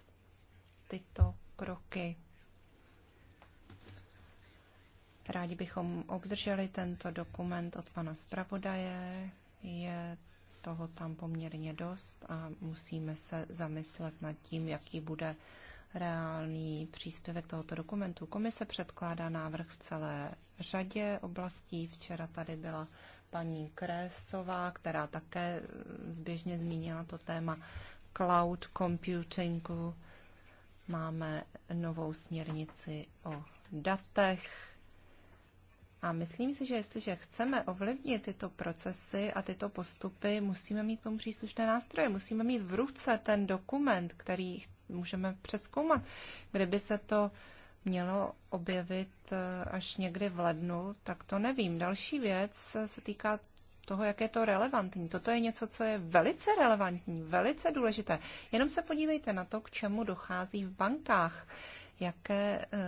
tyto kroky Rádi bychom obdrželi tento dokument od pana zpravodaje. Je toho tam poměrně dost a musíme se zamyslet nad tím, jaký bude reálný příspěvek tohoto dokumentu. Komise předkládá návrh v celé řadě oblastí. Včera tady byla paní Kresová, která také zběžně zmínila to téma cloud computingu. Máme novou směrnici o datech, a myslím si, že jestliže chceme ovlivnit tyto procesy a tyto postupy, musíme mít k tomu příslušné nástroje, musíme mít v ruce ten dokument, který můžeme přeskoumat. Kdyby se to mělo objevit eh, až někdy v lednu, tak to nevím. Další věc se týká toho, jak je to relevantní. Toto je něco, co je velice relevantní, velice důležité. Jenom se podívejte na to, k čemu dochází v bankách, jaké e,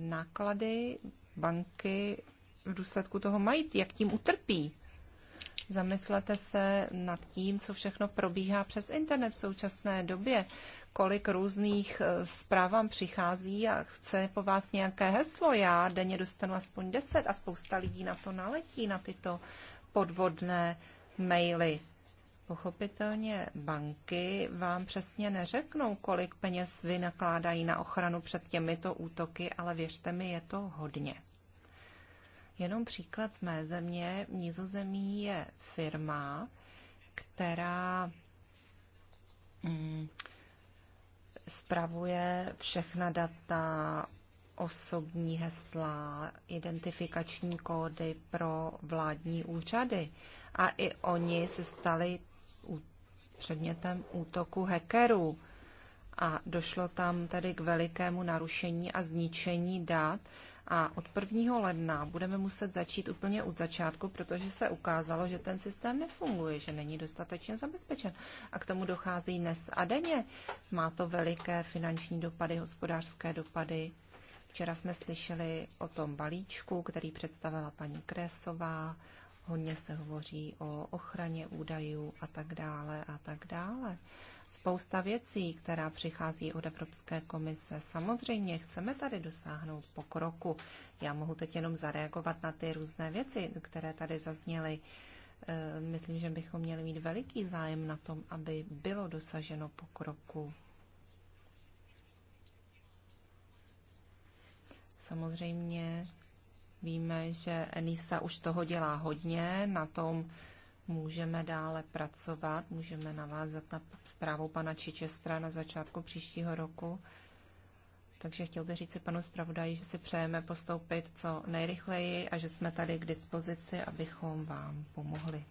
náklady banky v důsledku toho mají, jak tím utrpí. Zamyslete se nad tím, co všechno probíhá přes internet v současné době, kolik různých e, zpráv vám přichází a chce po vás nějaké heslo. Já denně dostanu aspoň 10 a spousta lidí na to naletí, na tyto podvodné maily. Pochopitelně banky vám přesně neřeknou, kolik peněz vy nakládají na ochranu před těmito útoky, ale věřte mi, je to hodně. Jenom příklad z mé země, Nizozemí je firma, která mm, spravuje všechna data, osobní hesla, identifikační kódy pro vládní úřady. A i oni se stali předmětem útoku hackerů. A došlo tam tedy k velikému narušení a zničení dat a od 1. ledna budeme muset začít úplně od začátku, protože se ukázalo, že ten systém nefunguje, že není dostatečně zabezpečen. A k tomu dochází dnes a denně. Má to veliké finanční dopady, hospodářské dopady. Včera jsme slyšeli o tom balíčku, který představila paní Kresová, hodně se hovoří o ochraně údajů a tak dále a tak dále. Spousta věcí, která přichází od Evropské komise. Samozřejmě chceme tady dosáhnout pokroku. Já mohu teď jenom zareagovat na ty různé věci, které tady zazněly. E, myslím, že bychom měli mít veliký zájem na tom, aby bylo dosaženo pokroku. Samozřejmě Víme, že Enisa už toho dělá hodně, na tom můžeme dále pracovat, můžeme navázat na zprávu pana Čičestra na začátku příštího roku. Takže chtěl bych říct si panu zpravodaji, že si přejeme postoupit co nejrychleji a že jsme tady k dispozici, abychom vám pomohli.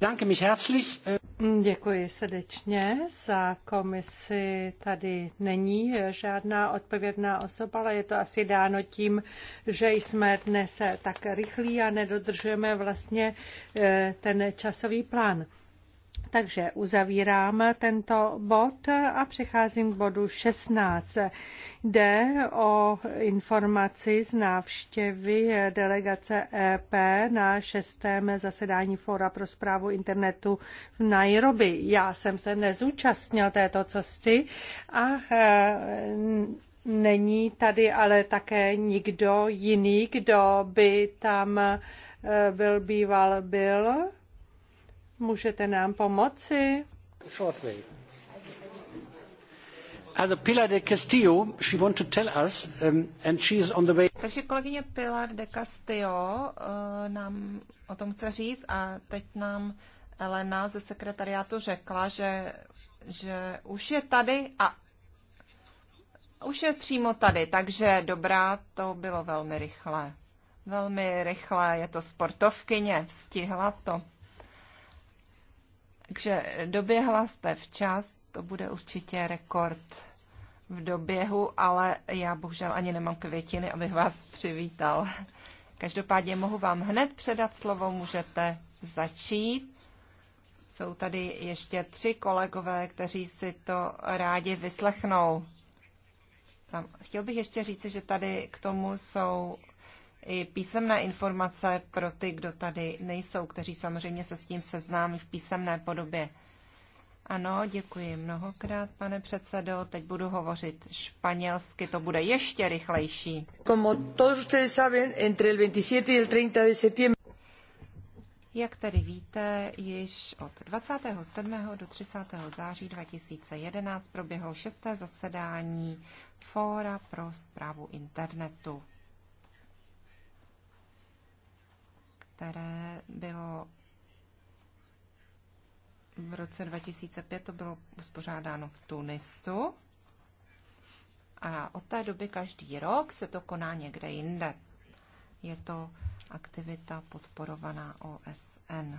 Danke mich herzlich. Mm, děkuji srdečně. Za komisi tady není žádná odpovědná osoba, ale je to asi dáno tím, že jsme dnes tak rychlí a nedodržujeme vlastně eh, ten časový plán. Takže uzavírám tento bod a přecházím k bodu 16. Jde o informaci z návštěvy delegace EP na šestém zasedání Fóra pro zprávu internetu v Nairobi. Já jsem se nezúčastnil této cesty a eh, Není tady ale také nikdo jiný, kdo by tam eh, byl býval byl. Můžete nám pomoci? Shortly. Um, takže kolegyně Pilar de Castillo uh, nám o tom chce říct a teď nám Elena ze sekretariátu řekla, že, že už je tady a už je přímo tady, takže dobrá, to bylo velmi rychlé. Velmi rychlé, je to sportovkyně, stihla to. Takže doběhla jste včas, to bude určitě rekord v doběhu, ale já bohužel ani nemám květiny, abych vás přivítal. Každopádně mohu vám hned předat slovo, můžete začít. Jsou tady ještě tři kolegové, kteří si to rádi vyslechnou. Chtěl bych ještě říci, že tady k tomu jsou i písemné informace pro ty, kdo tady nejsou, kteří samozřejmě se s tím seznámí v písemné podobě. Ano, děkuji mnohokrát, pane předsedo. Teď budu hovořit španělsky, to bude ještě rychlejší. Como todos ustedes saben, entre el 27 y el 30 de septiembre jak tedy víte, již od 27. do 30. září 2011 proběhlo šesté zasedání Fóra pro zprávu internetu. které bylo v roce 2005 to bylo uspořádáno v Tunisu a od té doby každý rok se to koná někde jinde. Je to aktivita podporovaná OSN.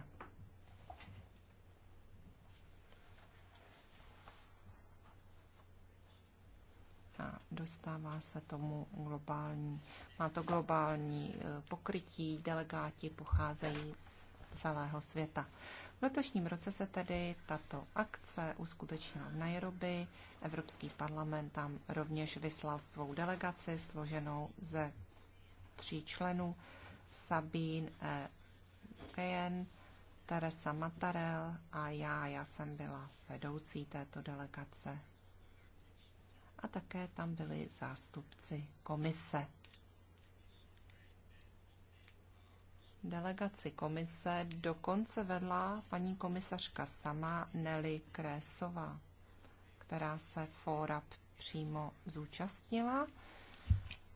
a dostává se tomu globální, má to globální e, pokrytí, delegáti pocházejí z celého světa. V letošním roce se tedy tato akce uskutečnila v Nairobi. Evropský parlament tam rovněž vyslal svou delegaci, složenou ze tří členů Sabine e. Kejen, Teresa Matarel a já. Já jsem byla vedoucí této delegace a také tam byli zástupci komise. Delegaci komise dokonce vedla paní komisařka sama Nelly Krésová, která se fóra přímo zúčastnila,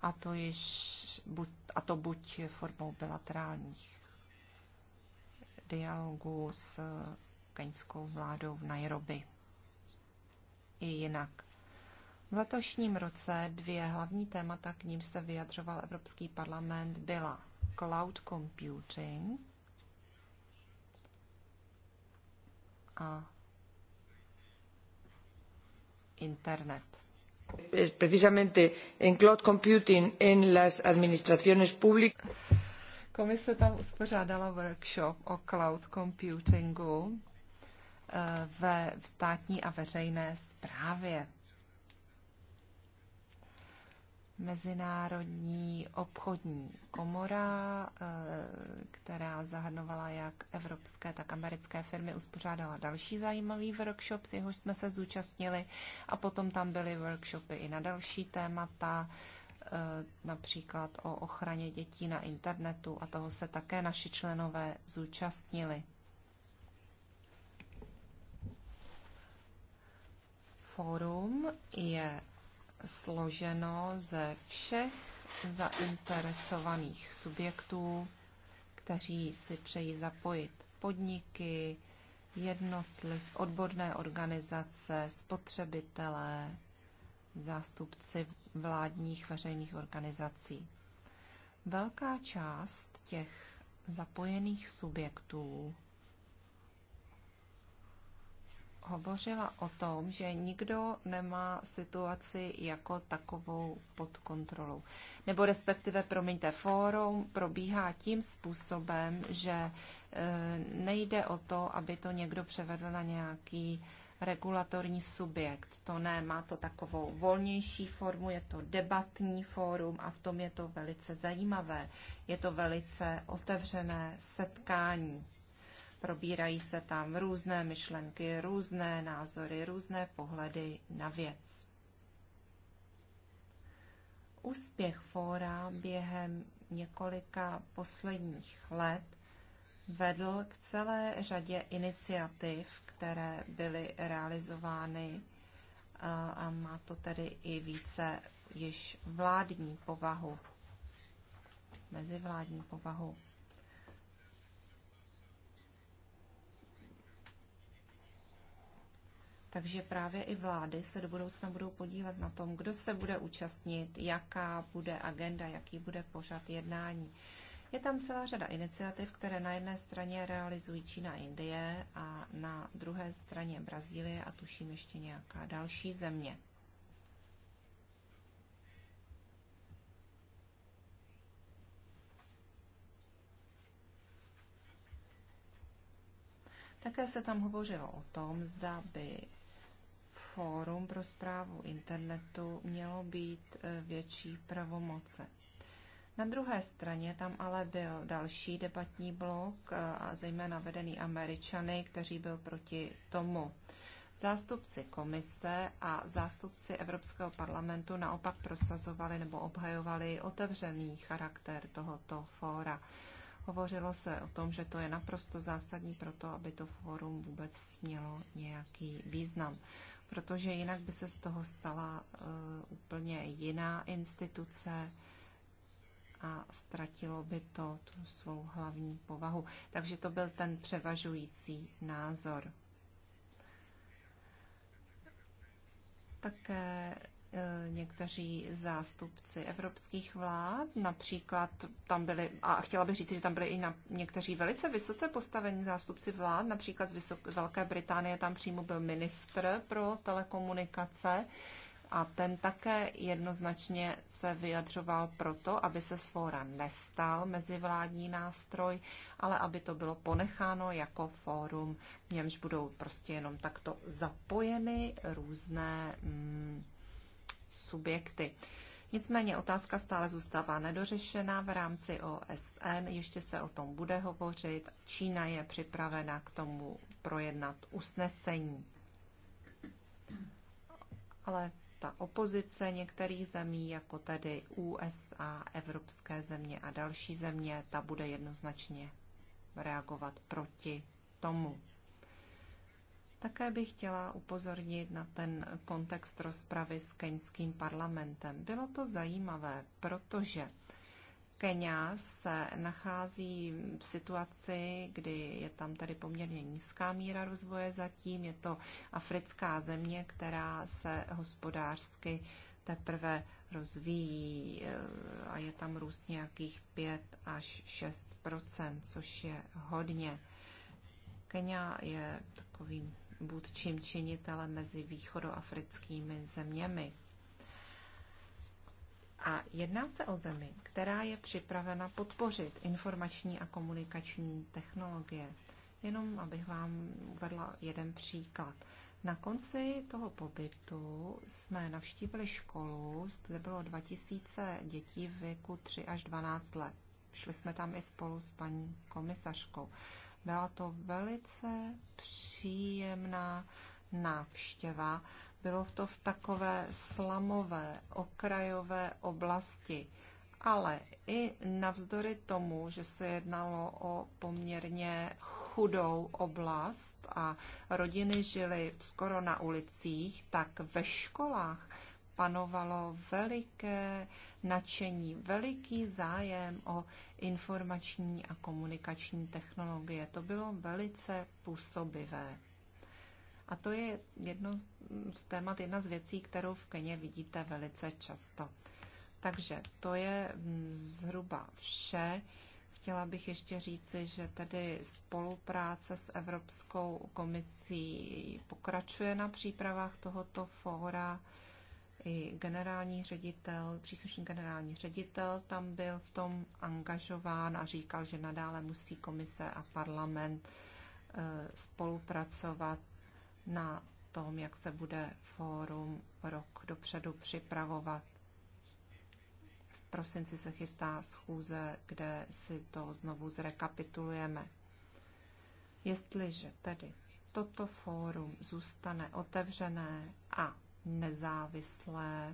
a to, již, buď, a to buď formou bilaterálních dialogů s keňskou vládou v Nairobi. I jinak v letošním roce dvě hlavní témata, k ním se vyjadřoval Evropský parlament, byla cloud computing a internet. Precisamente en cloud computing en las administraciones públicas. Komise tam uspořádala workshop o cloud computingu eh, ve státní a veřejné správě. Mezinárodní obchodní komora, eh, která zahrnovala jak evropské, tak americké firmy, uspořádala další zajímavý workshop, s jehož jsme se zúčastnili a potom tam byly workshopy i na další témata, eh, například o ochraně dětí na internetu a toho se také naši členové zúčastnili. Fórum je složeno ze všech zainteresovaných subjektů, kteří si přejí zapojit podniky, jednotliv, odborné organizace, spotřebitelé, zástupci vládních veřejných organizací. Velká část těch zapojených subjektů hovořila o tom, že nikdo nemá situaci jako takovou pod kontrolou. Nebo respektive, promiňte, fórum probíhá tím způsobem, že e, nejde o to, aby to někdo převedl na nějaký regulatorní subjekt. To ne, má to takovou volnější formu, je to debatní fórum a v tom je to velice zajímavé. Je to velice otevřené setkání probírají se tam různé myšlenky, různé názory, různé pohledy na věc. Úspěch fóra během několika posledních let vedl k celé řadě iniciativ, které byly realizovány a má to tedy i více již vládní povahu, mezivládní povahu. Takže právě i vlády se do budoucna budou podívat na tom, kdo se bude účastnit, jaká bude agenda, jaký bude pořad jednání. Je tam celá řada iniciativ, které na jedné straně realizují Čína a Indie a na druhé straně Brazílie a tuším ještě nějaká další země. Také se tam hovořilo o tom, zda by fórum pro zprávu internetu mělo být e, větší pravomoce. Na druhé straně tam ale byl další debatní blok, e, a zejména vedený Američany, kteří byl proti tomu. Zástupci komise a zástupci Evropského parlamentu naopak prosazovali nebo obhajovali otevřený charakter tohoto fóra. Hovořilo se o tom, že to je naprosto zásadní pro to, aby to fórum vůbec mělo nějaký význam protože jinak by se z toho stala uh, úplně jiná instituce a ztratilo by to tu svou hlavní povahu. Takže to byl ten převažující názor. Také E, někteří zástupci evropských vlád, například tam byli, a chtěla bych říct, že tam byli i na, někteří velice vysoce postavení zástupci vlád, například z Vysok- Velké Británie tam přímo byl ministr pro telekomunikace a ten také jednoznačně se vyjadřoval proto, aby se z fóra nestal mezivládní nástroj, ale aby to bylo ponecháno jako fórum, v němž budou prostě jenom takto zapojeny různé mm, subjekty. Nicméně otázka stále zůstává nedořešená v rámci OSN, ještě se o tom bude hovořit. Čína je připravena k tomu projednat usnesení. Ale ta opozice některých zemí, jako tedy USA, evropské země a další země, ta bude jednoznačně reagovat proti tomu. Také bych chtěla upozornit na ten kontext rozpravy s keňským parlamentem. Bylo to zajímavé, protože Kenia se nachází v situaci, kdy je tam tady poměrně nízká míra rozvoje zatím. Je to africká země, která se hospodářsky teprve rozvíjí eh, a je tam růst nějakých 5 až 6 což je hodně. Kenia je takovým vůdčím činitele mezi východoafrickými zeměmi. A jedná se o zemi, která je připravena podpořit informační a komunikační technologie. Jenom abych vám uvedla jeden příklad. Na konci toho pobytu jsme navštívili školu, kde bylo 2000 dětí v věku 3 až 12 let. Šli jsme tam i spolu s paní komisařkou. Byla to velice příjemná návštěva. Bylo to v takové slamové, okrajové oblasti. Ale i navzdory tomu, že se jednalo o poměrně chudou oblast a rodiny žily skoro na ulicích, tak ve školách panovalo veliké nadšení, veliký zájem o informační a komunikační technologie. To bylo velice působivé. A to je jedno z témat, jedna z věcí, kterou v Keně vidíte velice často. Takže to je mm, zhruba vše. Chtěla bych ještě říci, že tedy spolupráce s Evropskou komisí pokračuje na přípravách tohoto fóra i generální ředitel, příslušný generální ředitel tam byl v tom angažován a říkal, že nadále musí komise a parlament e, spolupracovat na tom, jak se bude fórum rok dopředu připravovat. V prosinci se chystá schůze, kde si to znovu zrekapitulujeme. Jestliže tedy toto fórum zůstane otevřené a nezávislé,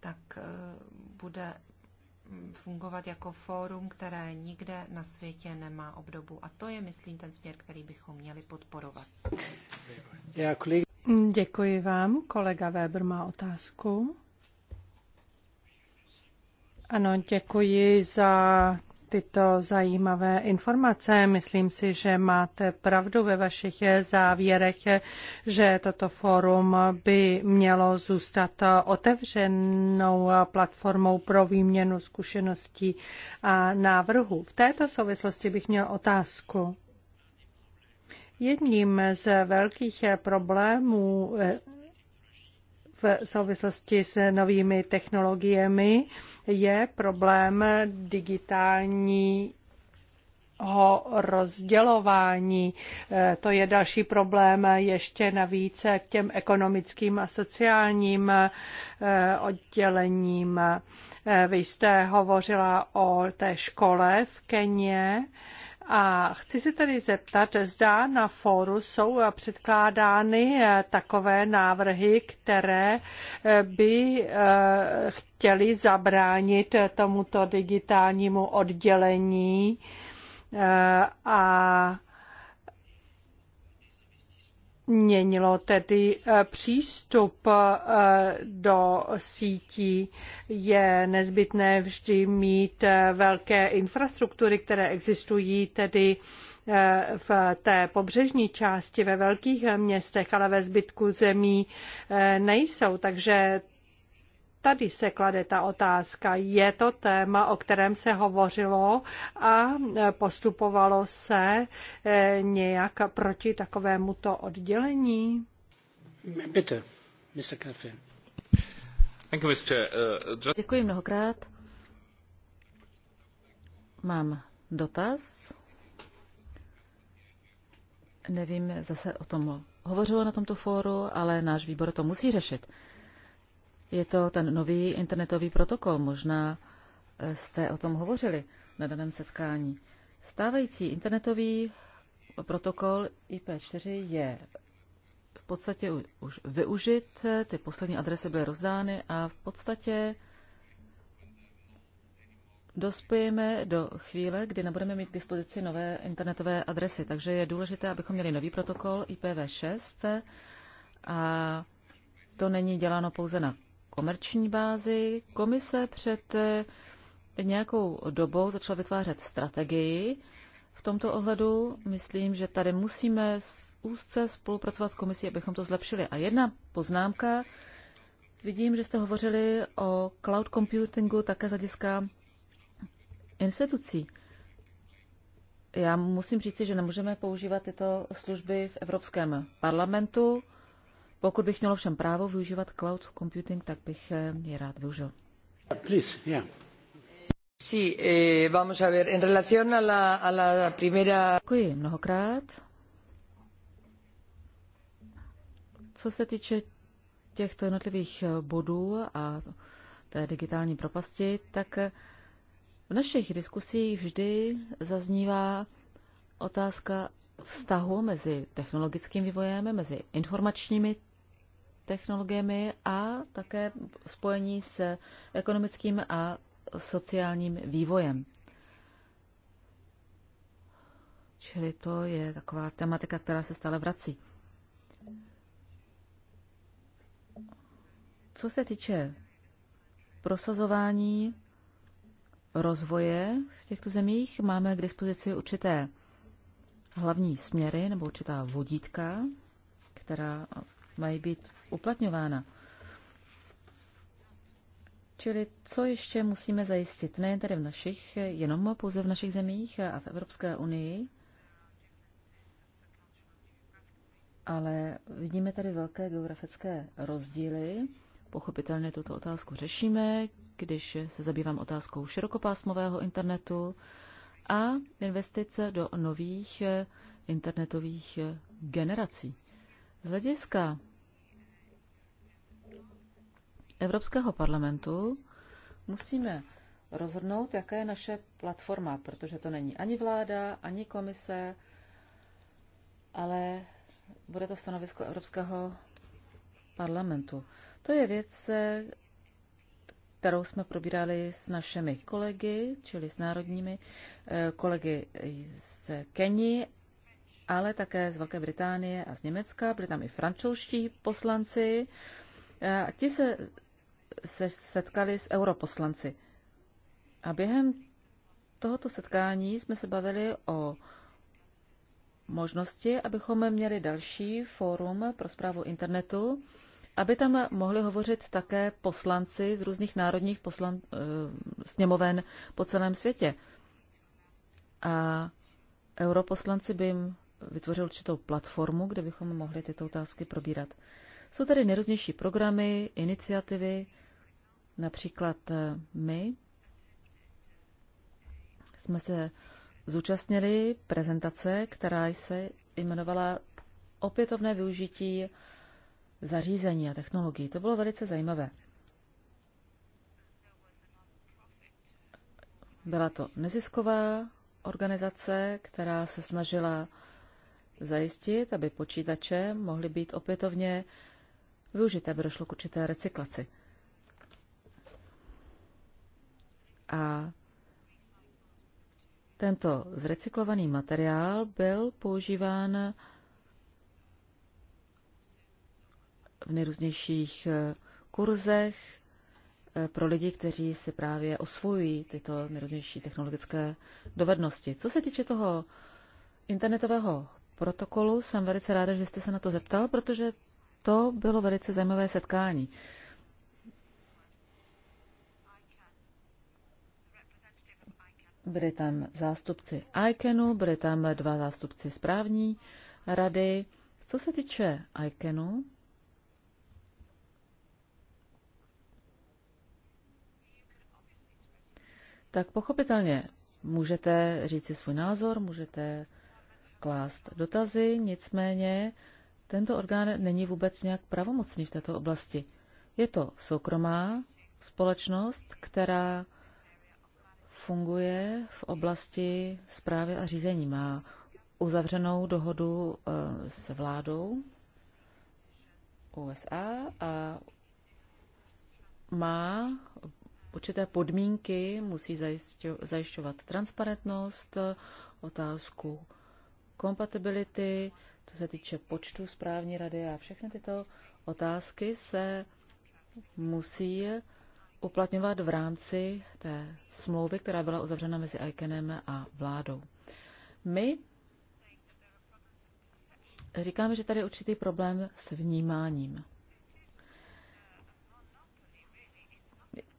tak eh, bude fungovat jako fórum, které nikde na světě nemá obdobu. A to je, myslím, ten směr, který bychom měli podporovat. Děkuji vám. Kolega Weber má otázku. Ano, děkuji za tyto zajímavé informace. Myslím si, že máte pravdu ve vašich závěrech, že toto fórum by mělo zůstat otevřenou platformou pro výměnu zkušeností a návrhů. V této souvislosti bych měl otázku. Jedním z velkých problémů v souvislosti s novými technologiemi je problém digitální ho rozdělování. E, to je další problém ještě navíc k těm ekonomickým a sociálním e, oddělením. E, vy jste hovořila o té škole v Keně. A chci se tedy zeptat, zda na fóru jsou předkládány eh, takové návrhy, které eh, by eh, chtěly zabránit tomuto digitálnímu oddělení a Měnilo tedy eh, přístup eh, do sítí. Je nezbytné vždy mít eh, velké infrastruktury, které existují tedy v té pobřežní části ve velkých městech, ale ve zbytku zemí nejsou. Takže tady se klade ta otázka. Je to téma, o kterém se hovořilo a postupovalo se eh, nějak proti takovémuto oddělení? Bitte, Mr. Kaffee. Eh, Děkuji mnohokrát. Mám dotaz. Nevím, zase o tom hovořilo na tomto fóru, ale náš výbor to musí řešit. Je to ten nový internetový protokol. Možná eh, jste o tom hovořili na daném setkání. Stávající internetový protokol IP4 je v podstatě už využit, ty poslední adresy byly rozdány a v podstatě dospějeme do chvíle, kdy nebudeme mít k dispozici nové internetové adresy. Takže je důležité, abychom měli nový protokol IPv6 a to není děláno pouze na komerční bázi. Komise před eh, nějakou dobou začala vytvářet strategii. V tomto ohledu myslím, že tady musíme úzce spolupracovat s komisí, abychom to zlepšili. A jedna poznámka. Vidím, že jste hovořili o cloud computingu také z hlediska institucí. Já musím říci, že nemůžeme používat tyto služby v Evropském parlamentu. Pokud bych měl všem právo využívat cloud computing, tak bych eh, je rád využil. Please, yeah. Sí, eh, vamos a ver, en relación a la, a la primera... Děkuji mnohokrát. Co se týče těchto jednotlivých eh, bodů a té digitální propasti, tak eh, v našich diskusích vždy zaznívá otázka vztahu mezi technologickým vývojem, mezi informačními technologiemi a také spojení s ekonomickým a sociálním vývojem. Čili to je taková tematika, která se stále vrací. Co se týče prosazování rozvoje v těchto zemích, máme k dispozici určité hlavní směry nebo určitá vodítka, která mají být uplatňována. Čili co ještě musíme zajistit, nejen tedy v našich, jenom pouze v našich zemích a v Evropské unii, ale vidíme tady velké geografické rozdíly. Pochopitelně tuto otázku řešíme, když se zabývám otázkou širokopásmového internetu, a investice do nových eh, internetových eh, generací. Z hlediska Evropského parlamentu musíme rozhodnout, jaká je naše platforma, protože to není ani vláda, ani komise, ale bude to stanovisko Evropského parlamentu. To je věc, eh, kterou jsme probírali s našimi kolegy, čili s národními eh, kolegy z Keni, ale také z Velké Británie a z Německa. Byli tam i francouzští poslanci. Eh, a ti se, se setkali s europoslanci. A během tohoto setkání jsme se bavili o možnosti, abychom měli další fórum pro zprávu internetu aby tam mohli hovořit také poslanci z různých národních poslan, eh, sněmoven po celém světě. A europoslanci by jim vytvořil určitou platformu, kde bychom mohli tyto otázky probírat. Jsou tady nejrůznější programy, iniciativy, například eh, my jsme se zúčastnili prezentace, která se jmenovala Opětovné využití zařízení a technologií. To bylo velice zajímavé. Byla to nezisková organizace, která se snažila zajistit, aby počítače mohly být opětovně využité, aby došlo k určité recyklaci. A tento zrecyklovaný materiál byl používán v nejrůznějších eh, kurzech eh, pro lidi, kteří si právě osvojují tyto nejrůznější technologické dovednosti. Co se týče toho internetového protokolu, jsem velice ráda, že jste se na to zeptal, protože to bylo velice zajímavé setkání. Byli tam zástupci ICANu, byli tam dva zástupci správní rady. Co se týče ICANu, tak pochopitelně můžete říct si svůj názor, můžete klást dotazy, nicméně tento orgán není vůbec nějak pravomocný v této oblasti. Je to soukromá společnost, která funguje v oblasti zprávy a řízení. Má uzavřenou dohodu eh, s vládou USA a má určité podmínky, musí zajišťovat transparentnost, otázku kompatibility, co se týče počtu správní rady a všechny tyto otázky se musí uplatňovat v rámci té smlouvy, která byla uzavřena mezi ICANem a vládou. My říkáme, že tady je určitý problém s vnímáním.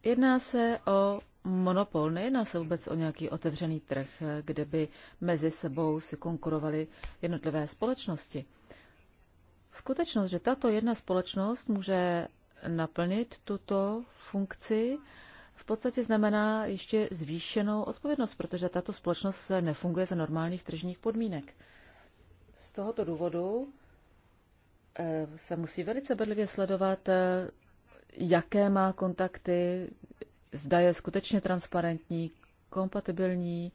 Jedná se o monopol, nejedná se vůbec o nějaký otevřený trh, kde by mezi sebou si konkurovaly jednotlivé společnosti. Skutečnost, že tato jedna společnost může naplnit tuto funkci, v podstatě znamená ještě zvýšenou odpovědnost, protože tato společnost se nefunguje za normálních tržních podmínek. Z tohoto důvodu eh, se musí velice bedlivě sledovat eh, jaké má kontakty, zda je skutečně transparentní, kompatibilní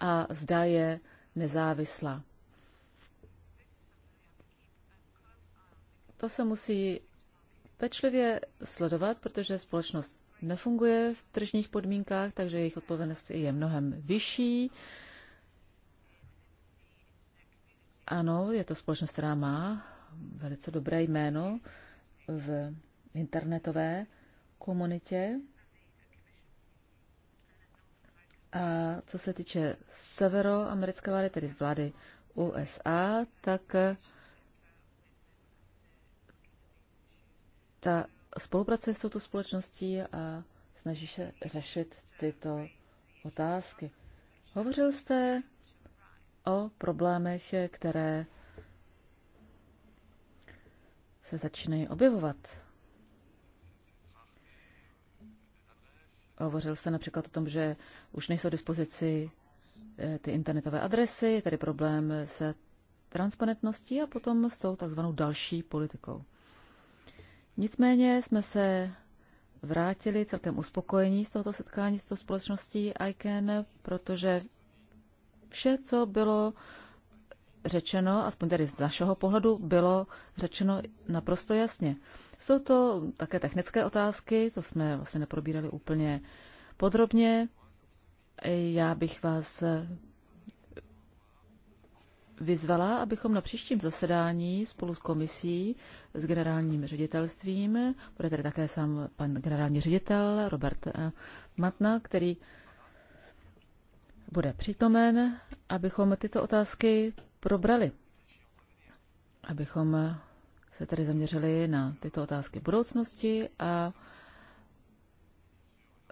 a zda je nezávislá. To se musí pečlivě sledovat, protože společnost nefunguje v tržních podmínkách, takže jejich odpovědnost je mnohem vyšší. Ano, je to společnost, která má velice dobré jméno v internetové komunitě. A co se týče severoamerické vlády, tedy z vlády USA, tak eh, ta spolupracuje s touto společností a snaží se řešit tyto otázky. Hovořil jste o problémech, eh, které se začínají objevovat Hovořil jste například o tom, že už nejsou dispozici eh, ty internetové adresy, tedy problém se transparentností a potom s tou takzvanou další politikou. Nicméně jsme se vrátili celkem uspokojení z tohoto setkání s tou společností ICANN, protože vše, co bylo řečeno, aspoň tedy z našeho pohledu, bylo řečeno naprosto jasně. Jsou to také technické otázky, to jsme vlastně neprobírali úplně podrobně. Já bych vás vyzvala, abychom na příštím zasedání spolu s komisí, s generálním ředitelstvím, bude tady také sám pan generální ředitel Robert Matna, který bude přítomen, abychom tyto otázky probrali, abychom se tedy zaměřili na tyto otázky budoucnosti a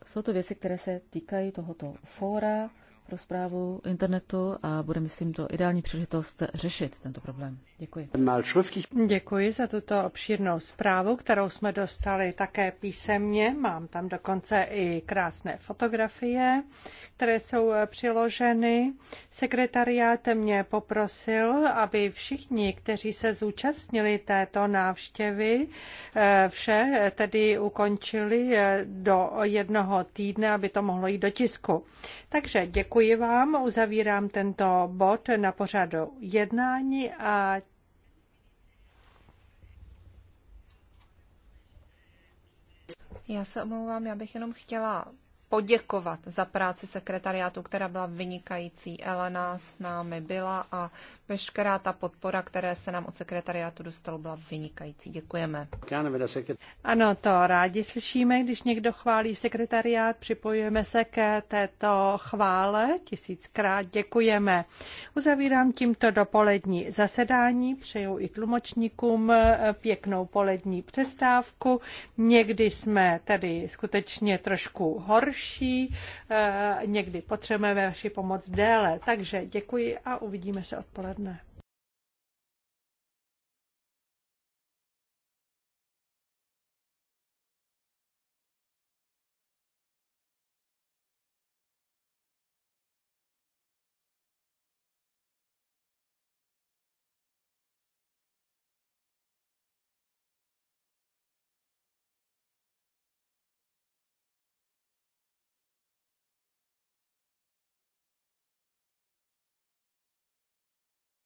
jsou to věci, které se týkají tohoto fóra, pro zprávu internetu a bude, myslím, to ideální příležitost řešit tento problém. Děkuji. Děkuji za tuto obšírnou zprávu, kterou jsme dostali také písemně. Mám tam dokonce i krásné fotografie, které jsou přiloženy. Sekretariát mě poprosil, aby všichni, kteří se zúčastnili této návštěvy, eh, vše tedy ukončili eh, do jednoho týdne, aby to mohlo jít do tisku. Takže děkuji Děkuji vám, uzavírám tento bod na pořadu jednání a Já se omlouvám, já bych jenom chtěla poděkovat za práci sekretariátu, která byla vynikající. Elena s námi byla a veškerá ta podpora, které se nám od sekretariátu dostalo, byla vynikající. Děkujeme. Ano, to rádi slyšíme, když někdo chválí sekretariát, připojujeme se ke této chvále. Tisíckrát děkujeme. Uzavírám tímto dopolední zasedání. Přeju i tlumočníkům eh, pěknou polední přestávku. Někdy jsme tady skutečně trošku horší, horší, eh, někdy potřebujeme vaši pomoc déle. Takže děkuji a uvidíme se odpoledne.